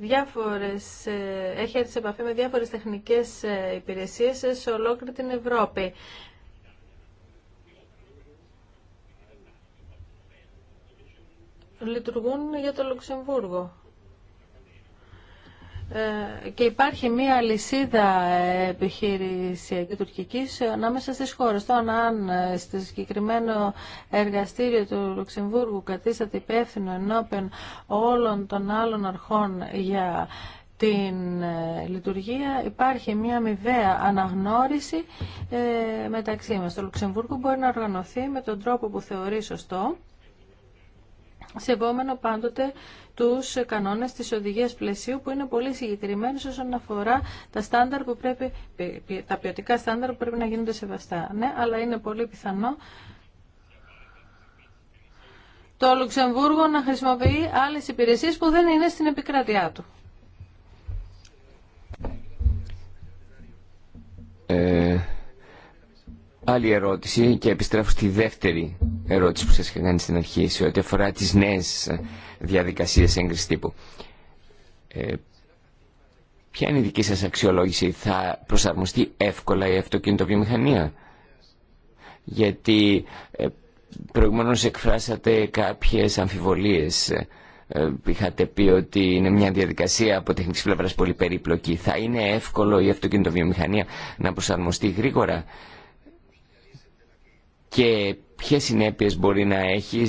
διάφορες, ε, έχει έρθει σε επαφή με διάφορες τεχνικές ε, υπηρεσίες σε ολόκληρη την Ευρώπη. Λειτουργούν για το Λουξεμβούργο. Ε, και υπάρχει μία λυσίδα ε, επιχείρησιακή τουρκική ανάμεσα στι χώρε. Τώρα, αν ε, στο συγκεκριμένο εργαστήριο του Λουξεμβούργου κατήσατε υπεύθυνο ενώπιον όλων των άλλων αρχών για την λειτουργία υπάρχει μια αμοιβαία αναγνώριση μεταξύ μας. Το Λουξεμβούργο μπορεί να οργανωθεί με τον τρόπο που θεωρεί σωστό σεβόμενο πάντοτε τους κανόνες της οδηγίας πλαισίου που είναι πολύ συγκεκριμένους όσον αφορά τα, στάνταρ που πρέπει, τα ποιοτικά στάνταρ που πρέπει να γίνονται σεβαστά. Ναι, αλλά είναι πολύ πιθανό το Λουξεμβούργο να χρησιμοποιεί άλλες υπηρεσίες που δεν είναι στην επικράτειά του. Ε, άλλη ερώτηση και επιστρέφω στη δεύτερη ερώτηση που σας είχα κάνει στην αρχή σε ό,τι αφορά τις νέες διαδικασίες έγκρισης τύπου. Ε, ποια είναι η δική σας αξιολόγηση, θα προσαρμοστεί εύκολα η αυτοκινητοβιομηχανία. Γιατί ε, προηγουμένως εκφράσατε κάποιες αμφιβολίες. Ε, είχατε πει ότι είναι μια διαδικασία από τεχνική πλευρά πολύ περίπλοκη. Θα είναι εύκολο η αυτοκινητοβιομηχανία να προσαρμοστεί γρήγορα και ποιες συνέπειες μπορεί να έχει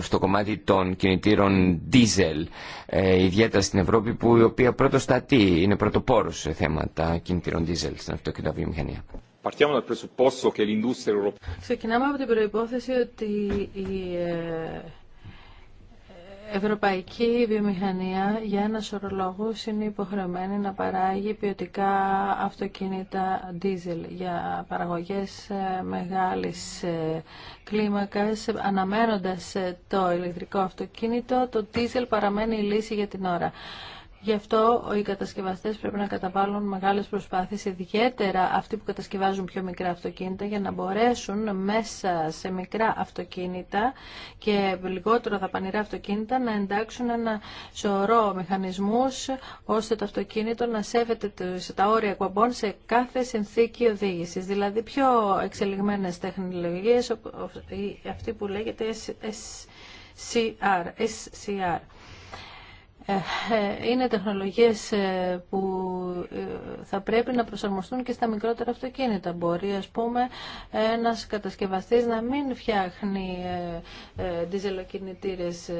στο κομμάτι των κινητήρων diesel, ε, ιδιαίτερα στην Ευρώπη που η οποία πρώτο στατεί, είναι πρωτοπόρος σε θέματα κινητήρων diesel στην αυτοκίνητα βιομηχανία. Ξεκινάμε από την προϋπόθεση ότι η ε, ευρωπαϊκή βιομηχανία για ένα σωρό είναι υποχρεωμένη να παράγει ποιοτικά αυτοκίνητα diesel για παραγωγές ε, μεγάλης ε, κλίμακας. Αναμένοντας ε, το ηλεκτρικό αυτοκίνητο, το diesel παραμένει η λύση για την ώρα. Γι' αυτό οι κατασκευαστές πρέπει να καταβάλουν μεγάλες προσπάθειες, ιδιαίτερα αυτοί που κατασκευάζουν πιο μικρά αυτοκίνητα, για να μπορέσουν μέσα σε μικρά αυτοκίνητα και λιγότερο δαπανηρά αυτοκίνητα να εντάξουν ένα σωρό μηχανισμούς, ώστε το αυτοκίνητο να σέβεται τα όρια εκπομπών σε κάθε συνθήκη οδήγησης. Δηλαδή πιο εξελιγμένες τεχνολογίες, αυτή που λέγεται SCR. Ε, είναι τεχνολογίες ε, που ε, θα πρέπει να προσαρμοστούν και στα μικρότερα αυτοκίνητα. Μπορεί, ας πούμε, ένας κατασκευαστής να μην φτιάχνει διζελοκινητήρες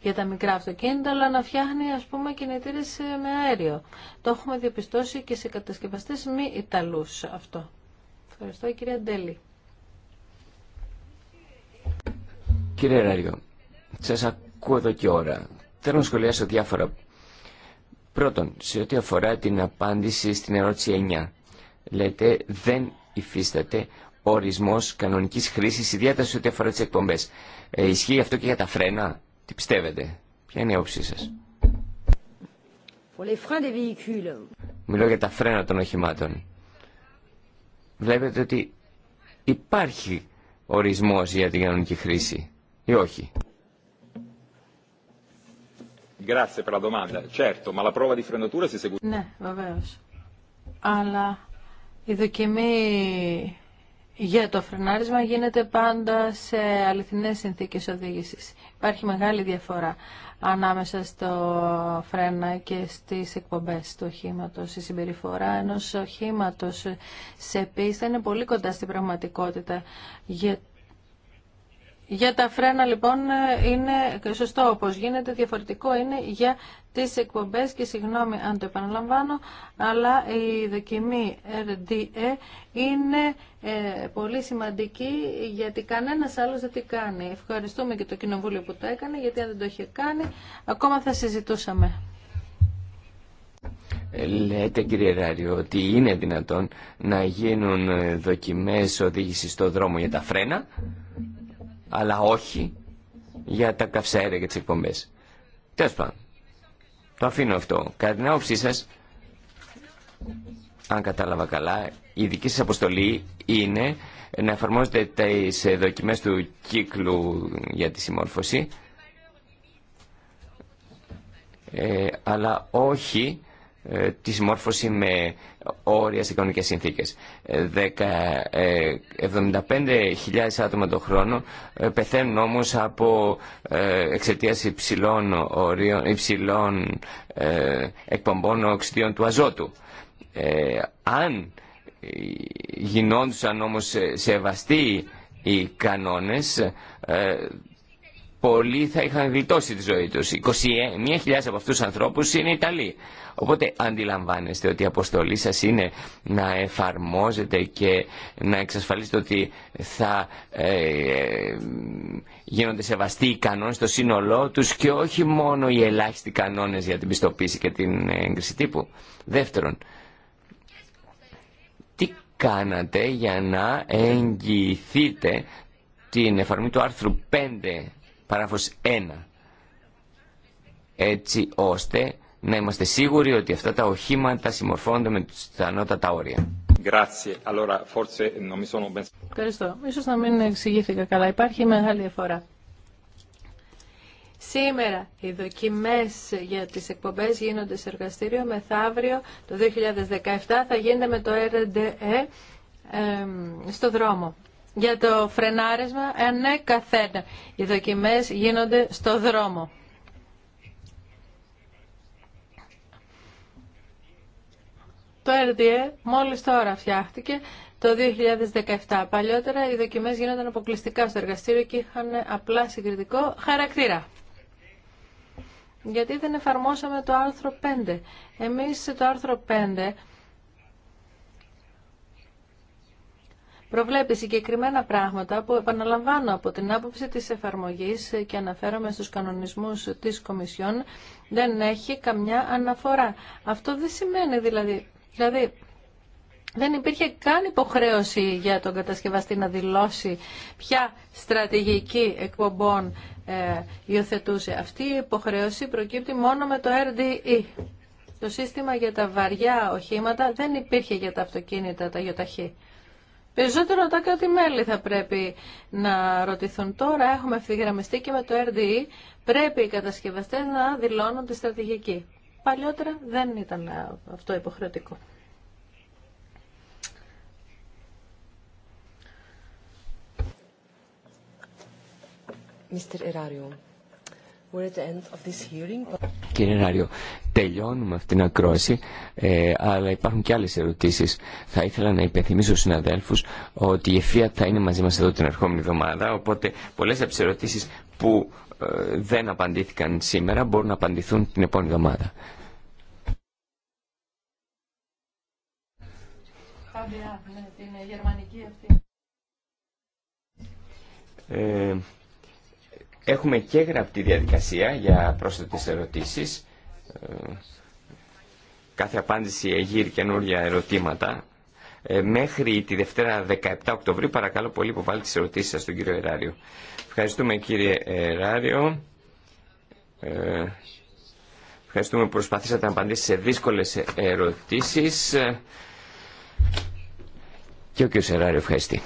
για τα μικρά αυτοκίνητα, αλλά να φτιάχνει, ας πούμε, κινητήρες με αέριο. Το έχουμε διαπιστώσει και σε κατασκευαστές μη Ιταλούς αυτό. Ευχαριστώ, κυρία Ντέλη. Κύριε Ρέριο, σας ακούω εδώ και ώρα. Θέλω να σχολιάσω διάφορα. Πρώτον, σε ό,τι αφορά την απάντηση στην ερώτηση 9. Λέτε δεν υφίσταται ορισμός κανονικής χρήση, ιδιαίτερα σε ό,τι αφορά τι εκπομπέ. Ε, ισχύει αυτό και για τα φρένα. Τι πιστεύετε. Ποια είναι η όψη σα. Μιλώ για τα φρένα των οχημάτων. Βλέπετε ότι υπάρχει ορισμός για την κανονική χρήση ή όχι. Ναι, βεβαίω. Αλλά η δοκιμή για το φρενάρισμα γίνεται πάντα σε αληθινές συνθήκες οδήγησης. Υπάρχει μεγάλη διαφορά ανάμεσα στο φρένα και στις εκπομπές του οχήματο. Η συμπεριφορά ενός οχήματο σε πίστα είναι πολύ κοντά στην πραγματικότητα, γιατί για τα φρένα λοιπόν είναι σωστό όπως γίνεται, διαφορετικό είναι για τις εκπομπές και συγγνώμη αν το επαναλαμβάνω, αλλά η δοκιμή RDE είναι ε, πολύ σημαντική γιατί κανένας άλλος δεν τη κάνει. Ευχαριστούμε και το Κοινοβούλιο που το έκανε γιατί αν δεν το είχε κάνει ακόμα θα συζητούσαμε. Λέτε κύριε Ράριο ότι είναι δυνατόν να γίνουν δοκιμές οδήγησης στο δρόμο για τα φρένα αλλά όχι για τα καυσαέρια και τις εκπομπέ. Τέλο πάντων, το αφήνω αυτό. Κατά την άποψή σα. αν κατάλαβα καλά, η δική σα αποστολή είναι να εφαρμόζετε τι ε, δοκιμέ του κύκλου για τη συμμόρφωση, ε, αλλά όχι ε, τη συμμόρφωση με όρια σε οικονομικέ συνθήκες. 75.000 ε, ε, άτομα το χρόνο πεθαίνουν όμως από εξαιτία υψηλών, ορίων, υψηλών εκπομπών οξυδίων του αζότου. αν γινόντουσαν όμως σεβαστοί οι κανόνες πολλοί θα είχαν γλιτώσει τη ζωή τους. 21.000 από αυτούς τους ανθρώπους είναι Ιταλοί. Οπότε αντιλαμβάνεστε ότι η αποστολή σας είναι να εφαρμόζετε και να εξασφαλίσετε ότι θα ε, γίνονται σεβαστοί οι κανόνες στο σύνολό τους και όχι μόνο οι ελάχιστοι κανόνες για την πιστοποίηση και την έγκριση τύπου. Δεύτερον, τι κάνατε για να εγγυηθείτε την εφαρμογή του άρθρου 5 παράγραφος 1 έτσι ώστε να είμαστε σίγουροι ότι αυτά τα οχήματα συμμορφώνονται με τα ανώτατα όρια. Ευχαριστώ. Ίσως να μην εξηγήθηκα καλά. Υπάρχει μεγάλη διαφορά. Σήμερα οι δοκιμές για τις εκπομπές γίνονται σε εργαστήριο. Μεθαύριο το 2017 θα γίνεται με το RDE στο δρόμο για το φρενάρισμα ε, ανέκαθεν. Ναι, οι δοκιμές γίνονται στο δρόμο. Το RDA μόλις τώρα φτιάχτηκε το 2017. Παλιότερα οι δοκιμές γίνονταν αποκλειστικά στο εργαστήριο και είχαν απλά συγκριτικό χαρακτήρα. Γιατί δεν εφαρμόσαμε το άρθρο 5. Εμείς το άρθρο 5 προβλέπει συγκεκριμένα πράγματα που επαναλαμβάνω από την άποψη της εφαρμογής και αναφέρομαι στους κανονισμούς της Κομισιόν δεν έχει καμιά αναφορά. Αυτό δεν σημαίνει δηλαδή, δηλαδή δεν υπήρχε καν υποχρέωση για τον κατασκευαστή να δηλώσει ποια στρατηγική εκπομπών ε, υιοθετούσε. Αυτή η υποχρέωση προκύπτει μόνο με το RDE. Το σύστημα για τα βαριά οχήματα δεν υπήρχε για τα αυτοκίνητα, τα γιοταχή. Περισσότερο τα κράτη-μέλη θα πρέπει να ρωτηθούν. Τώρα έχουμε ευθυγραμμιστεί και με το RDE πρέπει οι κατασκευαστές να δηλώνουν τη στρατηγική. Παλιότερα δεν ήταν αυτό υποχρεωτικό. Mr. Erario. Κύριε Ράριο, τελειώνουμε αυτήν την ακρόαση, ε, αλλά υπάρχουν και άλλες ερωτήσεις. Θα ήθελα να υπενθυμίσω στους συναδέλφους ότι η ΕΦΙΑ θα είναι μαζί μας εδώ την ερχόμενη εβδομάδα, οπότε πολλές από τις ερωτήσεις που ε, δεν απαντήθηκαν σήμερα μπορούν να απαντηθούν την επόμενη εβδομάδα. Ε, Έχουμε και γραπτή διαδικασία για πρόσθετες ερωτήσεις. Ε, κάθε απάντηση εγείρει καινούργια ερωτήματα. Ε, μέχρι τη Δευτέρα 17 Οκτωβρίου παρακαλώ πολύ που βάλει τις ερωτήσεις σας στον κύριο Εράριο. Ευχαριστούμε κύριε Εράριο. Ε, ευχαριστούμε που προσπαθήσατε να απαντήσετε σε δύσκολες ερωτήσεις. Και ο κύριος Εράριο ευχαριστεί.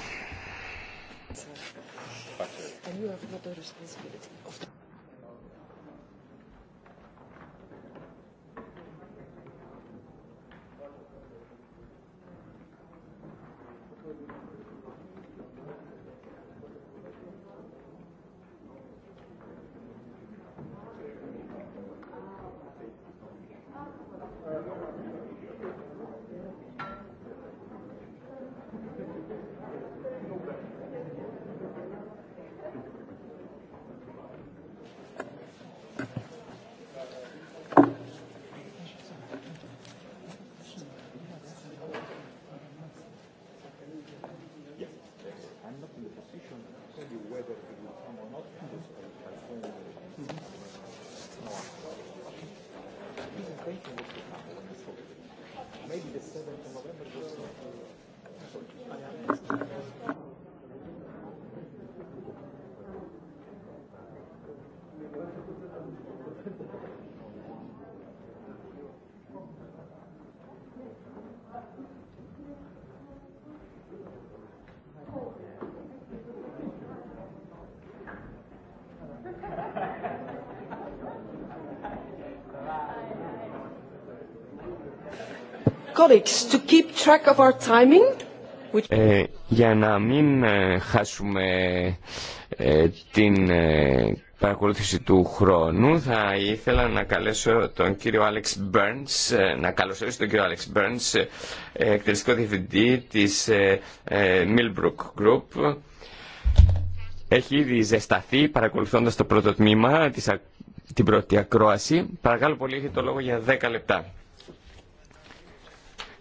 to keep track of our timing. Ε, για να μην ε, χάσουμε ε, την παρακολούθηση του χρόνου θα ήθελα να καλέσω τον κύριο Άλεξ Μπέρνς να καλωσορίσω τον κύριο Άλεξ Μπέρνς εκτελεστικό διευθυντή της Millbrook Group έχει ήδη ζεσταθεί παρακολουθώντας το πρώτο τμήμα της, την πρώτη ακρόαση παρακαλώ πολύ έχετε το λόγο για 10 λεπτά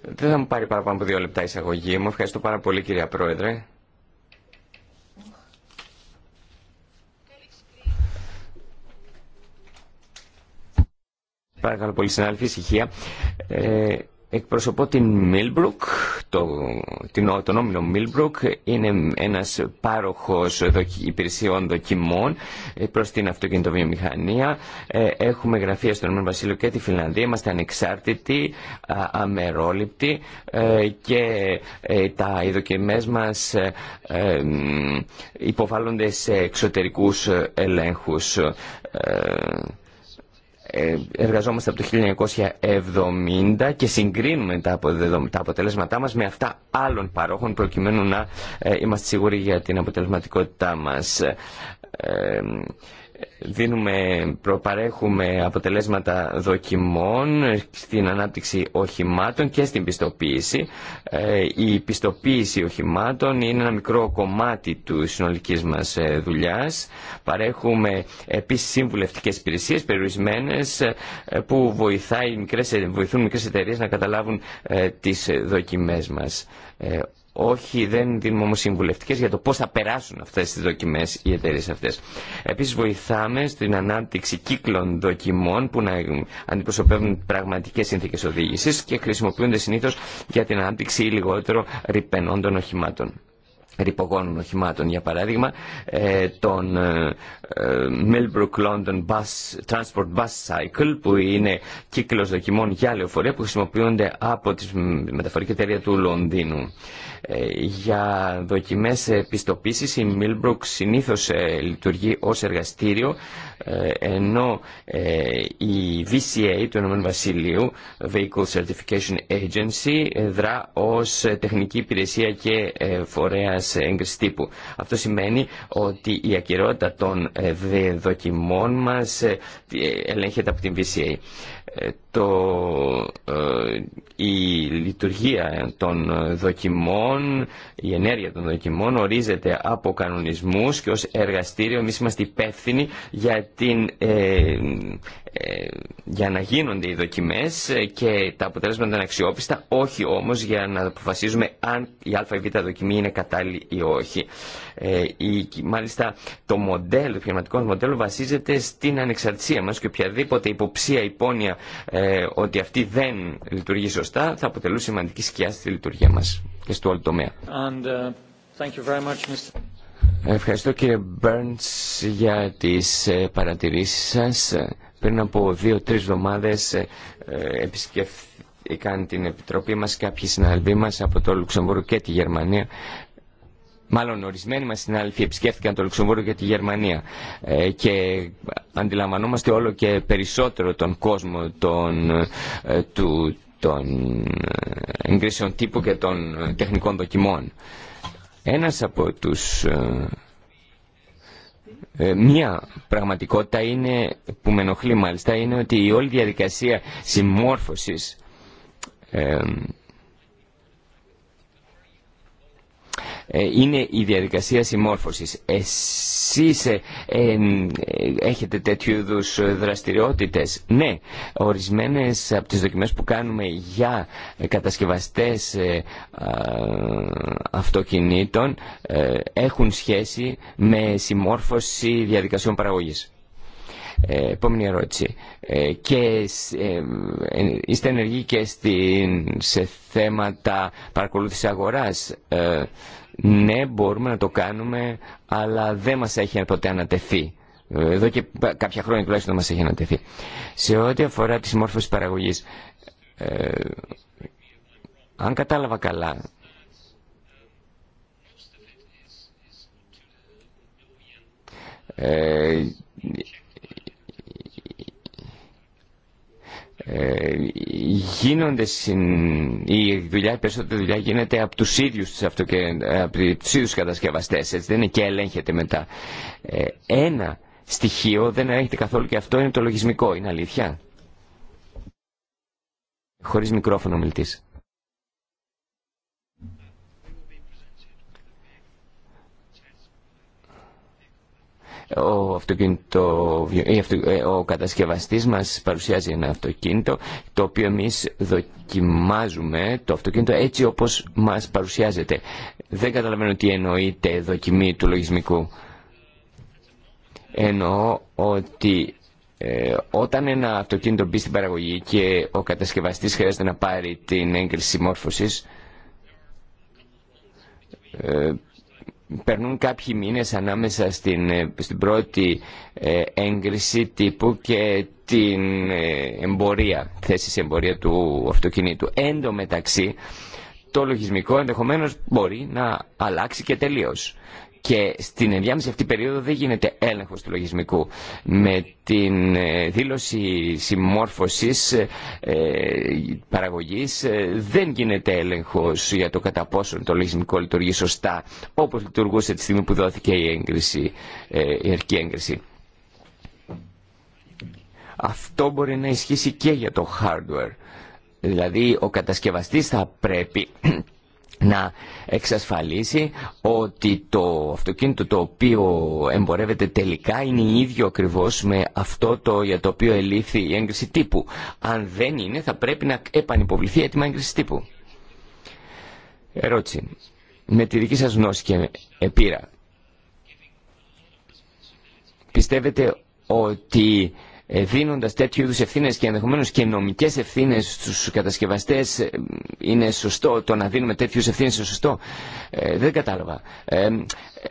δεν θα μου πάρει παραπάνω από δύο λεπτά εισαγωγή μου. Ευχαριστώ πάρα πολύ κυρία Πρόεδρε. Παρακαλώ πολύ συνάδελφοι, ησυχία. Ε, Εκπροσωπώ την Μιλμπρουκ, το, τον όμιλο Μίλμπρουκ, είναι ένας πάροχος υπηρεσιών δοκιμών ε, προς την αυτοκινητοβιομηχανία. Ε, έχουμε γραφεία στον Ηνωμένο Βασίλειο και τη Φιλανδία, είμαστε ανεξάρτητοι, αμερόληπτοι ε, και τα, οι δοκιμές μας υποβάλλονται σε εξωτερικούς ελέγχους. Ε, εργαζόμαστε από το 1970 και συγκρίνουμε τα αποτελέσματά μας με αυτά άλλων παρόχων προκειμένου να ε, είμαστε σίγουροι για την αποτελεσματικότητά μας. Ε, δίνουμε, προπαρέχουμε αποτελέσματα δοκιμών στην ανάπτυξη οχημάτων και στην πιστοποίηση. Ε, η πιστοποίηση οχημάτων είναι ένα μικρό κομμάτι του συνολικής μας ε, δουλειάς. Παρέχουμε επίσης συμβουλευτικές υπηρεσίες περιορισμένες ε, που βοηθάει, βοηθούν μικρές εταιρείες να καταλάβουν τις δοκιμές μας όχι, δεν δίνουμε όμω συμβουλευτικέ για το πώ θα περάσουν αυτέ τι δοκιμέ οι εταιρείε αυτέ. Επίση, βοηθάμε στην ανάπτυξη κύκλων δοκιμών που να αντιπροσωπεύουν πραγματικέ συνθήκε οδήγηση και χρησιμοποιούνται συνήθω για την ανάπτυξη λιγότερο ρηπενών των οχημάτων ρηπογόνων οχημάτων. Για παράδειγμα, ε, τον ε, ε, Millbrook London Bus, Transport Bus Cycle, που είναι κύκλος δοκιμών για λεωφορεία που χρησιμοποιούνται από τη μεταφορική εταιρεία του Λονδίνου. Ε, για δοκιμές πιστοποίησης η Milbrook συνήθως ε, λειτουργεί ως εργαστήριο ε, ενώ η VCA του Ηνωμένου Βασιλείου Vehicle Certification Agency δρά ως τεχνική υπηρεσία και φορέας έγκρισης τύπου. Αυτό σημαίνει ότι η ακυρότητα των δοκιμών μας ελέγχεται από την VCA. Ε, το, ε, η λειτουργία των δοκιμών, η ενέργεια των δοκιμών ορίζεται από κανονισμούς και ως εργαστήριο εμείς είμαστε υπεύθυνοι για την ε, ε, για να γίνονται οι δοκιμές ε, και τα αποτελέσματα είναι αξιόπιστα, όχι όμως για να αποφασίζουμε αν η α ή β δοκιμή είναι κατάλληλη ή όχι. Ε, μάλιστα το μοντέλο, το μοντέλο βασίζεται στην ανεξαρτησία μας και οποιαδήποτε υποψία, υπόνοια ε, ότι αυτή δεν λειτουργεί σωστά θα αποτελούσε σημαντική σκιά στη λειτουργία μας και στο όλο τομέα. And, uh, Ευχαριστώ κύριε Μπέρντς για τις παρατηρήσεις σας. Πριν από δύο-τρεις εβδομάδες ε, ε, επισκέφθηκαν την Επιτροπή μας κάποιοι συναδελφοί μας από το Λουξεμβούργο και τη Γερμανία. Μάλλον ορισμένοι μας συναδελφοί επισκέφθηκαν το Λουξεμβούργο και τη Γερμανία ε, και αντιλαμβανόμαστε όλο και περισσότερο τον κόσμο των, των εγκρίσεων τύπου και των τεχνικών δοκιμών. Ένας από τους ε, μία πραγματικότητα είναι, που με ενοχλεί μάλιστα είναι ότι η όλη διαδικασία συμμόρφωσης ε, Ε, είναι η διαδικασία συμμόρφωσης. Εσείς ε, ε, έχετε τέτοιου είδου δραστηριότητες. Ναι, ορισμένες από τις δοκιμές που κάνουμε για κατασκευαστές αυτοκινήτων έχουν σχέση με συμμόρφωση διαδικασιών παραγωγής. Ε, επόμενη ερώτηση. Ε, και ε, είστε ενεργοί και σε θέματα παρακολούθηση αγοράς. ναι, μπορούμε να το κάνουμε, αλλά δεν μας έχει ποτέ ανατεθεί. Εδώ και κάποια χρόνια τουλάχιστον μας έχει ανατεθεί. Σε ό,τι αφορά τη συμμόρφωση παραγωγής, αν κατάλαβα καλά, ε, Ε, γίνονται η δουλειά, η περισσότερη δουλειά γίνεται από τους ίδιους τους, από τους ίδιους κατασκευαστές, δεν είναι και ελέγχεται μετά. Ε, ένα στοιχείο δεν ελέγχεται καθόλου και αυτό είναι το λογισμικό, είναι αλήθεια. Χωρίς μικρόφωνο μιλτής. Ο, αυτοκίνητο, ε, ο κατασκευαστής μας παρουσιάζει ένα αυτοκίνητο το οποίο εμείς δοκιμάζουμε το αυτοκίνητο έτσι όπως μας παρουσιάζεται. Δεν καταλαβαίνω τι εννοείται δοκιμή του λογισμικού. Εννοώ ότι ε, όταν ένα αυτοκίνητο μπει στην παραγωγή και ο κατασκευαστής χρειάζεται να πάρει την έγκριση μόρφωσης ε, περνούν κάποιοι μήνες ανάμεσα στην, ε, πρώτη ε, έγκριση τύπου και την ε, εμπορία, θέση σε εμπορία του αυτοκινήτου. Εν τω μεταξύ, το λογισμικό ενδεχομένως μπορεί να αλλάξει και τελείως. Και στην ενδιάμεση αυτή περίοδο δεν γίνεται έλεγχος του λογισμικού. Με την ε, δήλωση συμμόρφωσης ε, παραγωγής ε, δεν γίνεται έλεγχος για το κατά πόσο το λογισμικό λειτουργεί σωστά όπως λειτουργούσε τη στιγμή που δόθηκε η, έγκριση, η ερκή έγκριση. Αυτό μπορεί να ισχύσει και για το hardware. Δηλαδή ο κατασκευαστής θα πρέπει να εξασφαλίσει ότι το αυτοκίνητο το οποίο εμπορεύεται τελικά είναι ίδιο ακριβώς με αυτό το για το οποίο ελήφθη η έγκριση τύπου. Αν δεν είναι θα πρέπει να επανυποβληθεί έτοιμα έγκριση τύπου. Ερώτηση. Με τη δική σας γνώση και επίρα. Πιστεύετε ότι ε, Δίνοντα τέτοιου είδου ευθύνε και ενδεχομένω και νομικέ ευθύνε στου κατασκευαστές ε, είναι σωστό το να δίνουμε τέτοιου ευθύνε, είναι σωστό ε, δεν κατάλαβα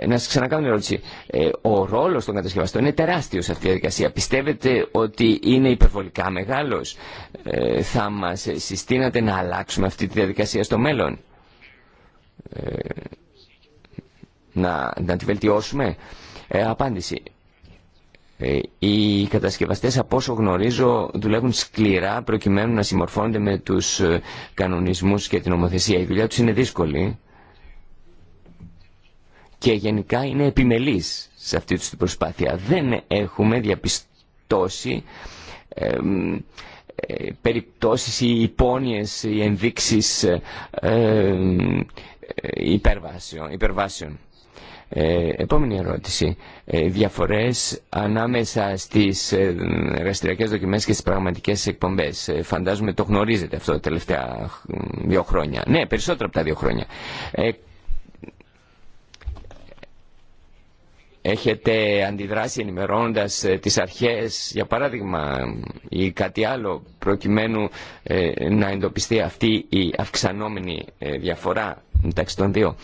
να σα ξανακάνω μια ερώτηση ο ρόλος των κατασκευαστών είναι τεράστιος σε αυτή τη διαδικασία πιστεύετε ότι είναι υπερβολικά μεγάλος θα μας συστήνατε να αλλάξουμε αυτή τη διαδικασία στο μέλλον να, να τη βελτιώσουμε απάντηση ε, οι κατασκευαστές από όσο γνωρίζω δουλεύουν σκληρά προκειμένου να συμμορφώνονται με τους ε, κανονισμούς και την ομοθεσία. Η δουλειά τους είναι δύσκολη και γενικά είναι επιμελής σε αυτή τους την προσπάθεια. Δεν έχουμε διαπιστώσει ε, περιπτώσεις ή υπόνοιες ή ενδείξεις ε, υπερβάσεων. Ε, επόμενη ερώτηση. Ε, διαφορές ανάμεσα στις ε, εργαστηριακές δοκιμές και στις πραγματικές εκπομπές. φαντάζομαι το γνωρίζετε αυτό τα τελευταία δύο χρόνια. Ναι, περισσότερο από τα δύο χρόνια. έχετε αντιδράσει ενημερώνοντας τις αρχές, για παράδειγμα, ή κάτι άλλο, προκειμένου να εντοπιστεί αυτή η αυξανόμενη διαφορά μεταξύ των δύο.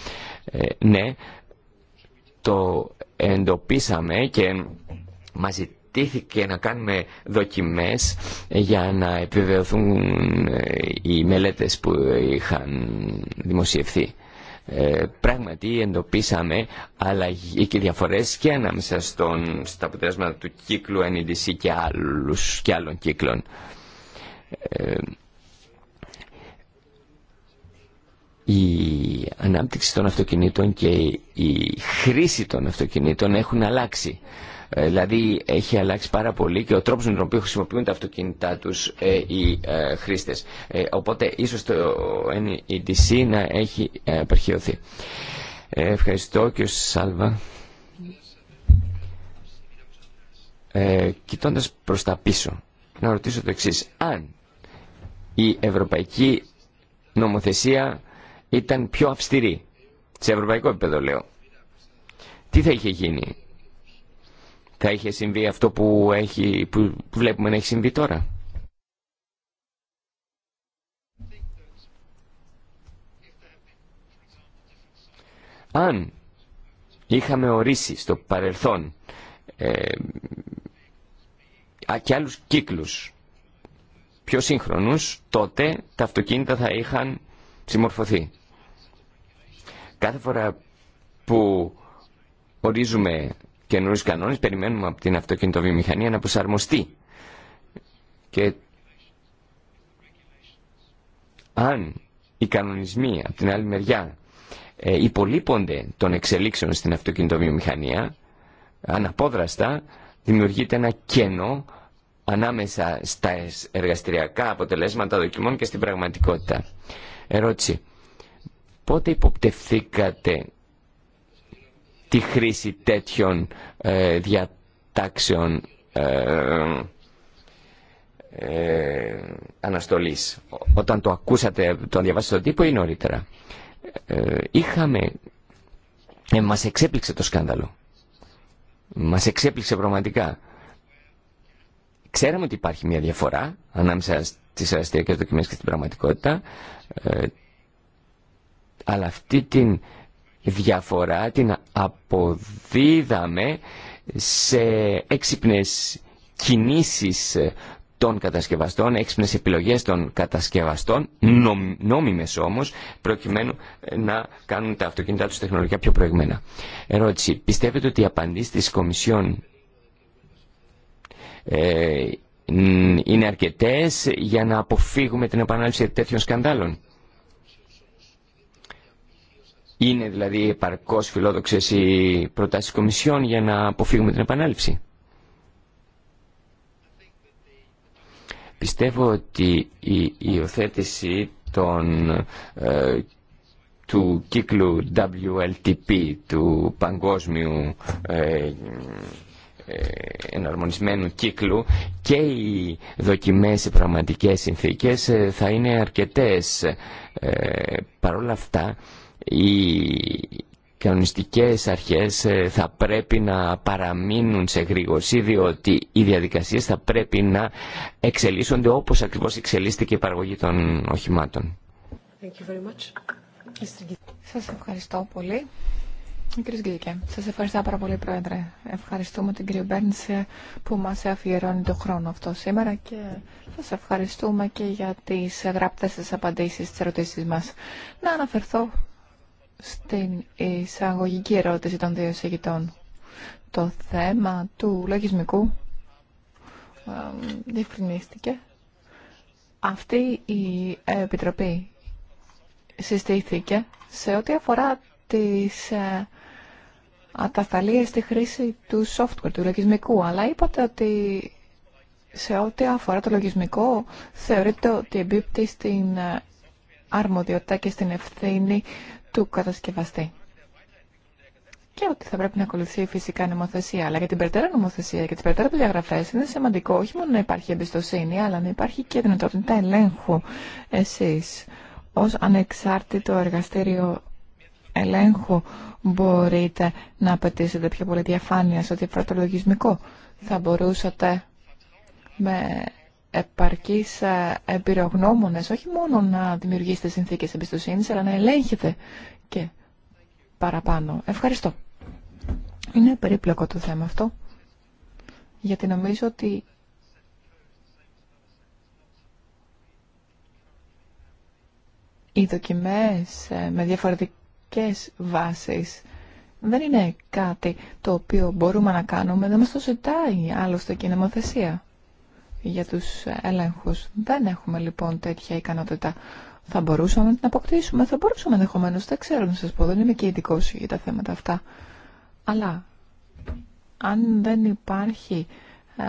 ναι, το εντοπίσαμε και μας ζητήθηκε να κάνουμε δοκιμές για να επιβεβαιωθούν ε, οι μελέτες που είχαν δημοσιευθεί. Ε, πράγματι εντοπίσαμε αλλαγή και διαφορές και ανάμεσα στον, στα αποτελέσματα του κύκλου NDC και, άλλους, και άλλων κύκλων. Ε, η ανάπτυξη των αυτοκινήτων και η χρήση των αυτοκινήτων έχουν αλλάξει. Ε, δηλαδή έχει αλλάξει πάρα πολύ και ο τρόπος με τον οποίο χρησιμοποιούν τα αυτοκίνητά τους ε, οι ε, χρήστες. Οπότε ίσως το NEDC να έχει Ε, Ευχαριστώ και ο Σάλβα. Ε, κοιτώντας προς τα πίσω, να ρωτήσω το εξής. Αν η ευρωπαϊκή νομοθεσία ήταν πιο αυστηρή. Σε ευρωπαϊκό επίπεδο λέω. Τι θα είχε γίνει. Θα είχε συμβεί αυτό που, έχει, που βλέπουμε να έχει συμβεί τώρα. Αν είχαμε ορίσει στο παρελθόν ε, και άλλους κύκλους πιο σύγχρονους, τότε τα αυτοκίνητα θα είχαν συμμορφωθεί. Κάθε φορά που ορίζουμε καινούριου κανόνες, περιμένουμε από την αυτοκινητοβιομηχανία να προσαρμοστεί. Και αν οι κανονισμοί από την άλλη μεριά ε, υπολείπονται των εξελίξεων στην αυτοκινητοβιομηχανία, αναπόδραστα δημιουργείται ένα κενό ανάμεσα στα εργαστηριακά αποτελέσματα δοκιμών και στην πραγματικότητα. Ερώτηση. Πότε υποπτευθήκατε τη χρήση τέτοιων ε, διατάξεων ε, ε, αναστολής όταν το ακούσατε, το διαβάσατε στον τύπο ή νωρίτερα ε, είχαμε μας εξέπληξε το σκάνδαλο μας εξέπληξε πραγματικά ξέραμε ότι υπάρχει μια διαφορά ανάμεσα τις αριστειακές δοκιμές και την πραγματικότητα. Ε, αλλά αυτή την διαφορά την αποδίδαμε σε έξυπνες κινήσεις των κατασκευαστών, έξυπνες επιλογές των κατασκευαστών, νόμιμες όμως, προκειμένου ε, να κάνουν τα αυτοκίνητά τους τεχνολογικά πιο προηγμένα. Ερώτηση. Πιστεύετε ότι η απαντήσεις της Κομισιόν ε, είναι αρκετές για να αποφύγουμε την επανάληψη τέτοιων σκανδάλων. Είναι δηλαδή επαρκώς φιλόδοξες οι προτάσεις Κομισιόν για να αποφύγουμε την επανάληψη. Πιστεύω ότι η υιοθέτηση των, ε, του κύκλου WLTP, του Παγκόσμιου ε, ε, εναρμονισμένου κύκλου και οι δοκιμές σε πραγματικές συνθήκες ε, θα είναι αρκετές. Ε, Παρ' όλα αυτά, οι κανονιστικές αρχές θα πρέπει να παραμείνουν σε γρήγορση διότι οι διαδικασίες θα πρέπει να εξελίσσονται όπως ακριβώς εξελίσσεται και η παραγωγή των οχημάτων. Σας ευχαριστώ πολύ. Κύριε Γκλίκε, σας ευχαριστώ πάρα πολύ, Πρόεδρε. Ευχαριστούμε την κυρία Μπέρνση που μας αφιερώνει τον χρόνο αυτό σήμερα και σας ευχαριστούμε και για τις γραπτές σας απαντήσεις στις ερωτήσεις μας. Να αναφερθώ στην εισαγωγική ερώτηση των δύο εισηγητών. Το θέμα του λογισμικού διευκρινίστηκε. Αυτή η Επιτροπή συστήθηκε σε ό,τι αφορά τις ε, ατασταλίες στη χρήση του software, του λογισμικού. Αλλά είπατε ότι σε ό,τι αφορά το λογισμικό θεωρείται ότι εμπίπτει στην ε, αρμοδιότητα και στην ευθύνη του κατασκευαστή. Και ότι θα πρέπει να ακολουθεί φυσικά νομοθεσία. Αλλά για την περαιτέρω νομοθεσία και τι περαιτέρω διαγραφέ είναι σημαντικό όχι μόνο να υπάρχει εμπιστοσύνη, αλλά να υπάρχει και δυνατότητα ελέγχου εσεί ω ανεξάρτητο εργαστήριο ελέγχου μπορείτε να απαιτήσετε πιο πολύ διαφάνεια σε ό,τι Θα μπορούσατε με επαρκείς ε, εμπειρογνώμονες όχι μόνο να δημιουργήσετε συνθήκες εμπιστοσύνης, αλλά να ελέγχετε και παραπάνω. Ευχαριστώ. Είναι περίπλοκο το θέμα αυτό, γιατί νομίζω ότι οι δοκιμές ε, με διαφορετικά και βάσεις. Δεν είναι κάτι το οποίο μπορούμε να κάνουμε, δεν μας το ζητάει άλλωστε και η νομοθεσία για τους ελέγχους. Δεν έχουμε λοιπόν τέτοια ικανότητα. Θα μπορούσαμε να την αποκτήσουμε, θα μπορούσαμε ενδεχομένω, δεν ξέρω να σας πω, δεν είμαι και ειδικό για τα θέματα αυτά. Αλλά αν δεν υπάρχει ε,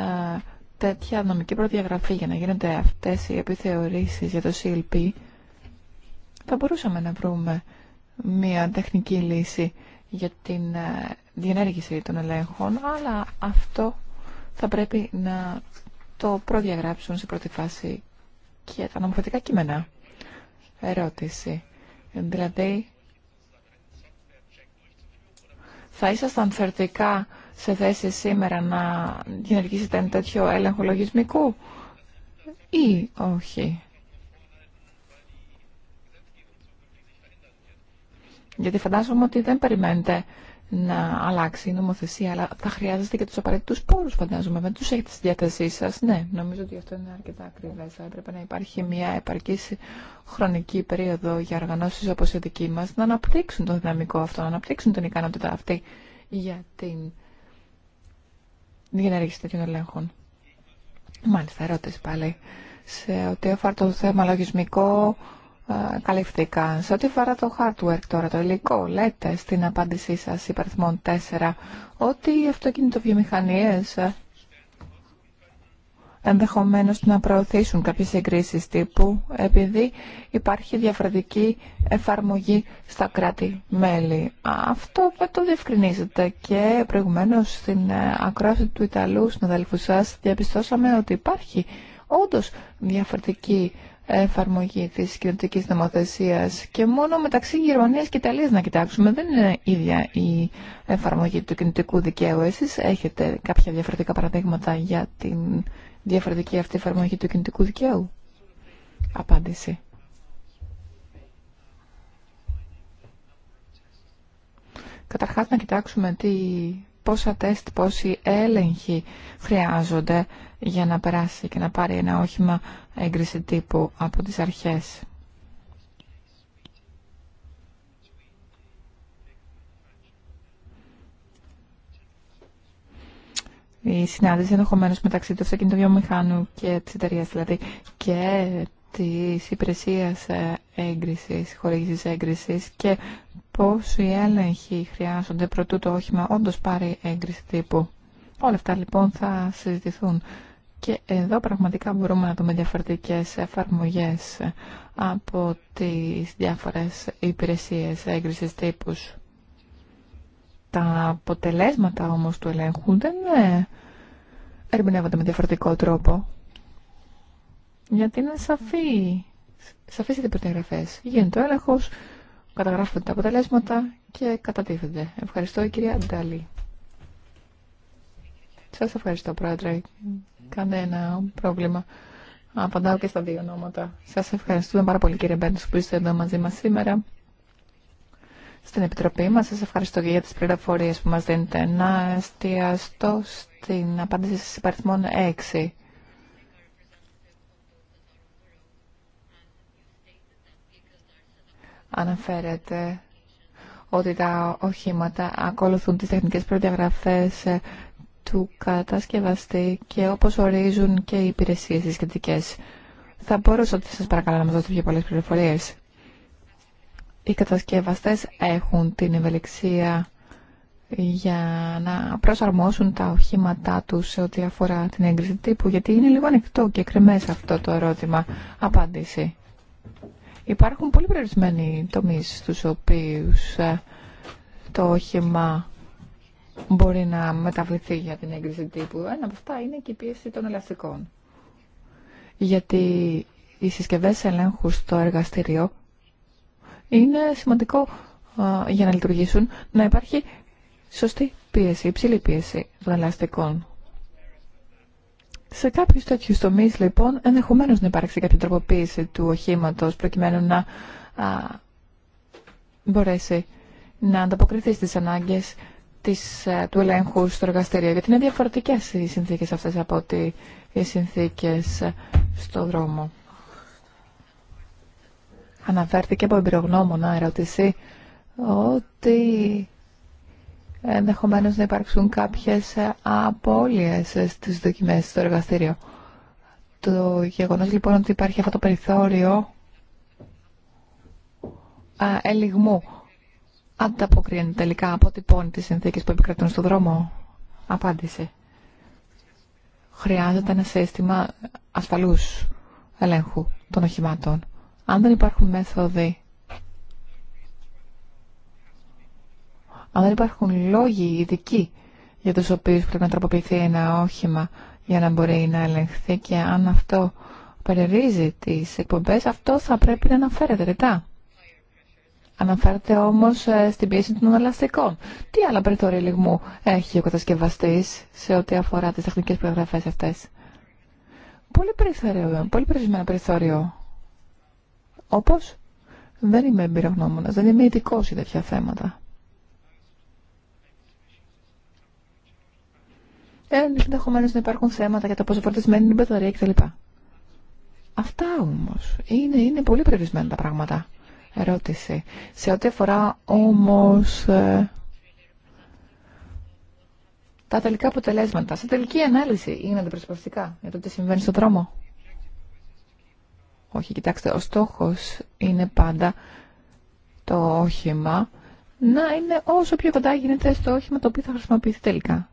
τέτοια νομική προδιαγραφή για να γίνονται αυτές οι επιθεωρήσεις για το CLP, θα μπορούσαμε να βρούμε μια τεχνική λύση για την ε, διενέργηση των ελέγχων, αλλά αυτό θα πρέπει να το προδιαγράψουν σε πρώτη φάση και τα νομοθετικά κείμενα. Ερώτηση. Δηλαδή, θα ήσασταν θερτικά σε θέση σήμερα να διενεργήσετε ένα τέτοιο έλεγχο λογισμικού ή όχι. Γιατί φαντάζομαι ότι δεν περιμένετε να αλλάξει η νομοθεσία, αλλά θα χρειάζεστε και του απαραίτητου πόρου φαντάζομαι. Δεν του έχετε στη διάθεσή σα. Ναι, νομίζω ότι αυτό είναι αρκετά ακριβέ. Θα έπρεπε να υπάρχει μια επαρκή χρονική περίοδο για οργανώσει όπω η δική μα να αναπτύξουν το δυναμικό αυτό, να αναπτύξουν την ικανότητα αυτή για την διενέργεια τέτοιων ελέγχων. Μάλιστα, ερώτηση πάλι. Σε ό,τι αφορά το θέμα λογισμικό, καλυφθήκαν. Σε ό,τι αφορά το hardware τώρα, το υλικό, λέτε στην απάντησή σας υπαριθμών 4 ότι οι αυτοκινητοβιομηχανίες ε, ενδεχομένως να προωθήσουν κάποιες εγκρίσεις τύπου επειδή υπάρχει διαφορετική εφαρμογή στα κράτη-μέλη. Αυτό το διευκρινίζεται και προηγουμένως στην ε, ακρόαση του Ιταλού συναδέλφου σας διαπιστώσαμε ότι υπάρχει όντως διαφορετική εφαρμογή της κοινωτικής νομοθεσίας και μόνο μεταξύ Γερμανίας και Ιταλίας να κοιτάξουμε δεν είναι ίδια η εφαρμογή του κινητικού δικαίου. Εσείς έχετε κάποια διαφορετικά παραδείγματα για την διαφορετική αυτή εφαρμογή του κινητικού δικαίου. Απάντηση. Καταρχάς να κοιτάξουμε τι, πόσα τεστ, πόσοι έλεγχοι χρειάζονται για να περάσει και να πάρει ένα όχημα έγκριση τύπου από τις αρχές. Η συνάντηση ενδεχομένω μεταξύ του βιομηχανού και τη εταιρεία δηλαδή και τη υπηρεσία ε, έγκριση, χορήγηση έγκριση και πόσοι έλεγχοι χρειάζονται προτού το όχημα όντω πάρει έγκριση τύπου. Όλα αυτά λοιπόν θα συζητηθούν και εδώ πραγματικά μπορούμε να δούμε διαφορετικές εφαρμογές από τις διάφορες υπηρεσίες έγκρισης τύπους. Τα αποτελέσματα όμως του ελέγχου δεν ε, ερμηνεύονται με διαφορετικό τρόπο. Γιατί είναι σαφή, σαφής οι διπροτεγραφές. Γίνεται ο έλεγχος, καταγράφονται τα αποτελέσματα και κατατίθενται. Ευχαριστώ κυρία Νταλή. Σας ευχαριστώ πρόεδρε Κανένα πρόβλημα. Απαντάω και στα δύο ονόματα. Σας ευχαριστούμε πάρα πολύ κύριε Μπέντε, που είστε εδώ μαζί μα σήμερα στην Επιτροπή μας. Σας ευχαριστώ και για τις πληροφορίε που μας δίνετε. Να εστιαστώ στην απάντηση στι υπαριθμών 6. Αναφέρεται ότι τα οχήματα ακολουθούν τις τεχνικές προδιαγραφές ε, του κατασκευαστή και όπως ορίζουν και οι υπηρεσίες τις σχετικές. Θα μπορούσα ότι σας παρακαλώ να μας δώσετε πιο πολλές πληροφορίες. Οι κατασκευαστές έχουν την ευελιξία για να προσαρμόσουν τα οχήματά τους σε ό,τι αφορά την έγκριση τύπου, γιατί είναι λίγο ανοιχτό και κρεμές αυτό το ερώτημα. Απάντηση. Υπάρχουν πολύ περιορισμένοι τομείς στους οποίους ε, το όχημα μπορεί να μεταβληθεί για την έγκριση τύπου. Ένα από αυτά είναι και η πίεση των ελαστικών. Γιατί οι συσκευές ελέγχου στο εργαστήριο είναι σημαντικό για να λειτουργήσουν να υπάρχει σωστή πίεση, υψηλή πίεση των ελαστικών. Σε κάποιου τέτοιου τομεί, λοιπόν, ενδεχομένω να υπάρξει κάποια τροποποίηση του οχήματο προκειμένου να α, μπορέσει να ανταποκριθεί στις ανάγκε της, ε, του ελέγχου στο εργαστήριο, γιατί είναι διαφορετικές οι συνθήκες αυτές από ότι οι συνθήκες ε, στο δρόμο. Αναφέρθηκε από εμπειρογνώμονα ερώτηση ότι ενδεχομένως να υπάρξουν κάποιες ε, απώλειες στις δοκιμές στο εργαστήριο. Το γεγονός λοιπόν ότι υπάρχει αυτό το περιθώριο α, ελιγμού ανταποκρίνεται τελικά, αποτυπώνει τις συνθήκες που επικρατούν στον δρόμο. απάντησε, Χρειάζεται ένα σύστημα ασφαλούς ελέγχου των οχημάτων. Αν δεν υπάρχουν μέθοδοι, αν δεν υπάρχουν λόγοι ειδικοί για τους οποίους πρέπει να τροποποιηθεί ένα όχημα για να μπορεί να ελεγχθεί και αν αυτό περιορίζει τις εκπομπές, αυτό θα πρέπει να αναφέρεται ρητά. Αναφέρεται όμω ε, στην πίεση των ελαστικών. Τι άλλα περιθώρια λιγμού έχει ο κατασκευαστή σε ό,τι αφορά τι τεχνικέ προγραφέ αυτέ. Πολύ περιθώριο, πολύ περιορισμένο περιθώριο. Όπω, δεν είμαι εμπειρογνώμονα, δεν είμαι ειδικό σε τέτοια θέματα. Ε, Ενδεχομένω να υπάρχουν θέματα για το πόσο φορτισμένη είναι η μπαταρία κτλ. Αυτά όμω. είναι, είναι πολύ περιορισμένα τα πράγματα ερώτηση. Σε ό,τι αφορά όμως ε, τα τελικά αποτελέσματα, σε τελική ανάλυση είναι αντιπροσωπευτικά για το τι συμβαίνει στον δρόμο. Όχι, κοιτάξτε, ο στόχος είναι πάντα το όχημα να είναι όσο πιο κοντά γίνεται στο όχημα το οποίο θα χρησιμοποιηθεί τελικά.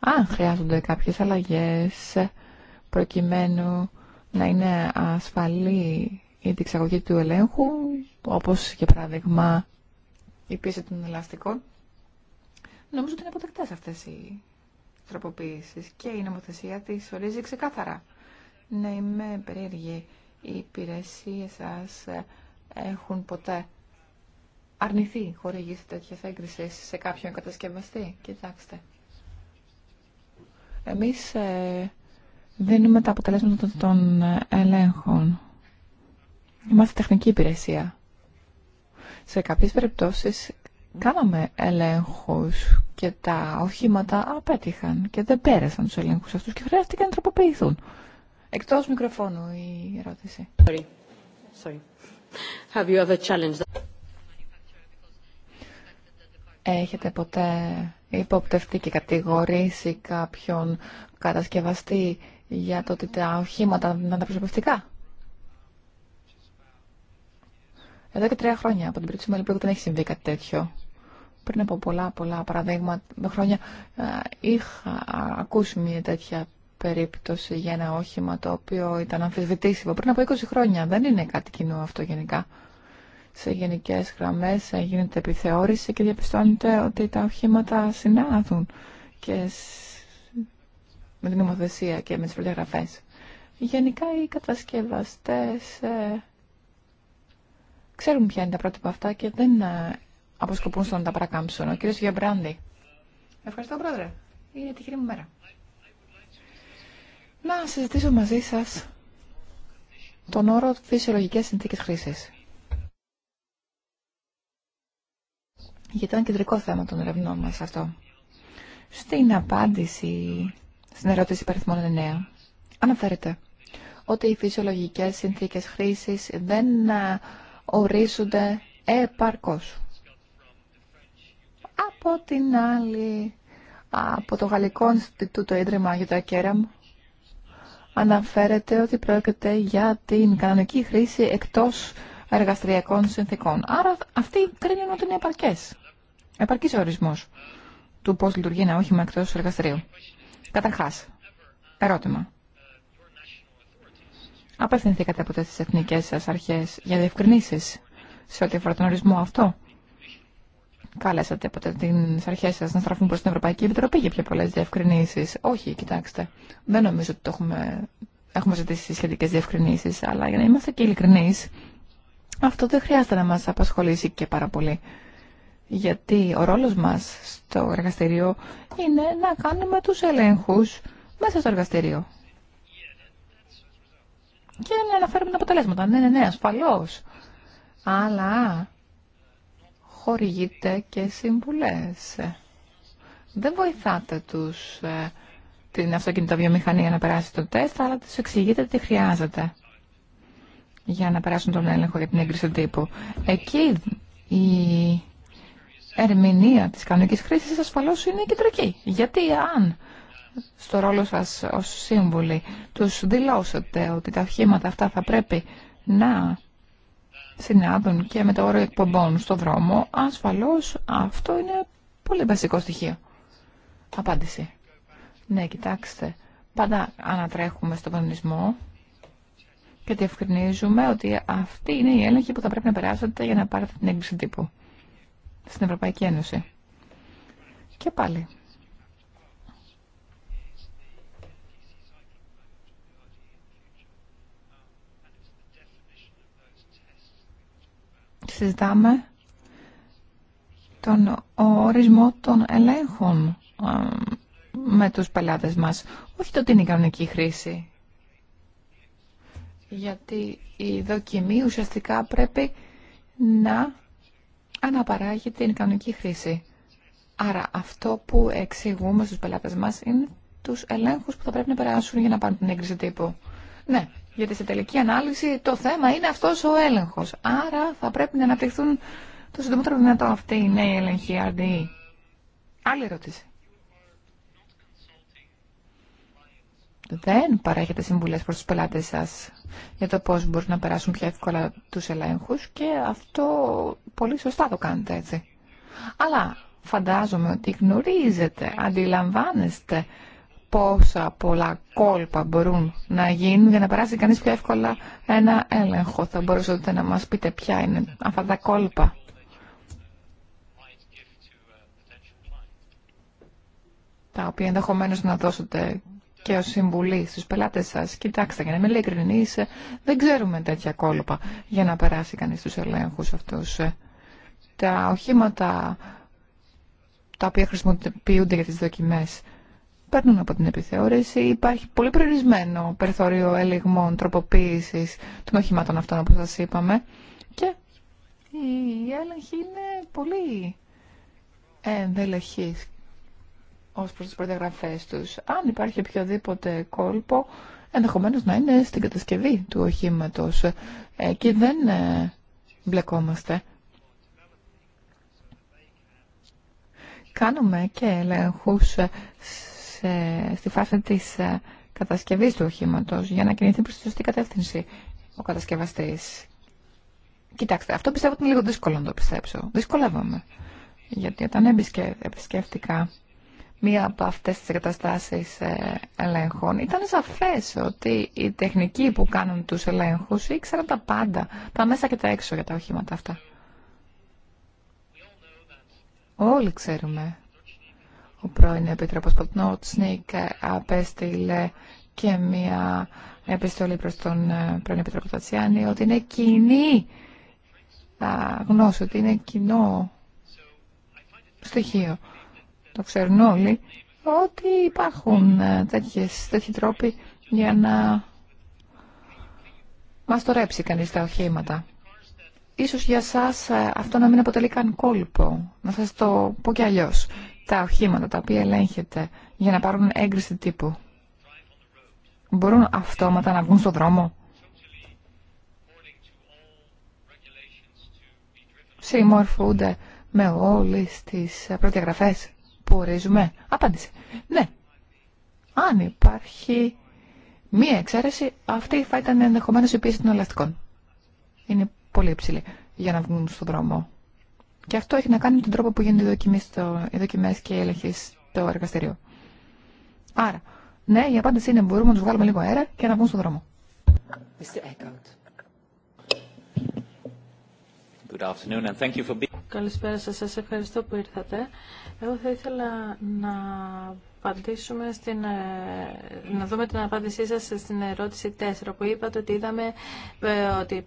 Αν χρειάζονται κάποιες αλλαγές προκειμένου να είναι ασφαλή η διεξαγωγή του ελέγχου, όπως για παράδειγμα η πίεση των ελαστικών, νομίζω ότι είναι αποτεκτές αυτές οι τροποποίησεις και η νομοθεσία της ορίζει ξεκάθαρα. Ναι, είμαι περίεργη. Οι υπηρεσίε σας έχουν ποτέ αρνηθεί χορηγήσει τέτοια έγκριση σε κάποιον κατασκευαστή. Κοιτάξτε. Εμείς ε, δίνουμε τα αποτελέσματα των ελέγχων. Είμαστε τεχνική υπηρεσία. Σε κάποιες περιπτώσεις κάναμε ελέγχους και τα οχήματα απέτυχαν και δεν πέρασαν τους ελέγχους αυτούς και χρειάστηκαν να τροποποιηθούν. Εκτός μικροφώνου η ερώτηση. Sorry. Sorry. Have you ever challenged Έχετε ποτέ υποπτευτεί και κατηγορήσει κάποιον κατασκευαστή για το ότι τα οχήματα είναι ανταπροσωπευτικά. Εδώ και τρία χρόνια από την πρώτη σημερινή που δεν έχει συμβεί κάτι τέτοιο. Πριν από πολλά πολλά παραδείγματα χρόνια ε, είχα ακούσει μια τέτοια περίπτωση για ένα όχημα το οποίο ήταν αμφισβητήσιμο πριν από 20 χρόνια. Δεν είναι κάτι κοινό αυτό γενικά. Σε γενικέ γραμμέ γίνεται επιθεώρηση και διαπιστώνεται ότι τα οχήματα συνάδουν και με την νομοθεσία και με τι προδιαγραφέ. Γενικά οι κατασκευαστέ. ε, Ξέρουμε ποια είναι τα πρότυπα αυτά και δεν ε, αποσκοπούν στο να τα παρακάμψουν. Ο κύριος Γεμπράντη. Ευχαριστώ, Πρόεδρε. Είναι τυχερή μου μέρα. Να συζητήσω μαζί σας τον όρο φυσιολογικές συνθήκες χρήσης. Γιατί ήταν κεντρικό θέμα των ερευνών μας αυτό. Στην απάντηση στην ερώτηση περιθμών 9 αναφέρεται ότι οι φυσιολογικές συνθήκες χρήσης δεν ε, ορίζονται επαρκώς. Από την άλλη, από το Γαλλικό Ινστιτούτο Ίδρυμα για το αναφέρεται ότι πρόκειται για την κανονική χρήση εκτός εργαστριακών συνθήκων. Άρα αυτοί κρίνουν ότι είναι επαρκές. Επαρκής ορισμός του πώς λειτουργεί ένα όχημα εκτός εργαστηρίου. Καταρχάς, ερώτημα απευθυνθήκατε ποτέ τι εθνικέ σα αρχέ για διευκρινήσει σε ό,τι αφορά τον ορισμό αυτό. Κάλεσατε ποτέ τι αρχέ σα να στραφούν προ την Ευρωπαϊκή Επιτροπή για πιο πολλέ διευκρινήσει. Όχι, κοιτάξτε, δεν νομίζω ότι το έχουμε, έχουμε ζητήσει σχετικέ διευκρινήσει, αλλά για να είμαστε και ειλικρινεί, αυτό δεν χρειάζεται να μα απασχολήσει και πάρα πολύ. Γιατί ο ρόλο μα στο εργαστήριο είναι να κάνουμε του ελέγχου μέσα στο εργαστήριο και να αναφέρουμε τα αποτελέσματα. Ναι, ναι, ναι, ασφαλώς. Αλλά χορηγείτε και συμβουλές. Δεν βοηθάτε τους, ε, την βιομηχανία να περάσει το τεστ, αλλά τους εξηγείτε τι χρειάζεται για να περάσουν τον έλεγχο για την έγκριση τύπου. Εκεί η ερμηνεία της κανονικής χρήσης ασφαλώς είναι κεντρική. Γιατί αν στο ρόλο σας ως σύμβουλοι τους δηλώσετε ότι τα αρχήματα αυτά θα πρέπει να συνάδουν και με το όρο εκπομπών στο δρόμο, ασφαλώς αυτό είναι πολύ βασικό στοιχείο. Απάντηση. Ναι, κοιτάξτε, πάντα ανατρέχουμε στον κανονισμό και διευκρινίζουμε ότι αυτή είναι η έλεγχη που θα πρέπει να περάσετε για να πάρετε την έγκριση τύπου στην Ευρωπαϊκή Ένωση. Και πάλι, συζητάμε τον ορισμό των ελέγχων ε, με τους πελάτες μας. Όχι το τι είναι η κανονική χρήση. Γιατί η δοκιμή ουσιαστικά πρέπει να αναπαράγει την κανονική χρήση. Άρα αυτό που εξηγούμε στους πελάτες μας είναι τους ελέγχους που θα πρέπει να περάσουν για να πάρουν την έγκριση τύπου. Ναι, γιατί σε τελική ανάλυση το θέμα είναι αυτός ο έλεγχος. Άρα θα πρέπει να αναπτυχθούν το συντομότερο δυνατό αυτή η νέη έλεγχη RDE. Άλλη ερώτηση. Δεν παρέχετε συμβουλές προς του πελάτες σας για το πώ μπορούν να περάσουν πιο εύκολα τους ελέγχους και αυτό πολύ σωστά το κάνετε έτσι. Αλλά φαντάζομαι ότι γνωρίζετε, αντιλαμβάνεστε πόσα πολλά κόλπα μπορούν να γίνουν για να περάσει κανείς πιο εύκολα ένα έλεγχο. Θα μπορούσατε να μας πείτε ποια είναι αυτά τα κόλπα. Τα οποία ενδεχομένω να δώσετε και ως συμβουλή στους πελάτες σας. Κοιτάξτε, για να είμαι ειλικρινής, δεν ξέρουμε τέτοια κόλπα για να περάσει κανείς τους ελέγχους αυτούς. Τα οχήματα τα οποία χρησιμοποιούνται για τις δοκιμές παίρνουν από την επιθεώρηση. Υπάρχει πολύ περιορισμένο περιθώριο ελιγμών τροποποίηση των οχημάτων αυτών, όπως σα είπαμε. Και η έλεγχη είναι πολύ ενδέλεχη ω προς τι προδιαγραφέ του. Αν υπάρχει οποιοδήποτε κόλπο, ενδεχομένω να είναι στην κατασκευή του οχήματο. Εκεί δεν ε, μπλεκόμαστε. Κάνουμε και ελέγχους στη φάση της ε, κατασκευής του οχήματος για να κινηθεί προς τη σωστή κατεύθυνση ο κατασκευαστής. Κοιτάξτε, αυτό πιστεύω ότι είναι λίγο δύσκολο να το πιστέψω. Δυσκολεύομαι. Γιατί όταν επισκέφτηκα μία από αυτές τις εγκαταστάσεις ε, ελέγχων ήταν σαφές ότι οι τεχνικοί που κάνουν τους ελέγχους ήξεραν τα πάντα, τα μέσα και τα έξω για τα οχήματα αυτά. Όλοι ξέρουμε ο πρώην Επίτροπος Ποτνότσνικ απέστειλε και μία επιστολή προς τον ε, πρώην Επίτροπο Τατσιάνη ότι είναι κοινή γνώση, ότι είναι κοινό στοιχείο. Το ξέρουν όλοι ότι υπάρχουν ε, τέτοιες, τέτοιοι τρόποι για να μας τορέψει κανείς τα οχήματα. Ίσως για σας ε, αυτό να μην αποτελεί καν κόλπο. Να σας το πω κι αλλιώς τα οχήματα τα οποία ελέγχεται για να πάρουν έγκριση τύπου μπορούν αυτόματα να βγουν στον δρόμο. Συμμορφούνται με όλες τις προδιαγραφές που ορίζουμε. Απάντησε. Ναι. Αν υπάρχει μία εξαίρεση, αυτή θα ήταν ενδεχομένω η πίεση των ελαστικών. Είναι πολύ υψηλή για να βγουν στον δρόμο. Και αυτό έχει να κάνει με τον τρόπο που γίνονται οι δοκιμέ και οι έλεγχοι στο εργαστήριο. Άρα, ναι, η απάντηση είναι μπορούμε να του βγάλουμε λίγο αέρα και να βγουν στον δρόμο. Good afternoon and thank you for Καλησπέρα σας. Σας ευχαριστώ που ήρθατε. Εγώ θα ήθελα να απαντήσουμε στην, ε, να δούμε την απάντησή σας στην ερώτηση 4 που είπατε ότι είδαμε ε, ότι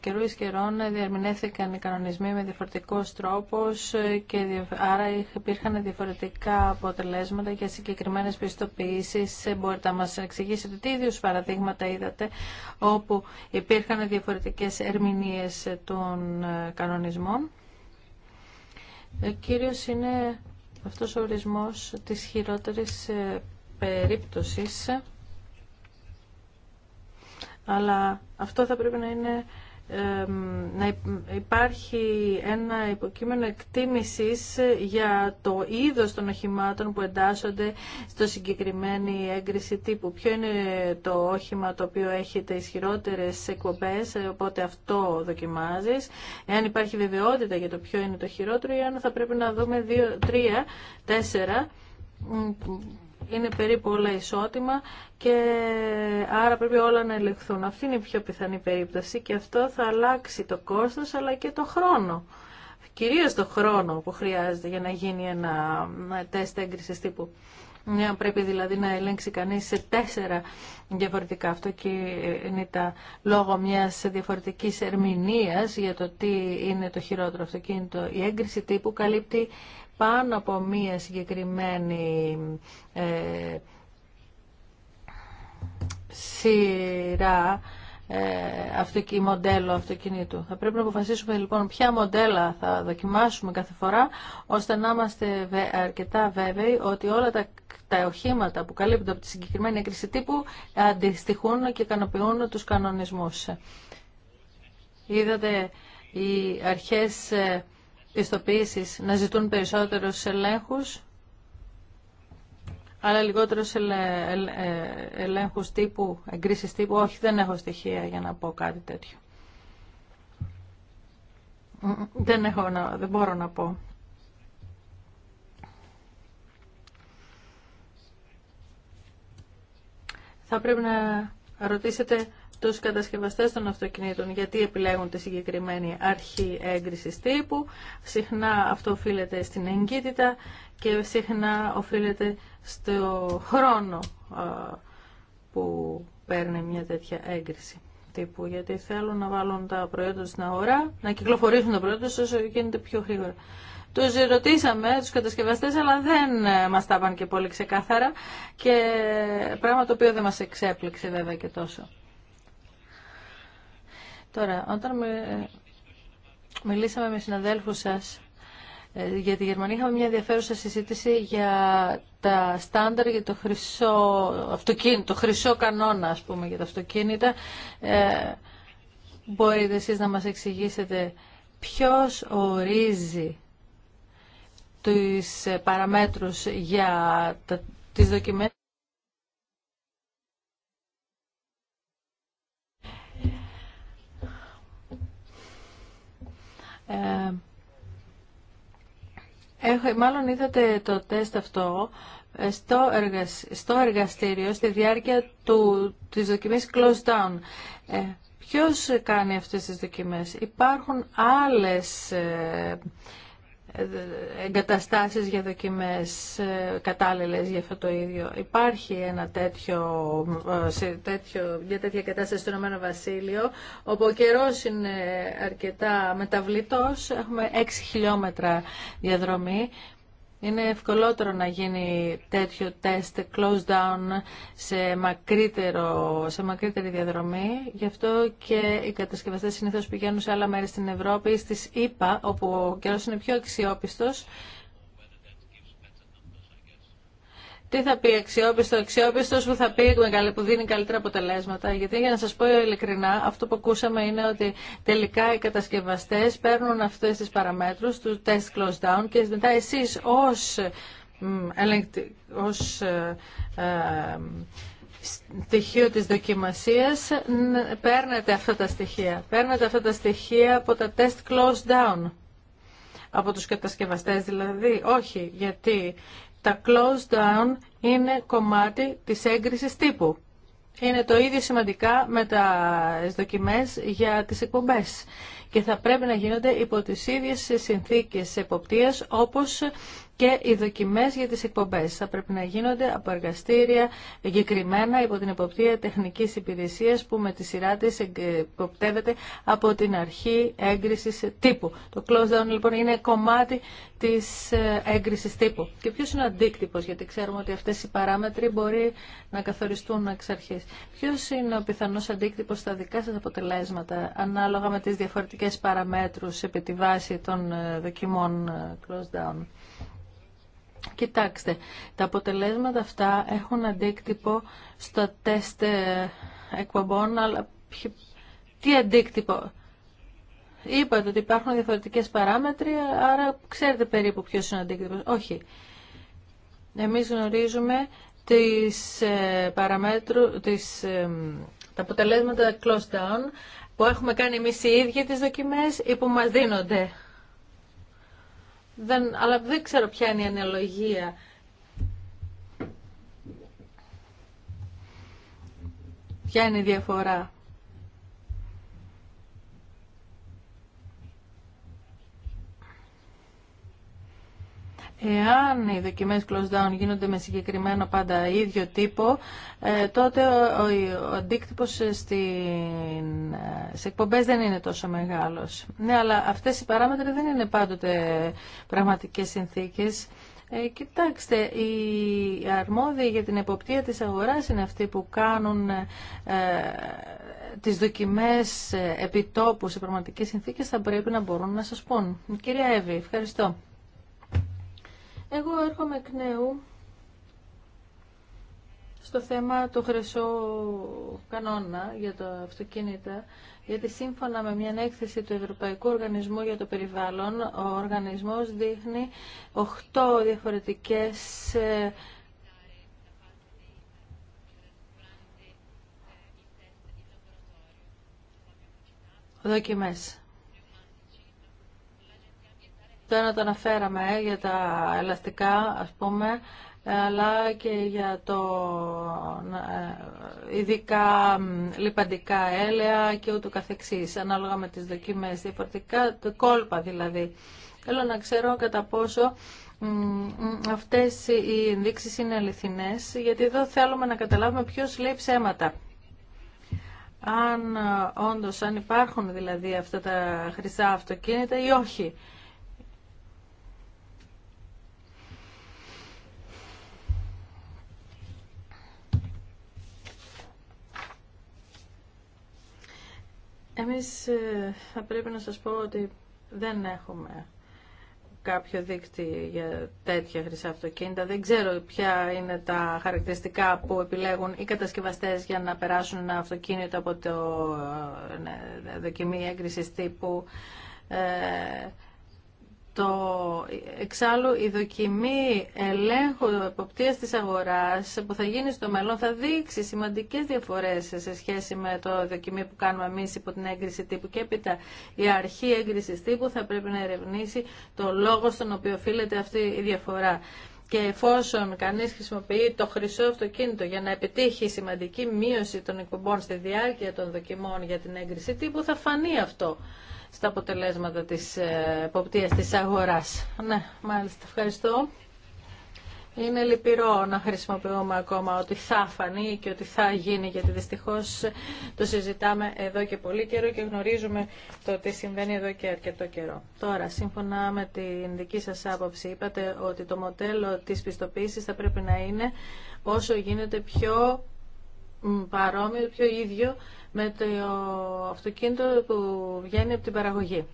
καιρού εις καιρών διαρμηνέθηκαν οι κανονισμοί με διαφορετικό τρόπο ε, και άρα υπήρχαν διαφορετικά αποτελέσματα για συγκεκριμένες πιστοποιήσεις. Μπορείτε να μας εξηγήσετε τι ίδιους παραδείγματα είδατε όπου υπήρχαν διαφορετικές ερμηνείες των κανονισμών. Ε, κύριος είναι αυτός ο ορισμός της χειρότερης ε, περίπτωσης αλλά αυτό θα πρέπει να είναι να υπάρχει ένα υποκείμενο εκτίμησης για το είδος των οχημάτων που εντάσσονται στο συγκεκριμένη έγκριση τύπου. Ποιο είναι το όχημα το οποίο έχετε ισχυρότερες εκπομπές, ε, οπότε αυτό δοκιμάζεις. Εάν υπάρχει βεβαιότητα για το ποιο είναι το χειρότερο ή αν θα πρέπει να δούμε δύο, τρία, τέσσερα είναι περίπου όλα ισότιμα και άρα πρέπει όλα να ελεγχθούν. Αυτή είναι η πιο πιθανή περίπτωση και αυτό θα αλλάξει το κόστος αλλά και το χρόνο. Κυρίως το χρόνο που χρειάζεται για να γίνει ένα τεστ έγκριση τύπου. Ναι, πρέπει δηλαδή να ελέγξει κανείς σε τέσσερα διαφορετικά αυτοκίνητα λόγω μιας διαφορετικής ερμηνείας για το τι είναι το χειρότερο αυτοκίνητο. Η έγκριση τύπου καλύπτει πάνω από μία συγκεκριμένη ε, σειρά ε, μοντέλο αυτοκινήτου. Θα πρέπει να αποφασίσουμε λοιπόν ποια μοντέλα θα δοκιμάσουμε κάθε φορά, ώστε να είμαστε αρκετά βέβαιοι ότι όλα τα, τα οχήματα που καλύπτουν από τη συγκεκριμένη έκρηση τύπου αντιστοιχούν και ικανοποιούν τους κανονισμούς. Είδατε οι αρχές ε, να ζητούν περισσότερους ελέγχους, αλλά λιγότερους ε, ελέγχους τύπου, εγκρίσεις τύπου. Όχι, δεν έχω στοιχεία για να πω κάτι τέτοιο. Δεν, έχω να, δεν μπορώ να πω. Θα πρέπει να ρωτήσετε τους κατασκευαστές των αυτοκινήτων γιατί επιλέγουν τη συγκεκριμένη αρχή έγκρισης τύπου. Συχνά αυτό οφείλεται στην εγκύτητα και συχνά οφείλεται στο χρόνο που παίρνει μια τέτοια έγκριση τύπου γιατί θέλουν να βάλουν τα προϊόντα στην αγορά, να κυκλοφορήσουν τα προϊόντα όσο γίνεται πιο γρήγορα. Του ρωτήσαμε, του κατασκευαστέ, αλλά δεν ε, μα τα είπαν και πολύ ξεκάθαρα. Και πράγμα το οποίο δεν μα εξέπληξε βέβαια και τόσο. Τώρα, όταν με, μιλήσαμε με συναδέλφους σας ε, για τη Γερμανία είχαμε μια ενδιαφέρουσα συζήτηση για τα στάνταρ για το χρυσό αυτοκίνητο, χρυσό κανόνα ας πούμε για τα αυτοκίνητα. Ε, μπορείτε εσείς να μας εξηγήσετε ποιος ορίζει τις ε, παραμέτρους για τα, τις δοκιμές. Ε, μάλλον είδατε το τεστ αυτό ε, στο, εργασ... στο εργαστήριο στη διάρκεια του, της δοκιμής close down. Ε, ποιος κάνει αυτές τις δοκιμές. Υπάρχουν άλλες ε, εγκαταστάσεις για δοκιμές ε, κατάλληλες για αυτό το ίδιο. Υπάρχει ένα τέτοιο, ε, σε τέτοιο, μια τέτοια κατάσταση στο Ηνωμένο Βασίλειο, όπου ο καιρό είναι αρκετά μεταβλητός, έχουμε 6 χιλιόμετρα διαδρομή είναι ευκολότερο να γίνει τέτοιο τεστ close down σε, μακρύτερο, σε μακρύτερη διαδρομή. Γι' αυτό και οι κατασκευαστές συνήθως πηγαίνουν σε άλλα μέρη στην Ευρώπη, ή στις ΗΠΑ, όπου ο καιρός είναι πιο αξιόπιστος Τι θα πει αξιόπιστο, αξιόπιστο που θα πει που δίνει καλύτερα αποτελέσματα. Γιατί για να σα πω ειλικρινά, αυτό που ακούσαμε είναι ότι τελικά οι κατασκευαστέ παίρνουν αυτέ τι παραμέτρου του test close down και μετά εσεί ω ως ε, ε, στοιχείο της δοκιμασίας παίρνετε αυτά τα στοιχεία. Παίρνετε αυτά τα στοιχεία από τα test close down. Από τους κατασκευαστές δηλαδή. Όχι, γιατί τα close down είναι κομμάτι της έγκρισης τύπου. Είναι το ίδιο σημαντικά με τα δοκιμές για τις εκπομπές και θα πρέπει να γίνονται υπό τις ίδιες συνθήκες εποπτείας όπως και οι δοκιμές για τις εκπομπές. Θα πρέπει να γίνονται από εργαστήρια εγκεκριμένα υπό την εποπτεία τεχνικής υπηρεσίας που με τη σειρά της εποπτεύεται από την αρχή έγκρισης τύπου. Το close down λοιπόν είναι κομμάτι της έγκρισης τύπου. Και ποιος είναι ο αντίκτυπος, γιατί ξέρουμε ότι αυτές οι παράμετροι μπορεί να καθοριστούν εξ αρχής. Ποιος είναι ο πιθανός αντίκτυπος στα δικά σας αποτελέσματα, ανάλογα με τις διαφορετικές παραμέτρους επί τη βάση των δοκιμών close down. Κοιτάξτε, τα αποτελέσματα αυτά έχουν αντίκτυπο στο τεστ ε, εκπομπών, αλλά τι αντίκτυπο. Είπατε ότι υπάρχουν διαφορετικές παράμετροι, άρα ξέρετε περίπου ποιος είναι ο αντίκτυπος. Όχι. Εμείς γνωρίζουμε τις, ε, παραμέτρου, τις, ε, τα αποτελέσματα close down που έχουμε κάνει εμείς οι ίδιοι τις δοκιμές ή που μας δίνονται δεν, αλλά δεν ξέρω ποια είναι η αναλογία. Ποια είναι η διαφορά. Εάν οι δοκιμές close down γίνονται με συγκεκριμένο πάντα ίδιο τύπο, ε, τότε ο αντίκτυπος ε, σε εκπομπές δεν είναι τόσο μεγάλος. Ναι, αλλά αυτές οι παράμετροι δεν είναι πάντοτε πραγματικές συνθήκες. Ε, κοιτάξτε, οι αρμόδιοι για την εποπτεία της αγοράς είναι αυτοί που κάνουν ε, τις δοκιμές ε, επιτόπου σε πραγματικές συνθήκες, θα πρέπει να μπορούν να σας πούν. Κυρία Εύη, ευχαριστώ. Εγώ έρχομαι εκ νέου στο θέμα του χρυσό κανόνα για το αυτοκίνητα, γιατί σύμφωνα με μια έκθεση του Ευρωπαϊκού Οργανισμού για το Περιβάλλον, ο οργανισμός δείχνει 8 διαφορετικές ε, δοκιμές ένα το αναφέραμε ε, για τα ελαστικά, ας πούμε, αλλά και για το ε, ειδικά λιπαντικά έλαια και ούτω καθεξής, ανάλογα με τις δοκιμές, διαφορετικά το κόλπα δηλαδή. Θέλω να ξέρω κατά πόσο αυτές οι ενδείξεις είναι αληθινές, γιατί εδώ θέλουμε να καταλάβουμε ποιος λέει ψέματα. Αν ε, όντως, αν υπάρχουν δηλαδή αυτά τα χρυσά αυτοκίνητα ή όχι. Εμείς ε, θα πρέπει να σας πω ότι δεν έχουμε κάποιο δίκτυο για τέτοια χρυσά αυτοκίνητα. Δεν ξέρω ποια είναι τα χαρακτηριστικά που επιλέγουν οι κατασκευαστές για να περάσουν ένα αυτοκίνητο από το ε, ναι, δοκιμή έγκρισης τύπου ε, το εξάλλου η δοκιμή ελέγχου εποπτείας της αγοράς που θα γίνει στο μέλλον θα δείξει σημαντικές διαφορές σε σχέση με το δοκιμή που κάνουμε εμείς υπό την έγκριση τύπου και έπειτα η αρχή έγκριση τύπου θα πρέπει να ερευνήσει το λόγο στον οποίο οφείλεται αυτή η διαφορά. Και εφόσον κανεί χρησιμοποιεί το χρυσό αυτοκίνητο για να επιτύχει σημαντική μείωση των εκπομπών στη διάρκεια των δοκιμών για την έγκριση τύπου, θα φανεί αυτό στα αποτελέσματα της ε, εποπτείας της αγοράς. Ναι, μάλιστα. Ευχαριστώ. Είναι λυπηρό να χρησιμοποιούμε ακόμα ότι θα φανεί και ότι θα γίνει, γιατί δυστυχώς το συζητάμε εδώ και πολύ καιρό και γνωρίζουμε το τι συμβαίνει εδώ και αρκετό καιρό. Τώρα, σύμφωνα με την δική σας άποψη, είπατε ότι το μοντέλο της πιστοποίησης θα πρέπει να είναι όσο γίνεται πιο παρόμοιο, πιο ίδιο με το αυτοκίνητο που βγαίνει από την παραγωγή.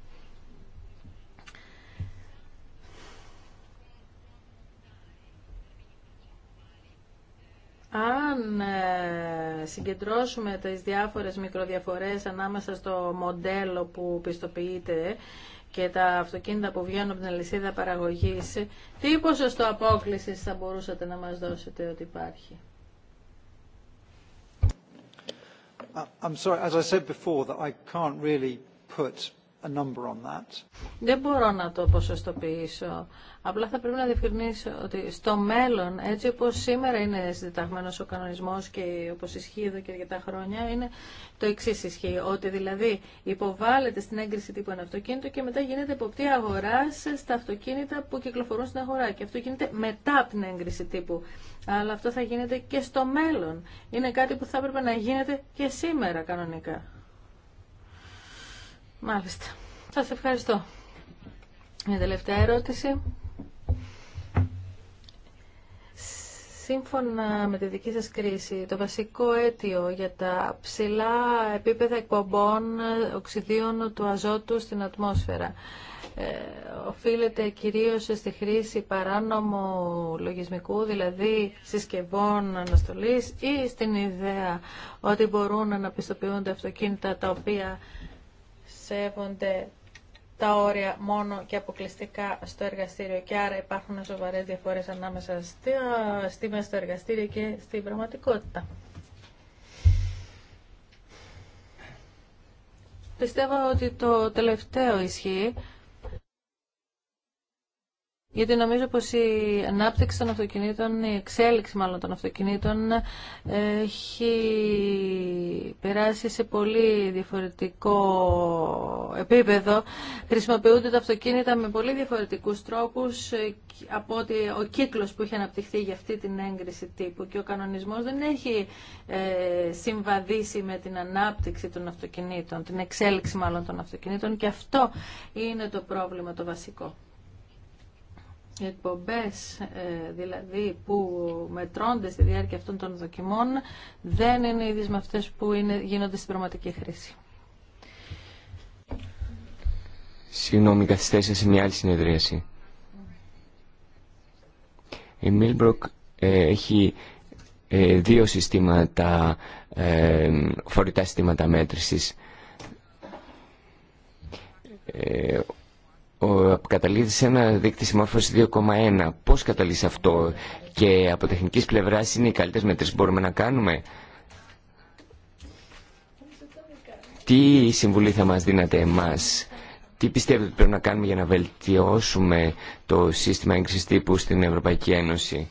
Αν ε, συγκεντρώσουμε τις διάφορες μικροδιαφορές ανάμεσα στο μοντέλο που πιστοποιείται και τα αυτοκίνητα που βγαίνουν από την αλυσίδα παραγωγής, τι ποσοστό απόκλησης θα μπορούσατε να μας δώσετε ότι υπάρχει. I'm sorry, as I said before, that I can't really put δεν μπορώ να το ποσοστοποιήσω. Απλά θα πρέπει να διευκρινίσω ότι στο μέλλον, έτσι όπως σήμερα είναι συνταγμένος ο κανονισμός και όπως ισχύει εδώ και αρκετά χρόνια, είναι το εξή ισχύει. Ότι δηλαδή υποβάλλεται στην έγκριση τύπου ένα αυτοκίνητο και μετά γίνεται υποπτή αγορά στα αυτοκίνητα που κυκλοφορούν στην αγορά. Και αυτό γίνεται μετά από την έγκριση τύπου. Αλλά αυτό θα γίνεται και στο μέλλον. Είναι κάτι που θα έπρεπε να γίνεται και σήμερα κανονικά. Μάλιστα. Σα ευχαριστώ. Μια τελευταία ερώτηση. Σύμφωνα με τη δική σας κρίση, το βασικό αίτιο για τα ψηλά επίπεδα εκπομπών οξυδίων του αζότου στην ατμόσφαιρα ε, οφείλεται κυρίως στη χρήση παράνομου λογισμικού, δηλαδή συσκευών αναστολής ή στην ιδέα ότι μπορούν να πιστοποιούνται αυτοκίνητα τα οποία σέβονται τα όρια μόνο και αποκλειστικά στο εργαστήριο και άρα υπάρχουν σοβαρές διαφορές ανάμεσα στη μέσα στο εργαστήριο και στην πραγματικότητα. Πιστεύω ότι το τελευταίο ισχύει γιατί νομίζω πως η ανάπτυξη των αυτοκινήτων, η εξέλιξη μάλλον των αυτοκινήτων έχει περάσει σε πολύ διαφορετικό επίπεδο. Χρησιμοποιούνται τα αυτοκίνητα με πολύ διαφορετικούς τρόπους από ότι ο κύκλος που έχει αναπτυχθεί για αυτή την έγκριση τύπου και ο κανονισμός δεν έχει ε, συμβαδίσει με την ανάπτυξη των αυτοκινήτων, την εξέλιξη μάλλον των αυτοκινήτων και αυτό είναι το πρόβλημα το βασικό. Οι εκπομπές ε, δηλαδή που μετρώνται στη διάρκεια αυτών των δοκιμών δεν είναι ίδιες με αυτές που είναι, γίνονται στην πραγματική χρήση. Συγγνώμη, καθυστέρησα σε μια άλλη συνεδρίαση. Η Μίλμπροκ ε, έχει ε, δύο συστήματα, ε, φορητά συστήματα μέτρησης καταλήγει σε ένα δείκτη συμμόρφωση 2,1. Πώς καταλήγει αυτό και από τεχνικής πλευράς είναι οι καλύτερες μετρήσεις που μπορούμε να κάνουμε. Τι συμβουλή θα μας δίνατε εμάς, τι πιστεύετε ότι πρέπει να κάνουμε για να βελτιώσουμε το σύστημα έγκρισης τύπου στην Ευρωπαϊκή Ένωση.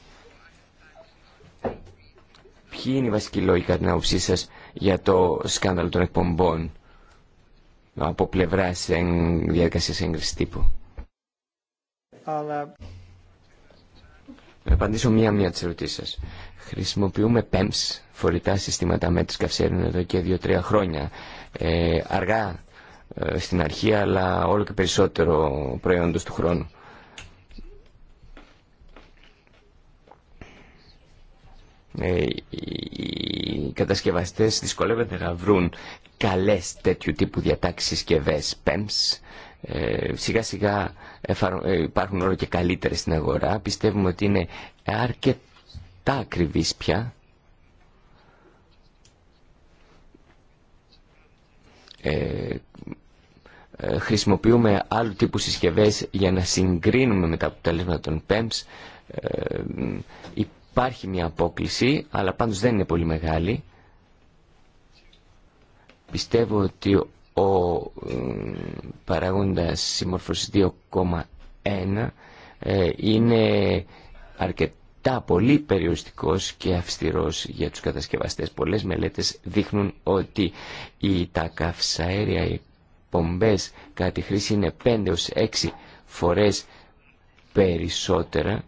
Ποιοι είναι οι βασικοί λόγοι κατά την άποψή σα για το σκάνδαλο των εκπομπών από πλευρά διαδικασίας έγκρισης τύπου αλλά... Να απαντήσω μία-μία τις ερωτήσεις σας. Χρησιμοποιούμε PEMS, φορητά συστήματα μέτρης καυσέρων εδώ και δύο-τρία χρόνια. Ε, αργά ε, στην αρχή, αλλά όλο και περισσότερο προϊόντος του χρόνου. Ε, οι κατασκευαστές δυσκολεύονται να βρουν καλές τέτοιου τύπου διατάξεις συσκευές PEMS ε, σιγά σιγά ε, υπάρχουν όλο και καλύτερες στην αγορά. Πιστεύουμε ότι είναι αρκετά ακριβής πια. Ε, ε χρησιμοποιούμε άλλου τύπου συσκευές για να συγκρίνουμε με τα αποτελέσματα των PEMS. υπάρχει μια απόκληση, αλλά πάντως δεν είναι πολύ μεγάλη. Πιστεύω ότι ο παράγοντας συμμορφωσης 2,1 ε, είναι αρκετά πολύ περιοριστικός και αυστηρός για τους κατασκευαστές. Πολλές μελέτες δείχνουν ότι η τα καυσαέρια, οι πομπές κατά τη χρήση είναι 5 6 φορές περισσότερα.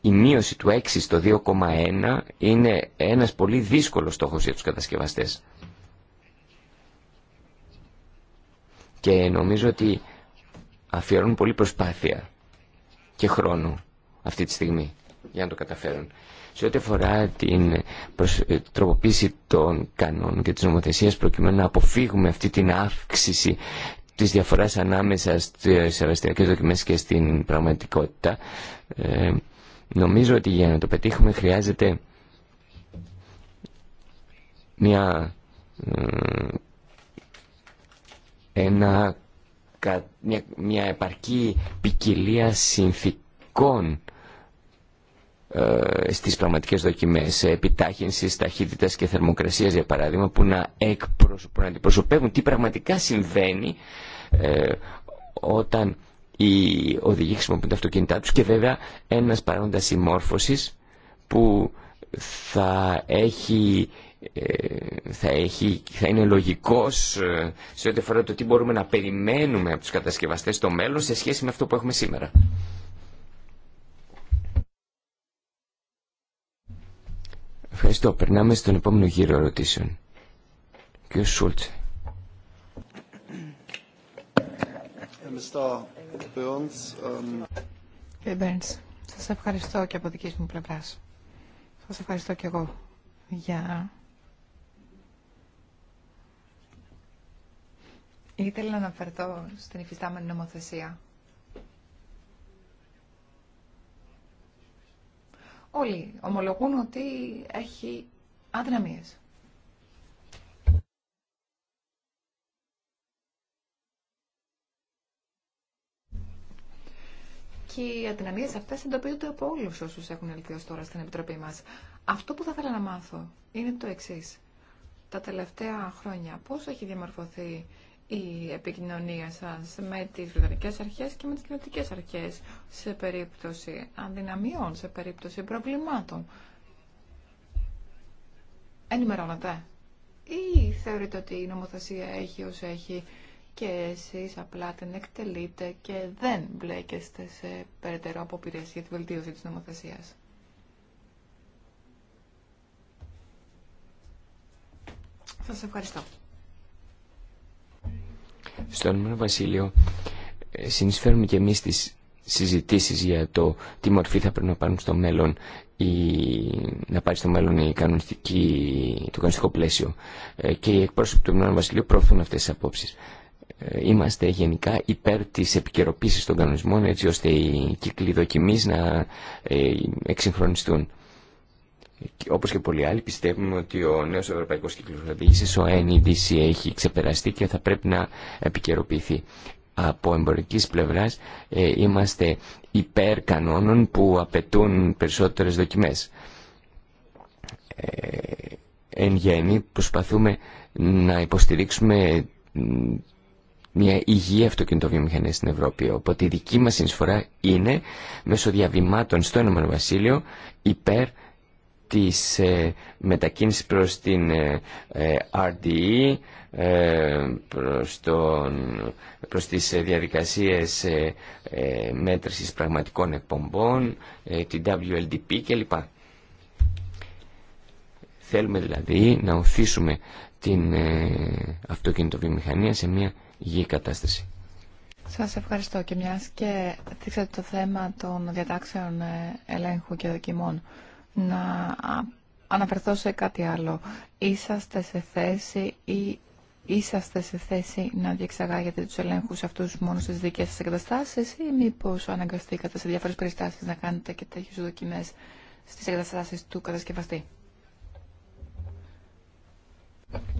Η μείωση του 6 στο 2,1 είναι ένας πολύ δύσκολος στόχος για τους κατασκευαστές. και νομίζω ότι αφιερώνουν πολύ προσπάθεια και χρόνο αυτή τη στιγμή για να το καταφέρουν. Σε ό,τι αφορά την τροποποίηση των κανόνων και της νομοθεσίας προκειμένου να αποφύγουμε αυτή την αύξηση της διαφοράς ανάμεσα στις αραστηριακές δοκιμές και στην πραγματικότητα ε, νομίζω ότι για να το πετύχουμε χρειάζεται μια ε, ένα, μια, επαρκή ποικιλία συνθήκων ε, στις πραγματικές δοκιμές επιτάχυνσης, ταχύτητας και θερμοκρασίας για παράδειγμα που να, να αντιπροσωπεύουν τι πραγματικά συμβαίνει ε, όταν οι οδηγοί χρησιμοποιούν τα αυτοκίνητά τους και βέβαια ένας παράγοντας συμμόρφωσης που θα έχει ε, θα, έχει, θα είναι λογικός ε, σε ό,τι αφορά το τι μπορούμε να περιμένουμε από τους κατασκευαστές στο μέλλον σε σχέση με αυτό που έχουμε σήμερα. Ευχαριστώ. Περνάμε στον επόμενο γύρο ερωτήσεων. Κύριο Σούλτσε. Ε, um, Κύριε Μπέρνς, σας ευχαριστώ και από δικής μου πλευράς. Σας ευχαριστώ και εγώ για Ήθελα να αναφερθώ στην υφιστάμενη νομοθεσία. Όλοι ομολογούν ότι έχει αδυναμίες. Και οι αδυναμίες αυτές εντοπίζονται από όλους όσους έχουν έλθει τώρα στην Επιτροπή μας. Αυτό που θα ήθελα να μάθω είναι το εξής. Τα τελευταία χρόνια πώς έχει διαμορφωθεί η επικοινωνία σας με τις βρετανικές αρχές και με τις κοινωτικές αρχές σε περίπτωση αδυναμιών, σε περίπτωση προβλημάτων. Ενημερώνατε. Ή θεωρείτε ότι η νομοθεσία έχει ως έχει και εσείς απλά την εκτελείτε και δεν μπλέκεστε σε περαιτέρω απόπηρεσία για τη βελτίωση της νομοθεσίας. Σας ευχαριστώ στον Ηνωμένο Βασίλειο ε, συνεισφέρουμε και εμείς τις συζητήσεις για το τι μορφή θα πρέπει να πάρουν στο μέλλον η, να πάρει στο μέλλον η κανονιστική, το κανονιστικό πλαίσιο ε, και οι εκπρόσωποι του Ηνωμένου Βασιλείου προωθούν αυτές τις απόψεις. Ε, είμαστε γενικά υπέρ της επικαιροποίησης των κανονισμών έτσι ώστε οι κύκλοι δοκιμής να εξυγχρονιστούν. Όπως και πολλοί άλλοι πιστεύουμε ότι ο νέος Ευρωπαϊκός Κύκλος Οδήγησης, ο NEDC, έχει ξεπεραστεί και θα πρέπει να επικαιροποιηθεί. Από εμπορική πλευρά, ε, είμαστε υπέρ κανόνων που απαιτούν περισσότερες δοκιμές. Ε, εν γέννη προσπαθούμε να υποστηρίξουμε μια υγιή αυτοκινητοβιομηχανία στην Ευρώπη. Οπότε η δική μας συνεισφορά είναι μέσω διαβημάτων στο Ηνωμένο Βασίλειο υπέρ της ε, μετακίνησης προς την ε, ε, RDE, προς, τον, προς τις διαδικασίες μέτρησης πραγματικών εκπομπών, την WLDP κλπ. Θέλουμε δηλαδή να οθήσουμε την αυτοκινητοβιομηχανία σε μια υγιή κατάσταση. Σας ευχαριστώ και μιας και δείξατε το θέμα των διατάξεων ελέγχου και δοκιμών να αναφερθώ σε κάτι άλλο. Είσαστε σε θέση ή είσαστε σε θέση να διεξαγάγετε τους ελέγχους αυτούς μόνο στις δικές σας εγκαταστάσεις ή μήπως αναγκαστήκατε σε διάφορες περιστάσεις να κάνετε και τέτοιες δοκιμές στις εγκαταστάσεις του κατασκευαστή.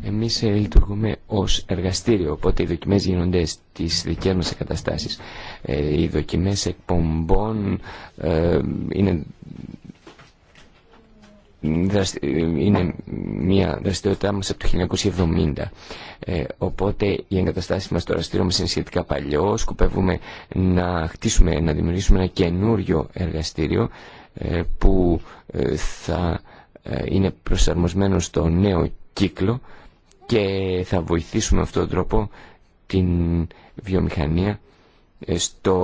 Εμείς ε, λειτουργούμε ως εργαστήριο, οπότε οι δοκιμές γίνονται στις δικές μας εγκαταστάσεις. Ε, οι δοκιμές εκπομπών ε, είναι είναι μια δραστηριότητά μας από το 1970. Ε, οπότε οι εγκαταστάσεις μας στο εργαστήριο μας είναι σχετικά παλιό. Σκοπεύουμε να χτίσουμε, να δημιουργήσουμε ένα καινούριο εργαστήριο ε, που ε, θα ε, είναι προσαρμοσμένο στο νέο κύκλο και θα βοηθήσουμε αυτόν τον τρόπο την βιομηχανία στο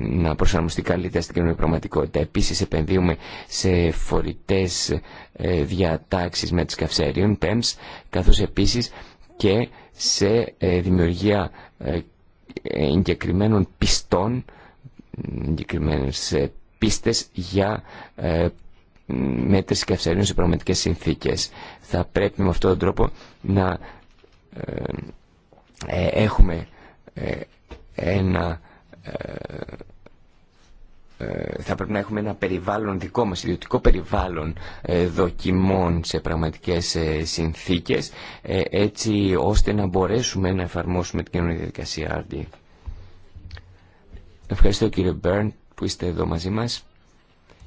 να προσαρμοστεί καλύτερα στην κοινωνική πραγματικότητα. Επίσης επενδύουμε σε φορητές ε, διατάξεις με τι καυσέριων, PEMS, καθώς επίσης και σε ε, δημιουργία ε, εγκεκριμένων πιστών, εγκεκριμένες πίστες για μέτρηση καυσαρίων σε πραγματικέ συνθήκες. Θα πρέπει με αυτόν τον τρόπο να έχουμε ένα, ε, ε, θα πρέπει να έχουμε ένα περιβάλλον δικό μας, ιδιωτικό περιβάλλον ε, δοκιμών σε πραγματικές συνθήκες έτσι ώστε να μπορέσουμε να εφαρμόσουμε την καινούργια διαδικασία RD. Ευχαριστώ κύριε Μπέρν που είστε εδώ μαζί μας.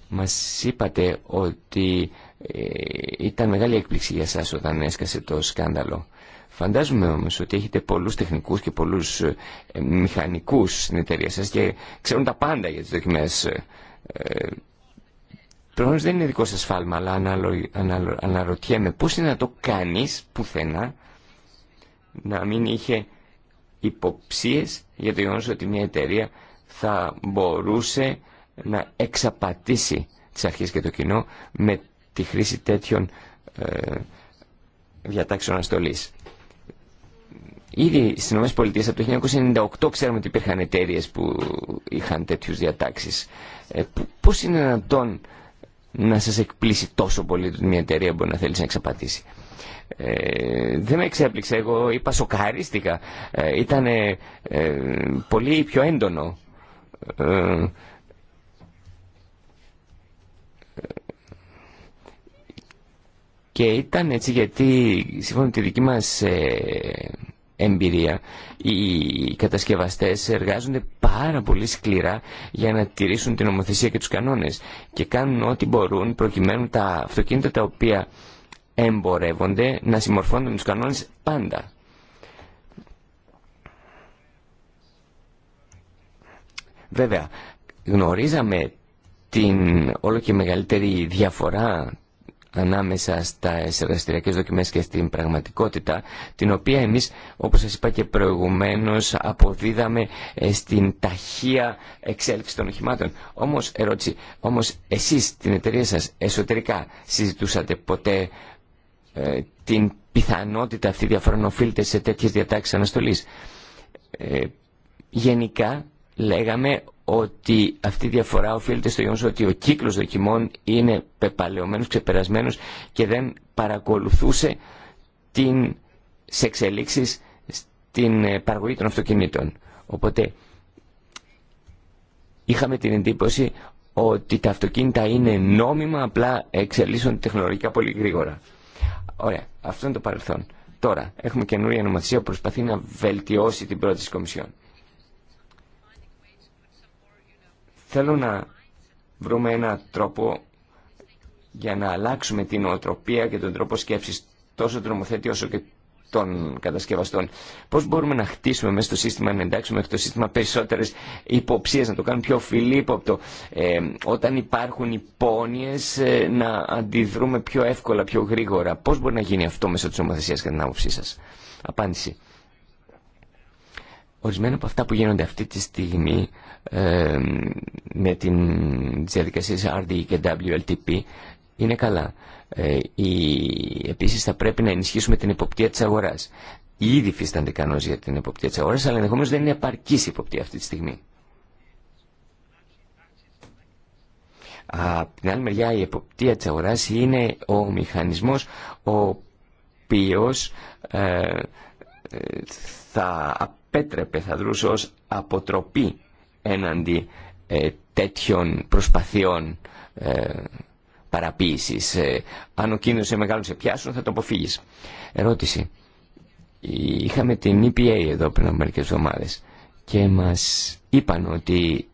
Μας είπατε ότι ήταν μεγάλη έκπληξη για σας όταν έσκασε το σκάνδαλο. Φαντάζομαι όμως ότι έχετε πολλούς τεχνικούς και πολλούς ε, ε, μηχανικούς στην εταιρεία σας και ξέρουν τα πάντα για τις δοκιμές. Ε, προφανώς δεν είναι δικό σας φάλμα, αλλά αναρωτιέμαι πώς είναι να το κάνεις πουθενά να μην είχε υποψίες για το γεγονός ότι μια εταιρεία θα μπορούσε να εξαπατήσει τις αρχές και το κοινό με τη χρήση τέτοιων ε, διατάξεων Ήδη στι ΗΠΑ από το 1998 ξέρουμε ότι υπήρχαν εταιρείε που είχαν τέτοιου διατάξει. Ε, Πώ είναι δυνατόν να σα εκπλήσει τόσο πολύ ότι μια εταιρεία μπορεί να θέλει να εξαπατήσει. Ε, δεν με εξέπληξε, εγώ είπα σοκαρίστηκα. Ε, Ήταν ε, πολύ πιο έντονο. Ε, ε, και ήταν έτσι γιατί σύμφωνα με τη δική μας εμπειρία. Οι κατασκευαστές εργάζονται πάρα πολύ σκληρά για να τηρήσουν την νομοθεσία και τους κανόνες και κάνουν ό,τι μπορούν προκειμένου τα αυτοκίνητα τα οποία εμπορεύονται να συμμορφώνονται με τους κανόνες πάντα. Βέβαια, γνωρίζαμε την όλο και μεγαλύτερη διαφορά ανάμεσα στις εργαστηριακές δοκιμές και στην πραγματικότητα, την οποία εμείς, όπως σας είπα και προηγουμένως, αποδίδαμε ε, στην ταχεία εξέλιξη των οχημάτων. Όμως, ερώτηση, όμως εσείς την εταιρεία σας εσωτερικά συζητούσατε ποτέ ε, την πιθανότητα αυτή να οφείλεται σε τέτοιες διατάξεις αναστολής. Ε, γενικά λέγαμε ότι αυτή η διαφορά οφείλεται στο γεγονό ότι ο κύκλος δοκιμών είναι πεπαλαιωμένος, ξεπερασμένος και δεν παρακολουθούσε την, εξελίξει στην ε, παραγωγή των αυτοκινήτων. Οπότε είχαμε την εντύπωση ότι τα αυτοκίνητα είναι νόμιμα, απλά εξελίσσονται τεχνολογικά πολύ γρήγορα. Ωραία, αυτό είναι το παρελθόν. Τώρα έχουμε καινούργια νομοθεσία που προσπαθεί να βελτιώσει την πρόταση της Κομισιόν. Θέλω να βρούμε έναν τρόπο για να αλλάξουμε την οτροπία και τον τρόπο σκέψης τόσο των νομοθέτη όσο και των κατασκευαστών. Πώς μπορούμε να χτίσουμε μέσα στο σύστημα, να εντάξουμε στο σύστημα περισσότερες υποψίες, να το κάνουμε πιο φιλίποπτο. Ε, όταν υπάρχουν υπόνοιες, ε, να αντιδρούμε πιο εύκολα, πιο γρήγορα. Πώς μπορεί να γίνει αυτό μέσα της νομοθεσίας κατά την άποψή σας. Απάντηση. Ορισμένα από αυτά που γίνονται αυτή τη στιγμή ε, με τις διαδικασίες RDE και WLTP είναι καλά. Ε, η, επίσης θα πρέπει να ενισχύσουμε την υποπτία της αγοράς. Ήδη φύστανται κανόνες για την υποπτία της αγοράς, αλλά ενδεχομένω δεν είναι επαρκής η υποπτία αυτή τη στιγμή. Από την άλλη μεριά η εποπτεία της αγοράς είναι ο μηχανισμός ο οποίος ε, ε θα απέτρεπε, θα δρούσε ως αποτροπή έναντι ε, τέτοιων προσπαθειών ε, παραποίησης. Ε, αν ο κίνδυνος σε μεγάλο σε πιάσουν θα το αποφύγεις. Ερώτηση. Είχαμε την EPA εδώ πριν από μερικές εβδομάδες και μας είπαν ότι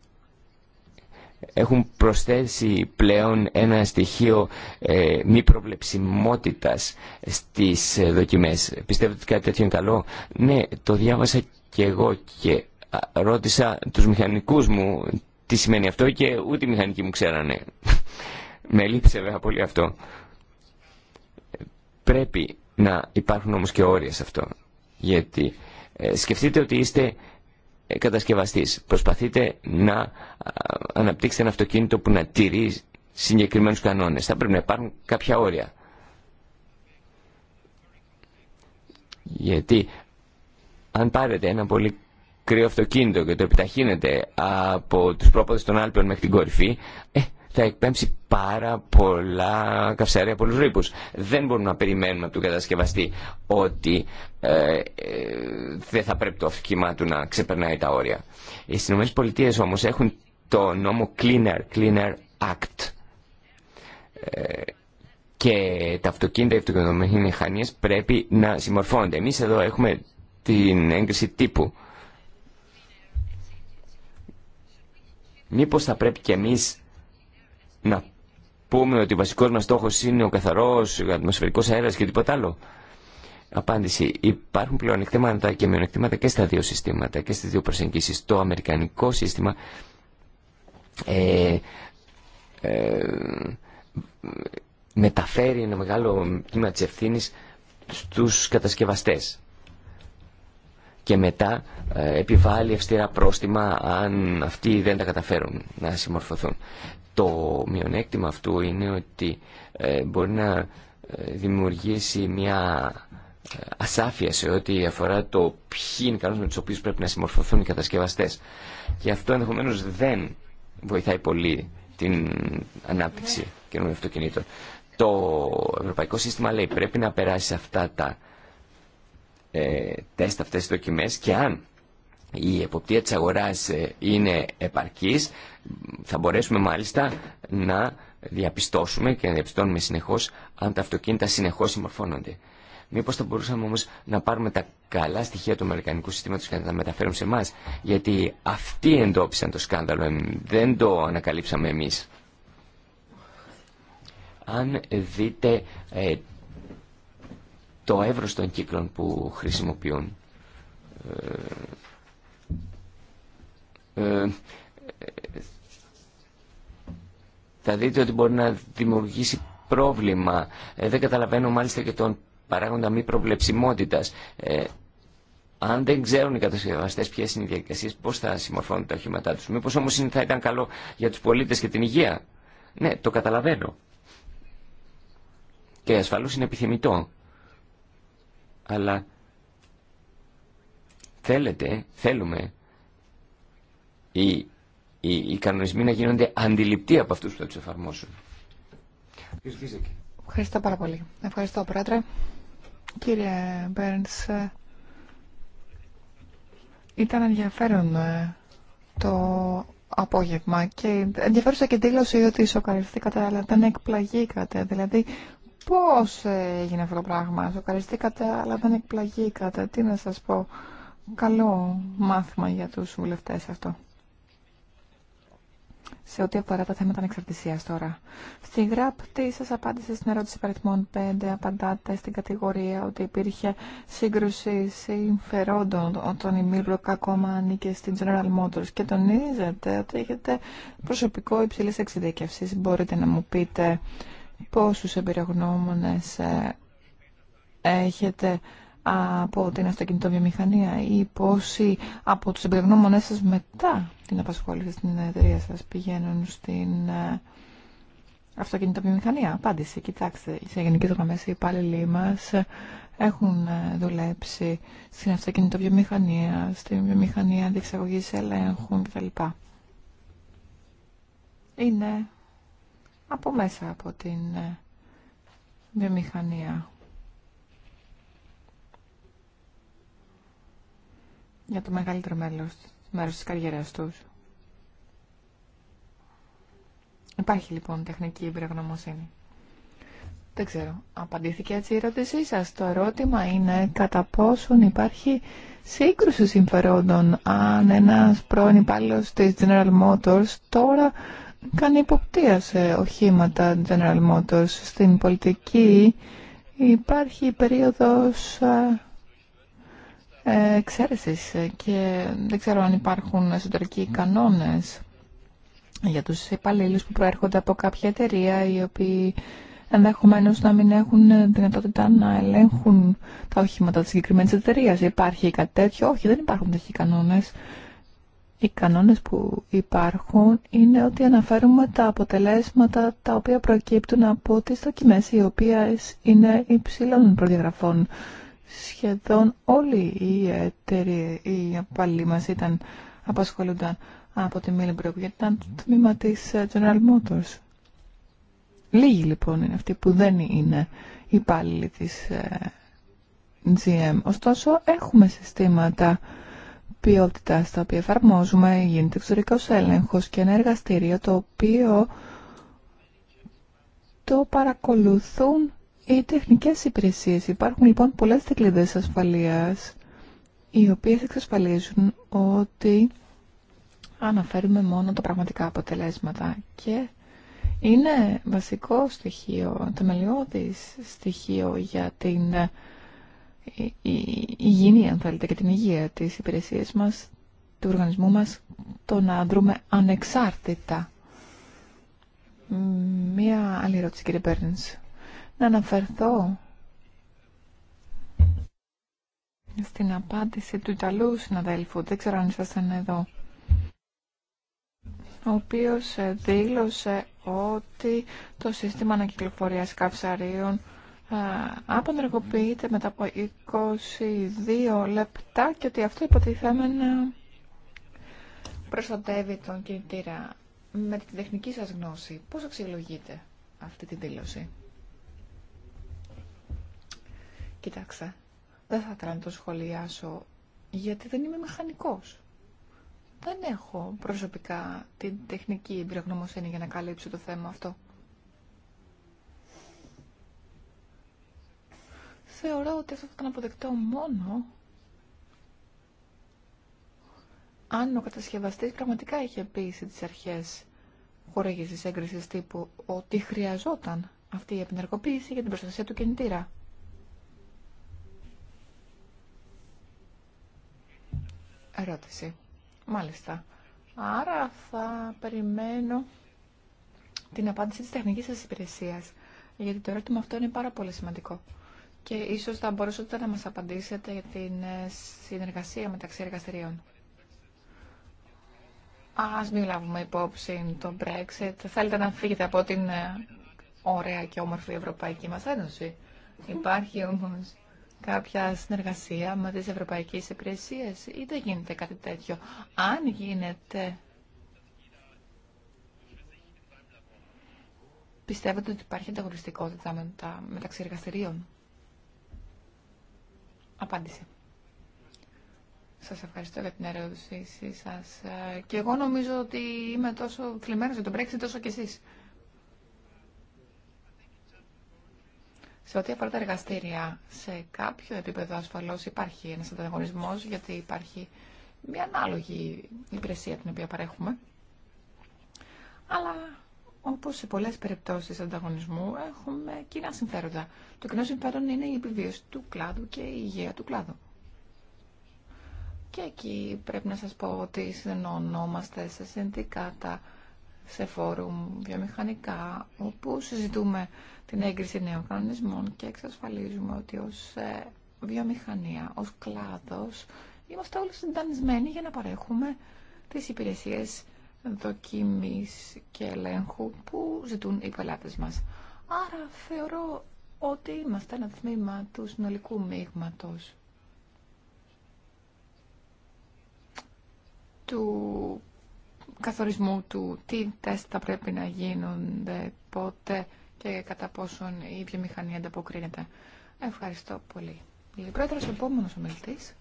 έχουν προσθέσει πλέον ένα στοιχείο ε, μη προβλεψιμότητας στις ε, δοκιμές. Πιστεύετε ότι κάτι τέτοιο είναι καλό. Ναι, το διάβασα και εγώ και ρώτησα τους μηχανικούς μου τι σημαίνει αυτό και ούτε οι μηχανικοί μου ξέρανε. Με λείψε βέβαια πολύ αυτό. Πρέπει να υπάρχουν όμως και όρια σε αυτό. Γιατί ε, σκεφτείτε ότι είστε ε, κατασκευαστής. Προσπαθείτε να αναπτύξετε ένα αυτοκίνητο που να τηρεί συγκεκριμένου κανόνες. Θα πρέπει να υπάρχουν κάποια όρια. Γιατί αν πάρετε ένα πολύ κρύο αυτοκίνητο και το επιταχύνετε από τους πρόποδες των άλπων μέχρι την κορυφή, ε, θα εκπέμψει πάρα πολλά καυσαέρια, πολλούς ρήπους. Δεν μπορούμε να περιμένουμε από τον κατασκευαστή ότι ε, ε, δεν θα πρέπει το αυτοκίνημα του να ξεπερνάει τα όρια. Οι Συνωμένες Πολιτείες όμως έχουν το νόμο Cleaner, Cleaner Act. Ε, και τα αυτοκίνητα, οι μηχανίες πρέπει να συμμορφώνονται. Εμείς εδώ έχουμε την έγκριση τύπου. Μήπως θα πρέπει και εμείς να πούμε ότι ο βασικός μας στόχος είναι ο καθαρός ο ατμοσφαιρικός αέρας και τίποτα άλλο. Απάντηση. Υπάρχουν πλεονεκτήματα και μειονεκτήματα και στα δύο συστήματα και στις δύο προσεγγίσεις. Το αμερικανικό σύστημα ε, ε, μεταφέρει ένα μεγάλο τμήμα της ευθύνη στους κατασκευαστές και μετά ε, επιβάλλει ευστήρα πρόστιμα αν αυτοί δεν τα καταφέρουν να συμμορφωθούν. Το μειονέκτημα αυτού είναι ότι ε, μπορεί να ε, δημιουργήσει μια ε, ασάφεια σε ό,τι αφορά το ποιοι είναι κανόνες με τους οποίους πρέπει να συμμορφωθούν οι κατασκευαστές. Και αυτό ενδεχομένως δεν βοηθάει πολύ την ανάπτυξη καινούργιων αυτοκινήτων. Το ευρωπαϊκό σύστημα λέει πρέπει να περάσει αυτά τα ε, τεστ, αυτές τις δοκιμές και αν η εποπτεία της αγοράς ε, είναι επαρκής, θα μπορέσουμε μάλιστα να διαπιστώσουμε και να διαπιστώνουμε συνεχώς αν τα αυτοκίνητα συνεχώς συμμορφώνονται. Μήπω θα μπορούσαμε όμω να πάρουμε τα καλά στοιχεία του Αμερικανικού συστήματο και να τα μεταφέρουμε σε εμά, γιατί αυτοί εντόπισαν το σκάνδαλο, ε, δεν το ανακαλύψαμε εμεί. Αν δείτε ε, το εύρος των κύκλων που χρησιμοποιούν, ε, θα δείτε ότι μπορεί να δημιουργήσει πρόβλημα. Ε, δεν καταλαβαίνω μάλιστα και τον παράγοντα μη προβλεψιμότητας. Ε, αν δεν ξέρουν οι κατασκευαστέ ποιε είναι οι διαδικασίε, πώ θα συμμορφώνουν τα οχήματά του. Μήπω όμω θα ήταν καλό για του πολίτε και την υγεία. Ναι, το καταλαβαίνω. Και ασφαλώς είναι επιθυμητό. Αλλά θέλετε, θέλουμε οι, κανονισμοί να γίνονται αντιληπτοί από αυτούς που θα τους εφαρμόσουν. Ευχαριστώ πάρα πολύ. Ευχαριστώ, Πρόεδρε. Κύριε Μπέρνς, ε, ήταν ενδιαφέρον ε, το απόγευμα και ενδιαφέρουσα και δήλωση ότι σοκαριστήκατε αλλά δεν εκπλαγήκατε. Δηλαδή πώς έγινε αυτό το πράγμα, σοκαριστήκατε αλλά δεν εκπλαγήκατε. Τι να σας πω, καλό μάθημα για τους βουλευτές αυτό σε ό,τι αφορά τα θέματα ανεξαρτησία τώρα. Στη γράπτη σα απάντησε στην ερώτηση παριθμών 5 απαντάτε στην κατηγορία ότι υπήρχε σύγκρουση συμφερόντων όταν η Μίλμπροκ ακόμα ανήκε στην General Motors και τονίζετε ότι έχετε προσωπικό υψηλή εξειδίκευση. Μπορείτε να μου πείτε πόσους εμπειρογνώμονες ε, έχετε από την αυτοκινητοβιομηχανία ή πόσοι από τους εμπειρογνώμονές σας μετά την απασχόληση στην εταιρεία σας πηγαίνουν στην ε, αυτοκινητοβιομηχανία. Απάντηση, κοιτάξτε, σε γενικές γραμμές οι υπάλληλοι μας έχουν ε, δουλέψει στην αυτοκινητοβιομηχανία, στην βιομηχανία διεξαγωγής ελέγχων κτλ. Είναι από μέσα από την ε, βιομηχανία για το μεγαλύτερο μέλος, μέρος της καριέρας τους. Υπάρχει λοιπόν τεχνική εμπειρογνωμοσύνη. Δεν ξέρω, απαντήθηκε έτσι η ερώτησή σας. Το ερώτημα είναι κατά πόσον υπάρχει σύγκρουση συμφερόντων αν ένας πρώην υπάλληλος της General Motors τώρα κάνει υποπτία σε οχήματα General Motors στην πολιτική υπάρχει περίοδος εξαίρεσης και δεν ξέρω αν υπάρχουν εσωτερικοί κανόνες για τους υπαλλήλους που προέρχονται από κάποια εταιρεία οι οποίοι ενδεχομένω να μην έχουν δυνατότητα να ελέγχουν τα οχήματα της συγκεκριμένη εταιρεία. Υπάρχει κάτι τέτοιο. Όχι, δεν υπάρχουν τέτοιοι κανόνες. Οι κανόνες που υπάρχουν είναι ότι αναφέρουμε τα αποτελέσματα τα οποία προκύπτουν από τις δοκιμές οι οποίες είναι υψηλών προδιαγραφών σχεδόν όλοι οι εταιροί, οι μας ήταν, απασχολούνταν από τη Μίλμπρουκ, γιατί ήταν το τμήμα της ε, General Motors. Λίγοι λοιπόν είναι αυτοί που δεν είναι υπάλληλοι της ε, GM. Ωστόσο έχουμε συστήματα ποιότητα, τα οποία εφαρμόζουμε, γίνεται εξωτερικό έλεγχο και ένα εργαστήριο το οποίο το παρακολουθούν οι τεχνικές υπηρεσίες. Υπάρχουν λοιπόν πολλές τεκλίδες ασφαλείας οι οποίες εξασφαλίζουν ότι αναφέρουμε μόνο τα πραγματικά αποτελέσματα και είναι βασικό στοιχείο, θεμελιώδης στοιχείο για την ε, υγιεινή, αν θέλετε, και την υγεία της υπηρεσίας μας, του οργανισμού μας, το να δρούμε ανεξάρτητα. Μία άλλη ερώτηση, κύριε να αναφερθώ στην απάντηση του Ιταλού συναδέλφου, δεν ξέρω αν ήσασταν εδώ, ο οποίος ε, δήλωσε ότι το σύστημα ανακυκλοφορίας καυσαρίων απονεργοποιείται μετά από 22 λεπτά και ότι αυτό υποτιθέμενα προστατεύει τον κινητήρα. Με την τεχνική σας γνώση, πώς αξιολογείτε αυτή τη δήλωση. Κοιτάξτε, δεν θα ήθελα να το σχολιάσω γιατί δεν είμαι μηχανικός. Δεν έχω προσωπικά την τεχνική εμπειρογνωμοσύνη για να καλύψω το θέμα αυτό. Θεωρώ ότι αυτό θα ήταν αποδεκτό μόνο αν ο κατασκευαστής πραγματικά είχε πείσει τις αρχές χορήγησης έγκρισης τύπου ότι χρειαζόταν αυτή η επινεργοποίηση για την προστασία του κινητήρα. ερώτηση. Μάλιστα. Άρα θα περιμένω την απάντηση της τεχνικής σας υπηρεσίας, γιατί το ερώτημα αυτό είναι πάρα πολύ σημαντικό. Και ίσως θα μπορούσατε να μας απαντήσετε για την ε, συνεργασία μεταξύ εργαστηριών. Ας μην λάβουμε υπόψη το Brexit. Θέλετε να φύγετε από την ε, ωραία και όμορφη Ευρωπαϊκή μας Ένωση. Υπάρχει όμως κάποια συνεργασία με τις ευρωπαϊκές υπηρεσίες ή δεν γίνεται κάτι τέτοιο. Αν γίνεται, πιστεύετε ότι υπάρχει ανταγωνιστικότητα με τα, μεταξύ εργαστηρίων. Απάντηση. Σας ευχαριστώ για την ερώτησή σας. Ε, και εγώ νομίζω ότι είμαι τόσο θλιμμένος για τον Brexit τόσο και εσείς. Σε ό,τι αφορά τα εργαστήρια, σε κάποιο επίπεδο ασφαλώ υπάρχει ένα ανταγωνισμό γιατί υπάρχει μια ανάλογη υπηρεσία την οποία παρέχουμε. Αλλά όπω σε πολλέ περιπτώσει ανταγωνισμού έχουμε κοινά συμφέροντα. Το κοινό συμφέρον είναι η επιβίωση του κλάδου και η υγεία του κλάδου. Και εκεί πρέπει να σας πω ότι συνενωνόμαστε σε συνδικάτα, σε φόρουμ βιομηχανικά, όπου συζητούμε την έγκριση νέων κανονισμών και εξασφαλίζουμε ότι ως ε, βιομηχανία, ως κλάδος, είμαστε όλοι συντανισμένοι για να παρέχουμε τις υπηρεσίες δοκίμης και ελέγχου που ζητούν οι πελάτες μας. Άρα θεωρώ ότι είμαστε ένα τμήμα του συνολικού μείγματος του καθορισμού του τι τεστ θα πρέπει να γίνονται, πότε και κατά πόσον η βιομηχανία ανταποκρίνεται. Ευχαριστώ πολύ. Η πρόεδρος, επόμενος ομιλητής.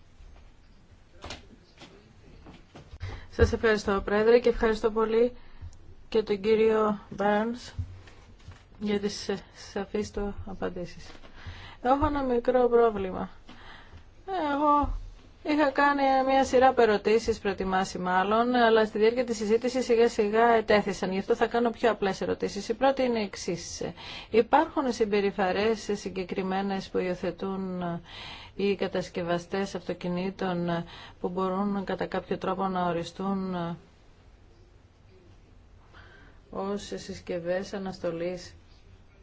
Σας ευχαριστώ πρόεδρε και ευχαριστώ πολύ και τον κύριο Μπάρνς για τις σαφείς του απαντήσεις. Έχω ένα μικρό πρόβλημα. Ε, εγώ Είχα κάνει μια σειρά από ερωτήσει, προετοιμάσει μάλλον, αλλά στη διάρκεια τη συζήτηση σιγά σιγά ετέθησαν. Γι' αυτό θα κάνω πιο απλέ ερωτήσει. Η πρώτη είναι η εξή. Υπάρχουν συμπεριφαρέ συγκεκριμένε που υιοθετούν οι κατασκευαστέ αυτοκινήτων που μπορούν κατά κάποιο τρόπο να οριστούν ως συσκευές αναστολής.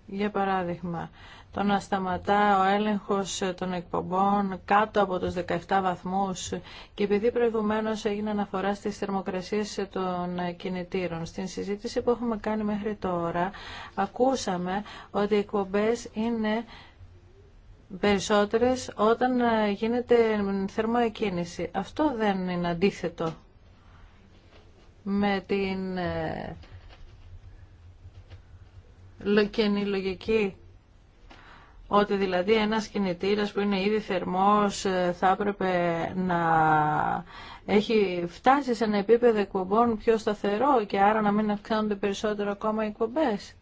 Για παράδειγμα, το να σταματά ο έλεγχος των εκπομπών κάτω από τους 17 βαθμούς και επειδή προηγουμένως έγινε αναφορά στις θερμοκρασίες των κινητήρων. Στην συζήτηση που έχουμε κάνει μέχρι τώρα ακούσαμε ότι οι εκπομπές είναι περισσότερες όταν γίνεται θερμοεκκίνηση. Αυτό δεν είναι αντίθετο με την ε, λογική ότι δηλαδή ένας κινητήρας που είναι ήδη θερμός ε, θα έπρεπε να έχει φτάσει σε ένα επίπεδο εκπομπών πιο σταθερό και άρα να μην αυξάνονται περισσότερο ακόμα οι εκπομπές.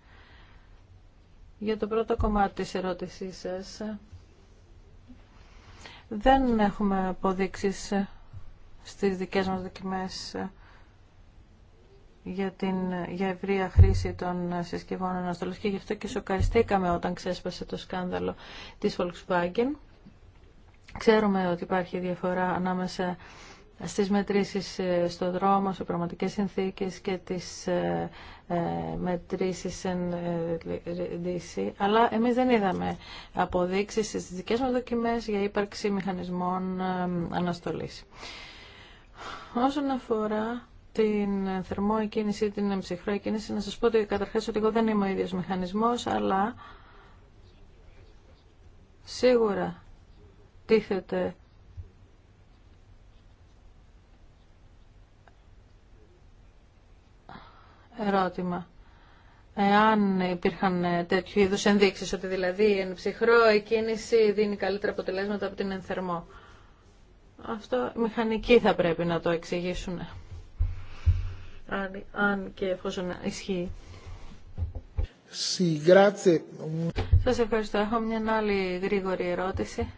Για το πρώτο κομμάτι της ερώτησής σας. Δεν έχουμε αποδείξεις ε, στις δικές μας δοκιμές ε, για, την, για χρήση των συσκευών αναστολής και γι' αυτό και σοκαριστήκαμε όταν ξέσπασε το σκάνδαλο της Volkswagen. Ξέρουμε ότι υπάρχει διαφορά ανάμεσα στις μετρήσεις στο δρόμο, σε πραγματικές συνθήκες και τις μετρήσεις εν δύση. Αλλά εμείς δεν είδαμε αποδείξεις στις δικές μας δοκιμές για ύπαρξη μηχανισμών αναστολής. Όσον αφορά την θερμό εκκίνηση ή την ψυχρό εκκίνηση, να σας πω ότι καταρχάς ότι εγώ δεν είμαι ο ίδιος μηχανισμός, αλλά σίγουρα τίθεται ερώτημα. Εάν υπήρχαν τέτοιου είδους ενδείξεις, ότι δηλαδή η ψυχρό εκκίνηση δίνει καλύτερα αποτελέσματα από την ενθερμό. Αυτό μηχανικοί θα πρέπει να το εξηγήσουν αν, και εφόσον ισχύει. Σας ευχαριστώ. Έχω μια άλλη γρήγορη ερώτηση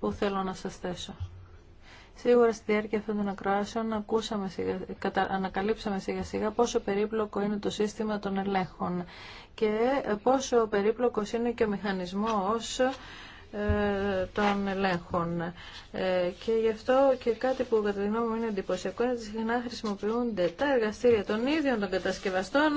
που θέλω να σας θέσω. Σίγουρα στη διάρκεια αυτών των ακροάσεων ακούσαμε σιγά, ανακαλύψαμε σιγά σιγά πόσο περίπλοκο είναι το σύστημα των ελέγχων και πόσο περίπλοκος είναι και ο μηχανισμός ε, των ελέγχων. Ε, και γι' αυτό και κάτι που κατά τη γνώμη μου είναι εντυπωσιακό είναι ότι συχνά χρησιμοποιούνται τα εργαστήρια των ίδιων των κατασκευαστών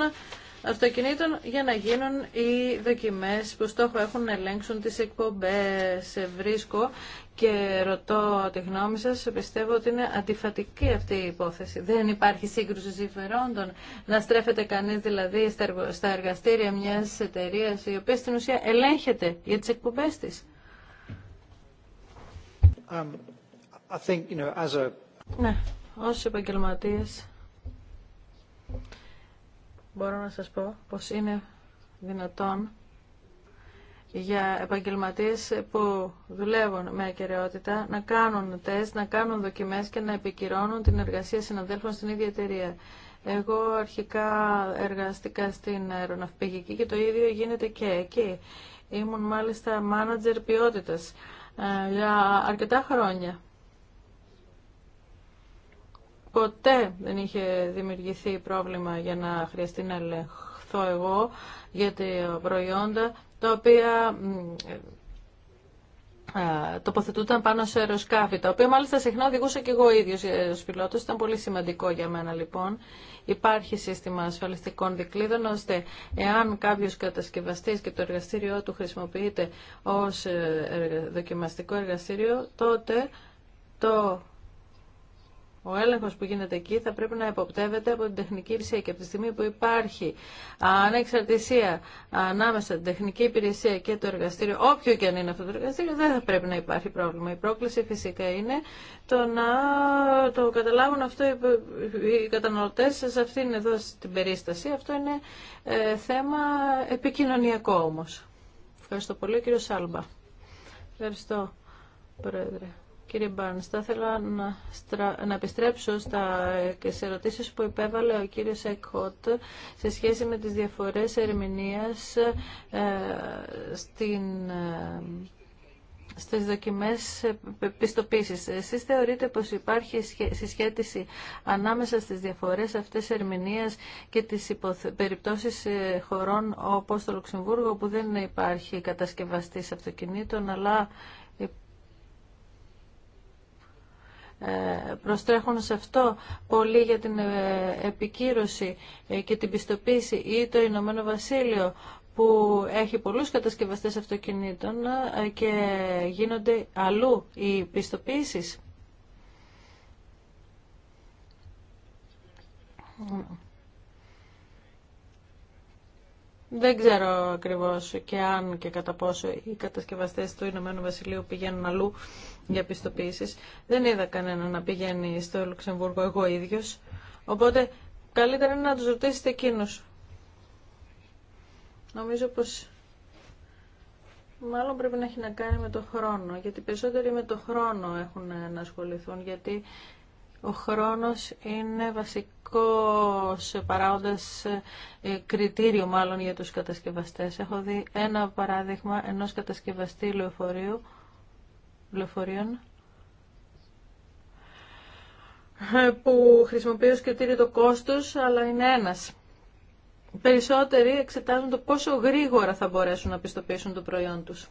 αυτοκινήτων για να γίνουν οι δοκιμές που στόχο έχουν να ελέγξουν τις εκπομπές. Βρίσκω και ρωτώ τη γνώμη σας, πιστεύω ότι είναι αντιφατική αυτή η υπόθεση. Δεν υπάρχει σύγκρουση συμφερόντων να στρέφεται κανείς δηλαδή στα εργαστήρια μιας εταιρείας η οποία στην ουσία ελέγχεται για τις εκπομπές της. Um, ναι, ως επαγγελματίες μπορώ να σας πω πως είναι δυνατόν για επαγγελματίες που δουλεύουν με ακαιρεότητα να κάνουν τεστ, να κάνουν δοκιμές και να επικυρώνουν την εργασία συναδέλφων στην ίδια εταιρεία. Εγώ αρχικά εργαστήκα στην αεροναυπηγική και το ίδιο γίνεται και εκεί. Ήμουν μάλιστα μάνατζερ ποιότητας. Ε, για αρκετά χρόνια. Ποτέ δεν είχε δημιουργηθεί πρόβλημα για να χρειαστεί να ελεγχθώ εγώ για τα προϊόντα τα οποία τοποθετούνταν πάνω σε αεροσκάφη, τα οποία μάλιστα συχνά οδηγούσα και εγώ ίδιος ως πιλότος. Ήταν πολύ σημαντικό για μένα λοιπόν. Υπάρχει σύστημα ασφαλιστικών δικλείδων, ώστε εάν κάποιος κατασκευαστής και το εργαστήριό του χρησιμοποιείται ως ε, δοκιμαστικό εργαστήριο, τότε το ο έλεγχο που γίνεται εκεί θα πρέπει να εποπτεύεται από την τεχνική υπηρεσία και από τη στιγμή που υπάρχει ανεξαρτησία ανάμεσα την τεχνική υπηρεσία και το εργαστήριο, όποιο και αν είναι αυτό το εργαστήριο, δεν θα πρέπει να υπάρχει πρόβλημα. Η πρόκληση φυσικά είναι το να το καταλάβουν αυτό οι καταναλωτέ σε αυτήν εδώ την περίσταση. Αυτό είναι ε, θέμα επικοινωνιακό όμω. Ευχαριστώ πολύ, κύριο Σάλμπα. Ευχαριστώ, Πρόεδρε. Κύριε Μπάρνς, θα ήθελα να, να επιστρέψω στα... σε ερωτήσεις που υπέβαλε ο κύριος Εκχότ σε σχέση με τις διαφορές ερμηνείας ε, στην ε, στις δοκιμές πιστοποίησης. Εσείς θεωρείτε πως υπάρχει συσχέτιση ανάμεσα στις διαφορές αυτές ερμηνείας και τις υποθε... περιπτώσεις ε, χωρών όπως το Λουξεμβούργο που δεν υπάρχει κατασκευαστή αυτοκινήτων αλλά Ε, προστρέχουν σε αυτό πολύ για την ε, επικύρωση ε, και την πιστοποίηση ή το Ηνωμένο Βασίλειο που έχει πολλούς κατασκευαστές αυτοκινήτων και γίνονται αλλού οι πιστοποίησεις. Δεν ξέρω ακριβώ και αν και κατά πόσο οι κατασκευαστέ του Ηνωμένου Βασιλείου πηγαίνουν αλλού για πιστοποίησεις. Δεν είδα κανένα να πηγαίνει στο Λουξεμβούργο εγώ ίδιο. Οπότε καλύτερα είναι να του ρωτήσετε εκείνου. Νομίζω πω μάλλον πρέπει να έχει να κάνει με το χρόνο, γιατί περισσότεροι με το χρόνο έχουν να ασχοληθούν, γιατί ο χρόνος είναι βασικός παράγοντας ε, κριτήριο μάλλον για τους κατασκευαστές. Έχω δει ένα παράδειγμα ενός κατασκευαστή λεωφορείου, λεωφορείων ε, που χρησιμοποιεί ως κριτήριο το κόστος, αλλά είναι ένας. Περισσότεροι εξετάζουν το πόσο γρήγορα θα μπορέσουν να πιστοποιήσουν το προϊόν τους,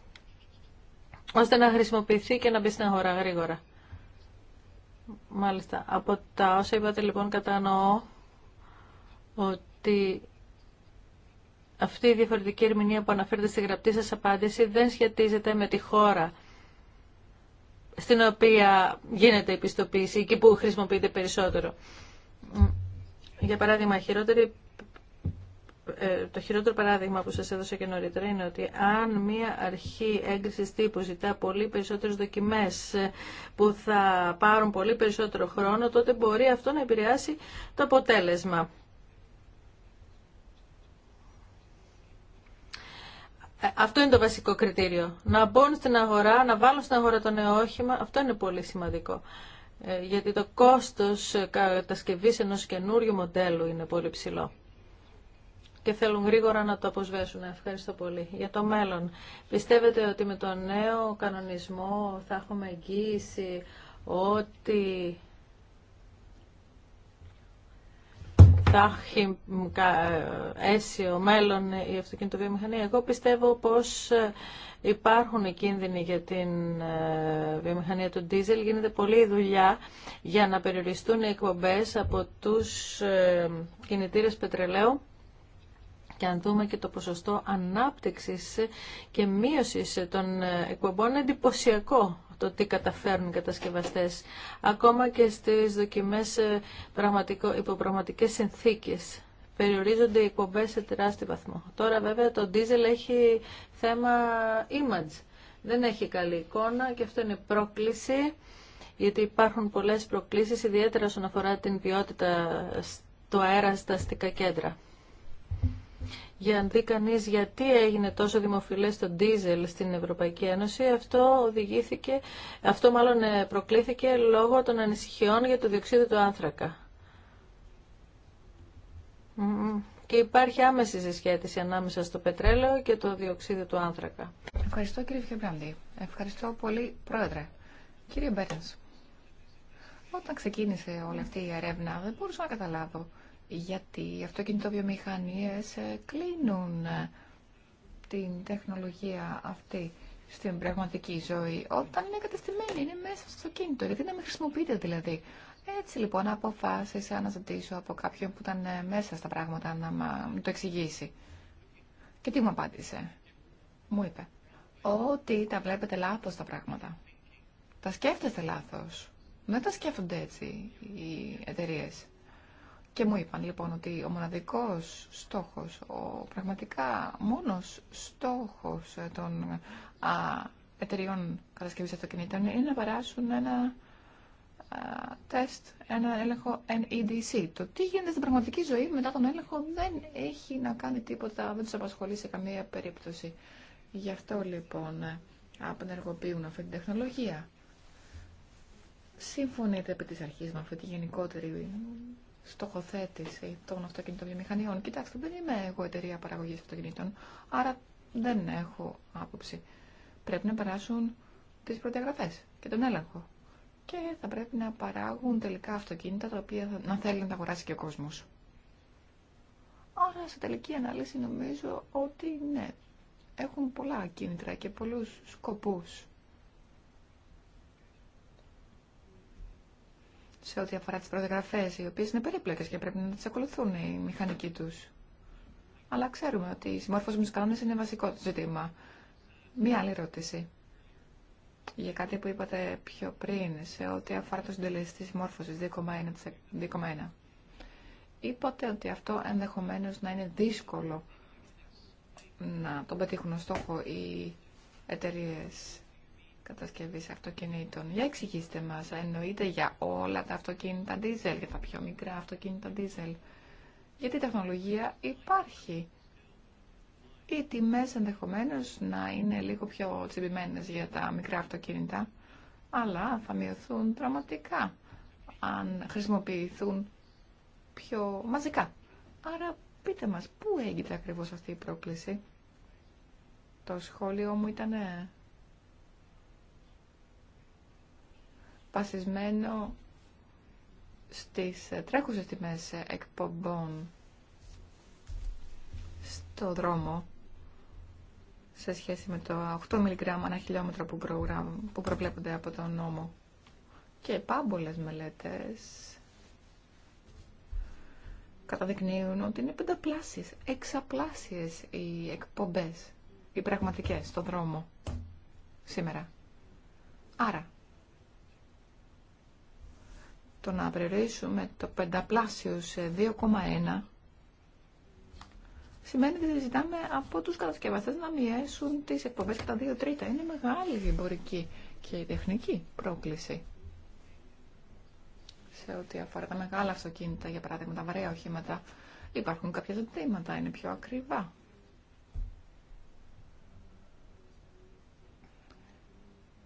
ώστε να χρησιμοποιηθεί και να μπει στην αγορά γρήγορα. Μάλιστα. Από τα όσα είπατε λοιπόν κατανοώ ότι αυτή η διαφορετική ερμηνεία που αναφέρεται στη γραπτή σας απάντηση δεν σχετίζεται με τη χώρα στην οποία γίνεται η πιστοποίηση, εκεί που χρησιμοποιείται περισσότερο. Για παράδειγμα, χειρότερη ε, το χειρότερο παράδειγμα που σας έδωσα και νωρίτερα είναι ότι αν μία αρχή έγκρισης τύπου ζητά πολύ περισσότερες δοκιμές ε, που θα πάρουν πολύ περισσότερο χρόνο, τότε μπορεί αυτό να επηρεάσει το αποτέλεσμα. Ε, αυτό είναι το βασικό κριτήριο. Να μπουν στην αγορά, να βάλουν στην αγορά το νέο όχημα, αυτό είναι πολύ σημαντικό. Γιατί το κόστος κατασκευής ενός καινούριου μοντέλου είναι πολύ ψηλό και θέλουν γρήγορα να το αποσβέσουν. Ευχαριστώ πολύ. Για το μέλλον, πιστεύετε ότι με τον νέο κανονισμό θα έχουμε εγγύηση ότι θα έχει αίσιο μέλλον η αυτοκινητοβιομηχανία. Εγώ πιστεύω πως ε, υπάρχουν οι κίνδυνοι για την ε, βιομηχανία του ντίζελ. Γίνεται πολλή δουλειά για να περιοριστούν οι εκπομπές από τους ε, κινητήρες πετρελαίου και αν δούμε και το ποσοστό ανάπτυξης και μείωσης των εκπομπών είναι εντυπωσιακό το τι καταφέρνουν οι κατασκευαστές ακόμα και στις δοκιμές ε, υποπραγματικές συνθήκες περιορίζονται οι εκπομπές σε τεράστιο βαθμό. Τώρα βέβαια το ντίζελ έχει θέμα image. Δεν έχει καλή εικόνα και αυτό είναι πρόκληση γιατί υπάρχουν πολλές προκλήσεις ιδιαίτερα όσον αφορά την ποιότητα στο αέρα στα αστικά κέντρα για να δει κανεί γιατί έγινε τόσο δημοφιλές το ντίζελ στην Ευρωπαϊκή Ένωση, αυτό οδηγήθηκε, αυτό μάλλον ε, προκλήθηκε λόγω των ανησυχιών για το διοξείδιο του άνθρακα. Και υπάρχει άμεση συσχέτιση ανάμεσα στο πετρέλαιο και το διοξείδιο του άνθρακα. Ευχαριστώ κύριε Φιεμπράντη. Ευχαριστώ πολύ πρόεδρε. Κύριε Μπέρνς, όταν ξεκίνησε όλη αυτή η ερεύνα δεν μπορούσα να καταλάβω γιατί οι αυτοκινητοβιομηχανίες ε, κλείνουν ε, την τεχνολογία αυτή στην πραγματική ζωή όταν είναι κατεστημένη, είναι μέσα στο κινητό. Γιατί να μην χρησιμοποιείται δηλαδή. Έτσι λοιπόν αποφάσισα να ζητήσω από κάποιον που ήταν ε, μέσα στα πράγματα να μου το εξηγήσει. Και τι μου απάντησε. Μου είπε ότι τα βλέπετε λάθος τα πράγματα. Τα σκέφτεστε λάθος. Δεν τα σκέφτονται έτσι οι εταιρείε. Και μου είπαν λοιπόν ότι ο μοναδικός στόχος, ο πραγματικά μόνος στόχος των α, εταιριών κατασκευής αυτοκινήτων είναι να παράσουν ένα τεστ, ένα έλεγχο NEDC. Το τι γίνεται στην πραγματική ζωή μετά τον έλεγχο δεν έχει να κάνει τίποτα, δεν τους απασχολεί σε καμία περίπτωση. Γι' αυτό λοιπόν απενεργοποιούν αυτή την τεχνολογία. Συμφωνείτε επί της αρχής με αυτή τη γενικότερη στοχοθέτηση των αυτοκινητοβιομηχανιών. Κοιτάξτε, δεν είμαι εγώ εταιρεία παραγωγής αυτοκινήτων, άρα δεν έχω άποψη. Πρέπει να περάσουν τις προδιαγραφές και τον έλεγχο. Και θα πρέπει να παράγουν τελικά αυτοκίνητα τα οποία να θέλει να τα αγοράσει και ο κόσμος. Άρα, σε τελική ανάλυση νομίζω ότι ναι, έχουν πολλά κίνητρα και πολλούς σκοπούς σε ό,τι αφορά τις προδιαγραφές, οι οποίες είναι περίπλοκες και πρέπει να τις ακολουθούν οι μηχανικοί τους. Αλλά ξέρουμε ότι η συμμόρφωση με τους είναι βασικό ζήτημα. Μία άλλη ερώτηση. Για κάτι που είπατε πιο πριν, σε ό,τι αφορά το συντελεστή συμμόρφωσης 2,1. Είπατε ότι αυτό ενδεχομένως να είναι δύσκολο να τον πετύχουν ως στόχο οι εταιρείες Κατασκευή αυτοκινήτων. Για εξηγήστε μα εννοείται για όλα τα αυτοκίνητα diesel, για τα πιο μικρά αυτοκίνητα diesel. Γιατί η τεχνολογία υπάρχει. Οι τιμέ ενδεχομένω να είναι λίγο πιο τσιμπημένες για τα μικρά αυτοκίνητα, αλλά θα μειωθούν δραματικά αν χρησιμοποιηθούν πιο μαζικά. Άρα πείτε μας, πού έγινε ακριβώς αυτή η πρόκληση. Το σχόλιο μου ήταν βασισμένο στις ε, τρέχουσες τιμές εκπομπών στο δρόμο σε σχέση με το 8 μιλιγκράμμα ανά χιλιόμετρο που, που προβλέπονται από τον νόμο και πάμπολες μελέτες καταδεικνύουν ότι είναι πενταπλάσιες, εξαπλάσιες οι εκπομπές, οι πραγματικές, στο δρόμο σήμερα. Άρα, το να περιορίσουμε το πενταπλάσιο σε 2,1 σημαίνει ότι ζητάμε από τους κατασκευαστές να μειώσουν τις εκπομπές τα 2 τρίτα. Είναι μεγάλη η εμπορική και η τεχνική πρόκληση σε ό,τι αφορά τα μεγάλα αυτοκίνητα, για παράδειγμα τα βαρέα οχήματα. Υπάρχουν κάποια ζητήματα, είναι πιο ακριβά.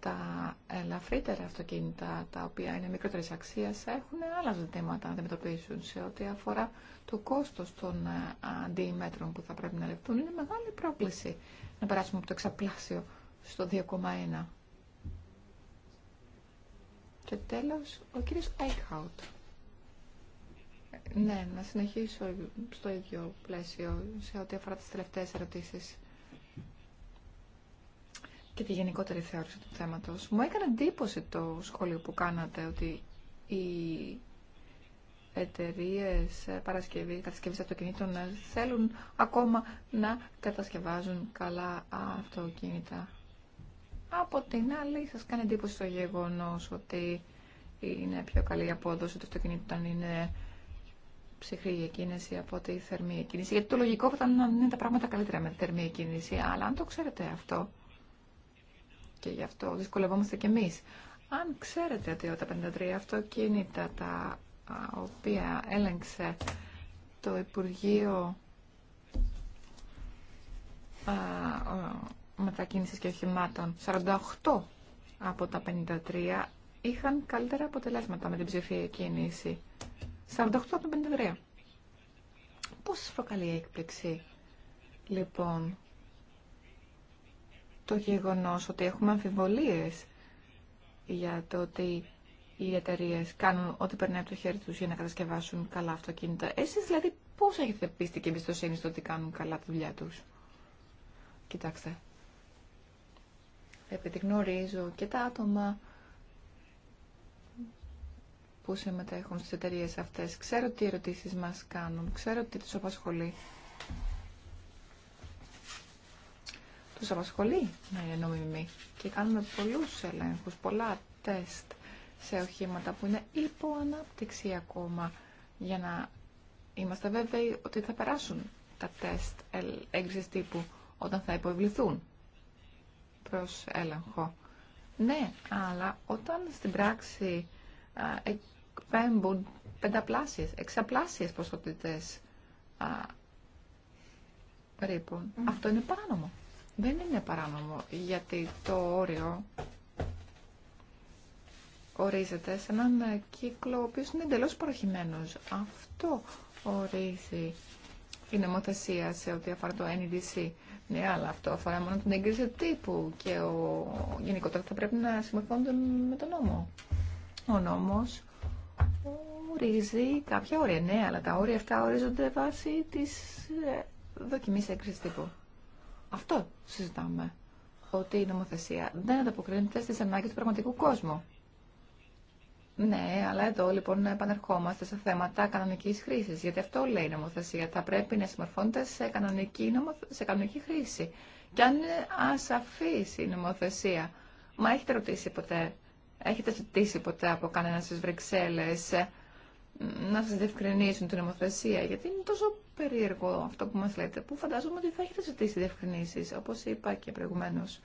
τα ελαφρύτερα αυτοκίνητα, τα οποία είναι μικρότερη αξία, έχουν άλλα ζητήματα να αντιμετωπίσουν σε ό,τι αφορά το κόστο των ε, αντίμετρων που θα πρέπει να λεφτούν. Είναι μεγάλη πρόκληση να περάσουμε από το εξαπλάσιο στο 2,1. Και τέλος, ο κύριος Eichhout. Ε, ναι, να συνεχίσω στο ίδιο πλαίσιο σε ό,τι αφορά τις τελευταίες ερωτήσεις και τη γενικότερη θεώρηση του θέματος. Μου έκανε εντύπωση το σχόλιο που κάνατε ότι οι εταιρείε παρασκευή, κατασκευής αυτοκινήτων θέλουν ακόμα να κατασκευάζουν καλά αυτοκίνητα. Από την άλλη, σας κάνει εντύπωση το γεγονός ότι είναι πιο καλή η απόδοση του αυτοκινήτου όταν είναι ψυχρή η εκκίνηση από τη θερμή εκκίνηση. Γιατί το λογικό θα ήταν να είναι τα πράγματα καλύτερα με τη θερμή εκκίνηση. Αλλά αν το ξέρετε αυτό, και γι' αυτό δυσκολευόμαστε κι εμείς. Αν ξέρετε ότι τα 53 αυτοκίνητα τα οποία έλεγξε το Υπουργείο Μετακίνησης και Οχημάτων, 48 από τα 53 είχαν καλύτερα αποτελέσματα με την ψηφιακή κίνηση. 48 από τα 53. Πώς προκαλεί η έκπληξη, λοιπόν, το γεγονός ότι έχουμε αμφιβολίες για το ότι οι εταιρείε κάνουν ό,τι περνάει από το χέρι τους για να κατασκευάσουν καλά αυτοκίνητα. Εσείς δηλαδή πώς έχετε πίστη και εμπιστοσύνη στο ότι κάνουν καλά τη δουλειά τους. Κοιτάξτε. Επειδή γνωρίζω και τα άτομα που συμμετέχουν στις εταιρείε αυτές, ξέρω τι ερωτήσεις μας κάνουν, ξέρω τι τους απασχολεί του απασχολεί να είναι νομιμή και κάνουμε πολλού ελέγχου, πολλά τεστ σε οχήματα που είναι ανάπτυξη ακόμα για να είμαστε βέβαιοι ότι θα περάσουν τα τεστ έγκριση τύπου όταν θα υποβληθούν προς έλεγχο. Ναι, αλλά όταν στην πράξη εκπέμπουν πενταπλάσιες, εξαπλάσιες ποσότητες α, αυτό είναι παράνομο δεν είναι παράνομο, γιατί το όριο ορίζεται σε έναν κύκλο ο οποίος είναι εντελώς παροχημένος. Αυτό ορίζει η νομοθεσία σε ό,τι αφορά το NDC. E ναι, αλλά αυτό αφορά μόνο την έγκριση τύπου και ο γενικότερα θα πρέπει να συμμορφώνονται με τον νόμο. Ο νόμος ορίζει κάποια όρια, ναι, αλλά τα όρια αυτά ορίζονται βάσει της ε, δοκιμής έγκρισης τύπου. Αυτό συζητάμε. Ότι η νομοθεσία δεν ανταποκρίνεται στι ανάγκε του πραγματικού κόσμου. Ναι, αλλά εδώ λοιπόν επανερχόμαστε σε θέματα κανονική χρήση. Γιατί αυτό λέει η νομοθεσία. Θα πρέπει να συμμορφώνεται σε κανονική, σε κανονική χρήση. Και αν είναι ασαφή η νομοθεσία, μα έχετε ρωτήσει ποτέ, έχετε ζητήσει ποτέ από κανένα στι Βρυξέλλε να σα διευκρινίσουν την νομοθεσία, γιατί είναι τόσο περίεργο αυτό που μα λέτε, που φαντάζομαι ότι θα έχετε ζητήσει διευκρινήσει, όπω είπα και προηγουμένως.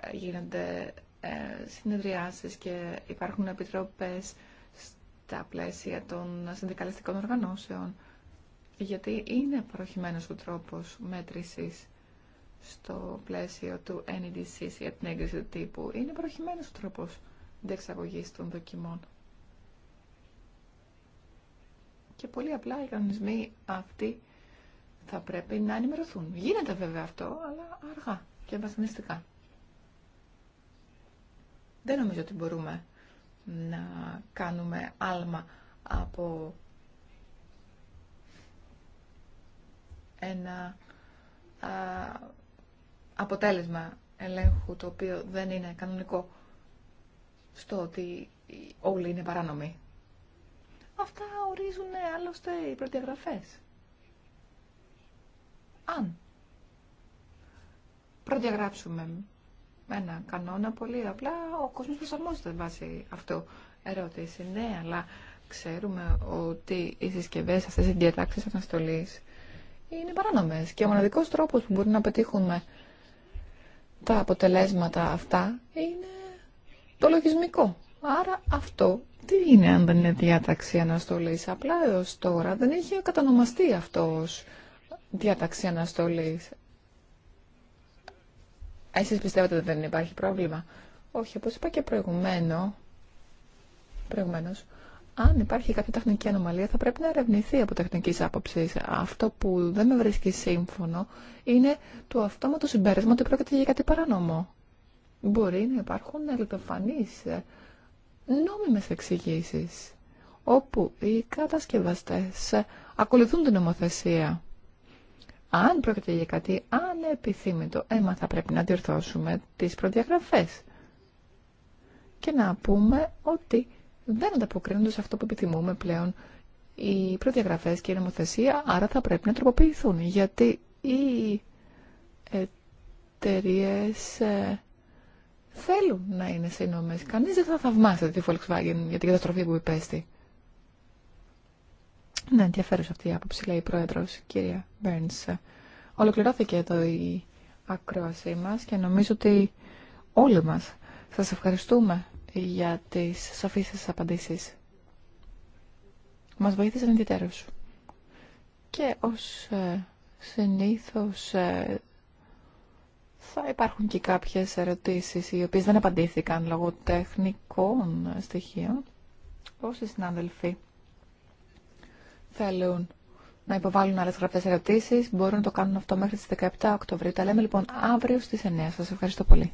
Ε, γίνονται ε, συνεδριάσεις και υπάρχουν επιτροπές στα πλαίσια των συνδικαλιστικών οργανώσεων, γιατί είναι παροχημένος ο τρόπος μέτρησης στο πλαίσιο του NEDC για την έγκριση του τύπου. Είναι παροχημένος ο τρόπος διεξαγωγής των δοκιμών. Και πολύ απλά οι κανονισμοί αυτοί θα πρέπει να ενημερωθούν. Γίνεται βέβαια αυτό, αλλά αργά και βασανιστικά. Δεν νομίζω ότι μπορούμε να κάνουμε άλμα από ένα αποτέλεσμα ελέγχου το οποίο δεν είναι κανονικό στο ότι όλοι είναι παράνομοι. Αυτά ορίζουν άλλωστε οι προδιαγραφές. Αν προδιαγράψουμε ένα κανόνα πολύ απλά, ο κόσμος προσαρμόζεται βάσει αυτό Ερώτηση, ναι, αλλά ξέρουμε ότι οι συσκευές αυτές οι διατάξεις αναστολή είναι παράνομες και ο μοναδικός τρόπος που μπορεί να πετύχουμε τα αποτελέσματα αυτά είναι το λογισμικό. Άρα αυτό τι είναι αν δεν είναι διάταξη αναστολής. Απλά έως τώρα δεν έχει κατανομαστεί αυτό ως διάταξη αναστολής. Εσείς πιστεύετε ότι δεν υπάρχει πρόβλημα. Όχι, όπως είπα και προηγουμένο, προηγουμένως, αν υπάρχει κάποια τεχνική ανομαλία θα πρέπει να ερευνηθεί από τεχνική άποψη. Αυτό που δεν με βρίσκει σύμφωνο είναι το αυτόματο συμπέρασμα ότι πρόκειται για κάτι παράνομο. Μπορεί να υπάρχουν ελπεφανείς νόμιμες εξηγήσει, όπου οι κατασκευαστές ακολουθούν την νομοθεσία. Αν πρόκειται για κάτι ανεπιθύμητο, έμα θα πρέπει να διορθώσουμε τις προδιαγραφές και να πούμε ότι δεν ανταποκρίνονται σε αυτό που επιθυμούμε πλέον οι προδιαγραφές και η νομοθεσία, άρα θα πρέπει να τροποποιηθούν, γιατί οι εταιρείε ε, θέλουν να είναι σύνομε. κανεί δεν θα θαυμάσετε τη Volkswagen για την καταστροφή που υπέστη. Ναι, ενδιαφέρουσα αυτή η άποψη, λέει η πρόεδρο, κυρία Μπέρνς. Ολοκληρώθηκε εδώ η ακρόασή μα και νομίζω ότι όλοι μα σα ευχαριστούμε για τι σαφεί σα απαντήσει. Μα βοήθησαν ιδιαίτερω. Και ως ε, συνήθως ε, θα υπάρχουν και κάποιες ερωτήσεις οι οποίες δεν απαντήθηκαν λόγω τεχνικών στοιχείων. Όσοι συνάδελφοι θέλουν να υποβάλουν άλλες γραπτές ερωτήσεις, μπορούν να το κάνουν αυτό μέχρι τις 17 Οκτωβρίου. Τα λέμε λοιπόν αύριο στις 9. Σας ευχαριστώ πολύ.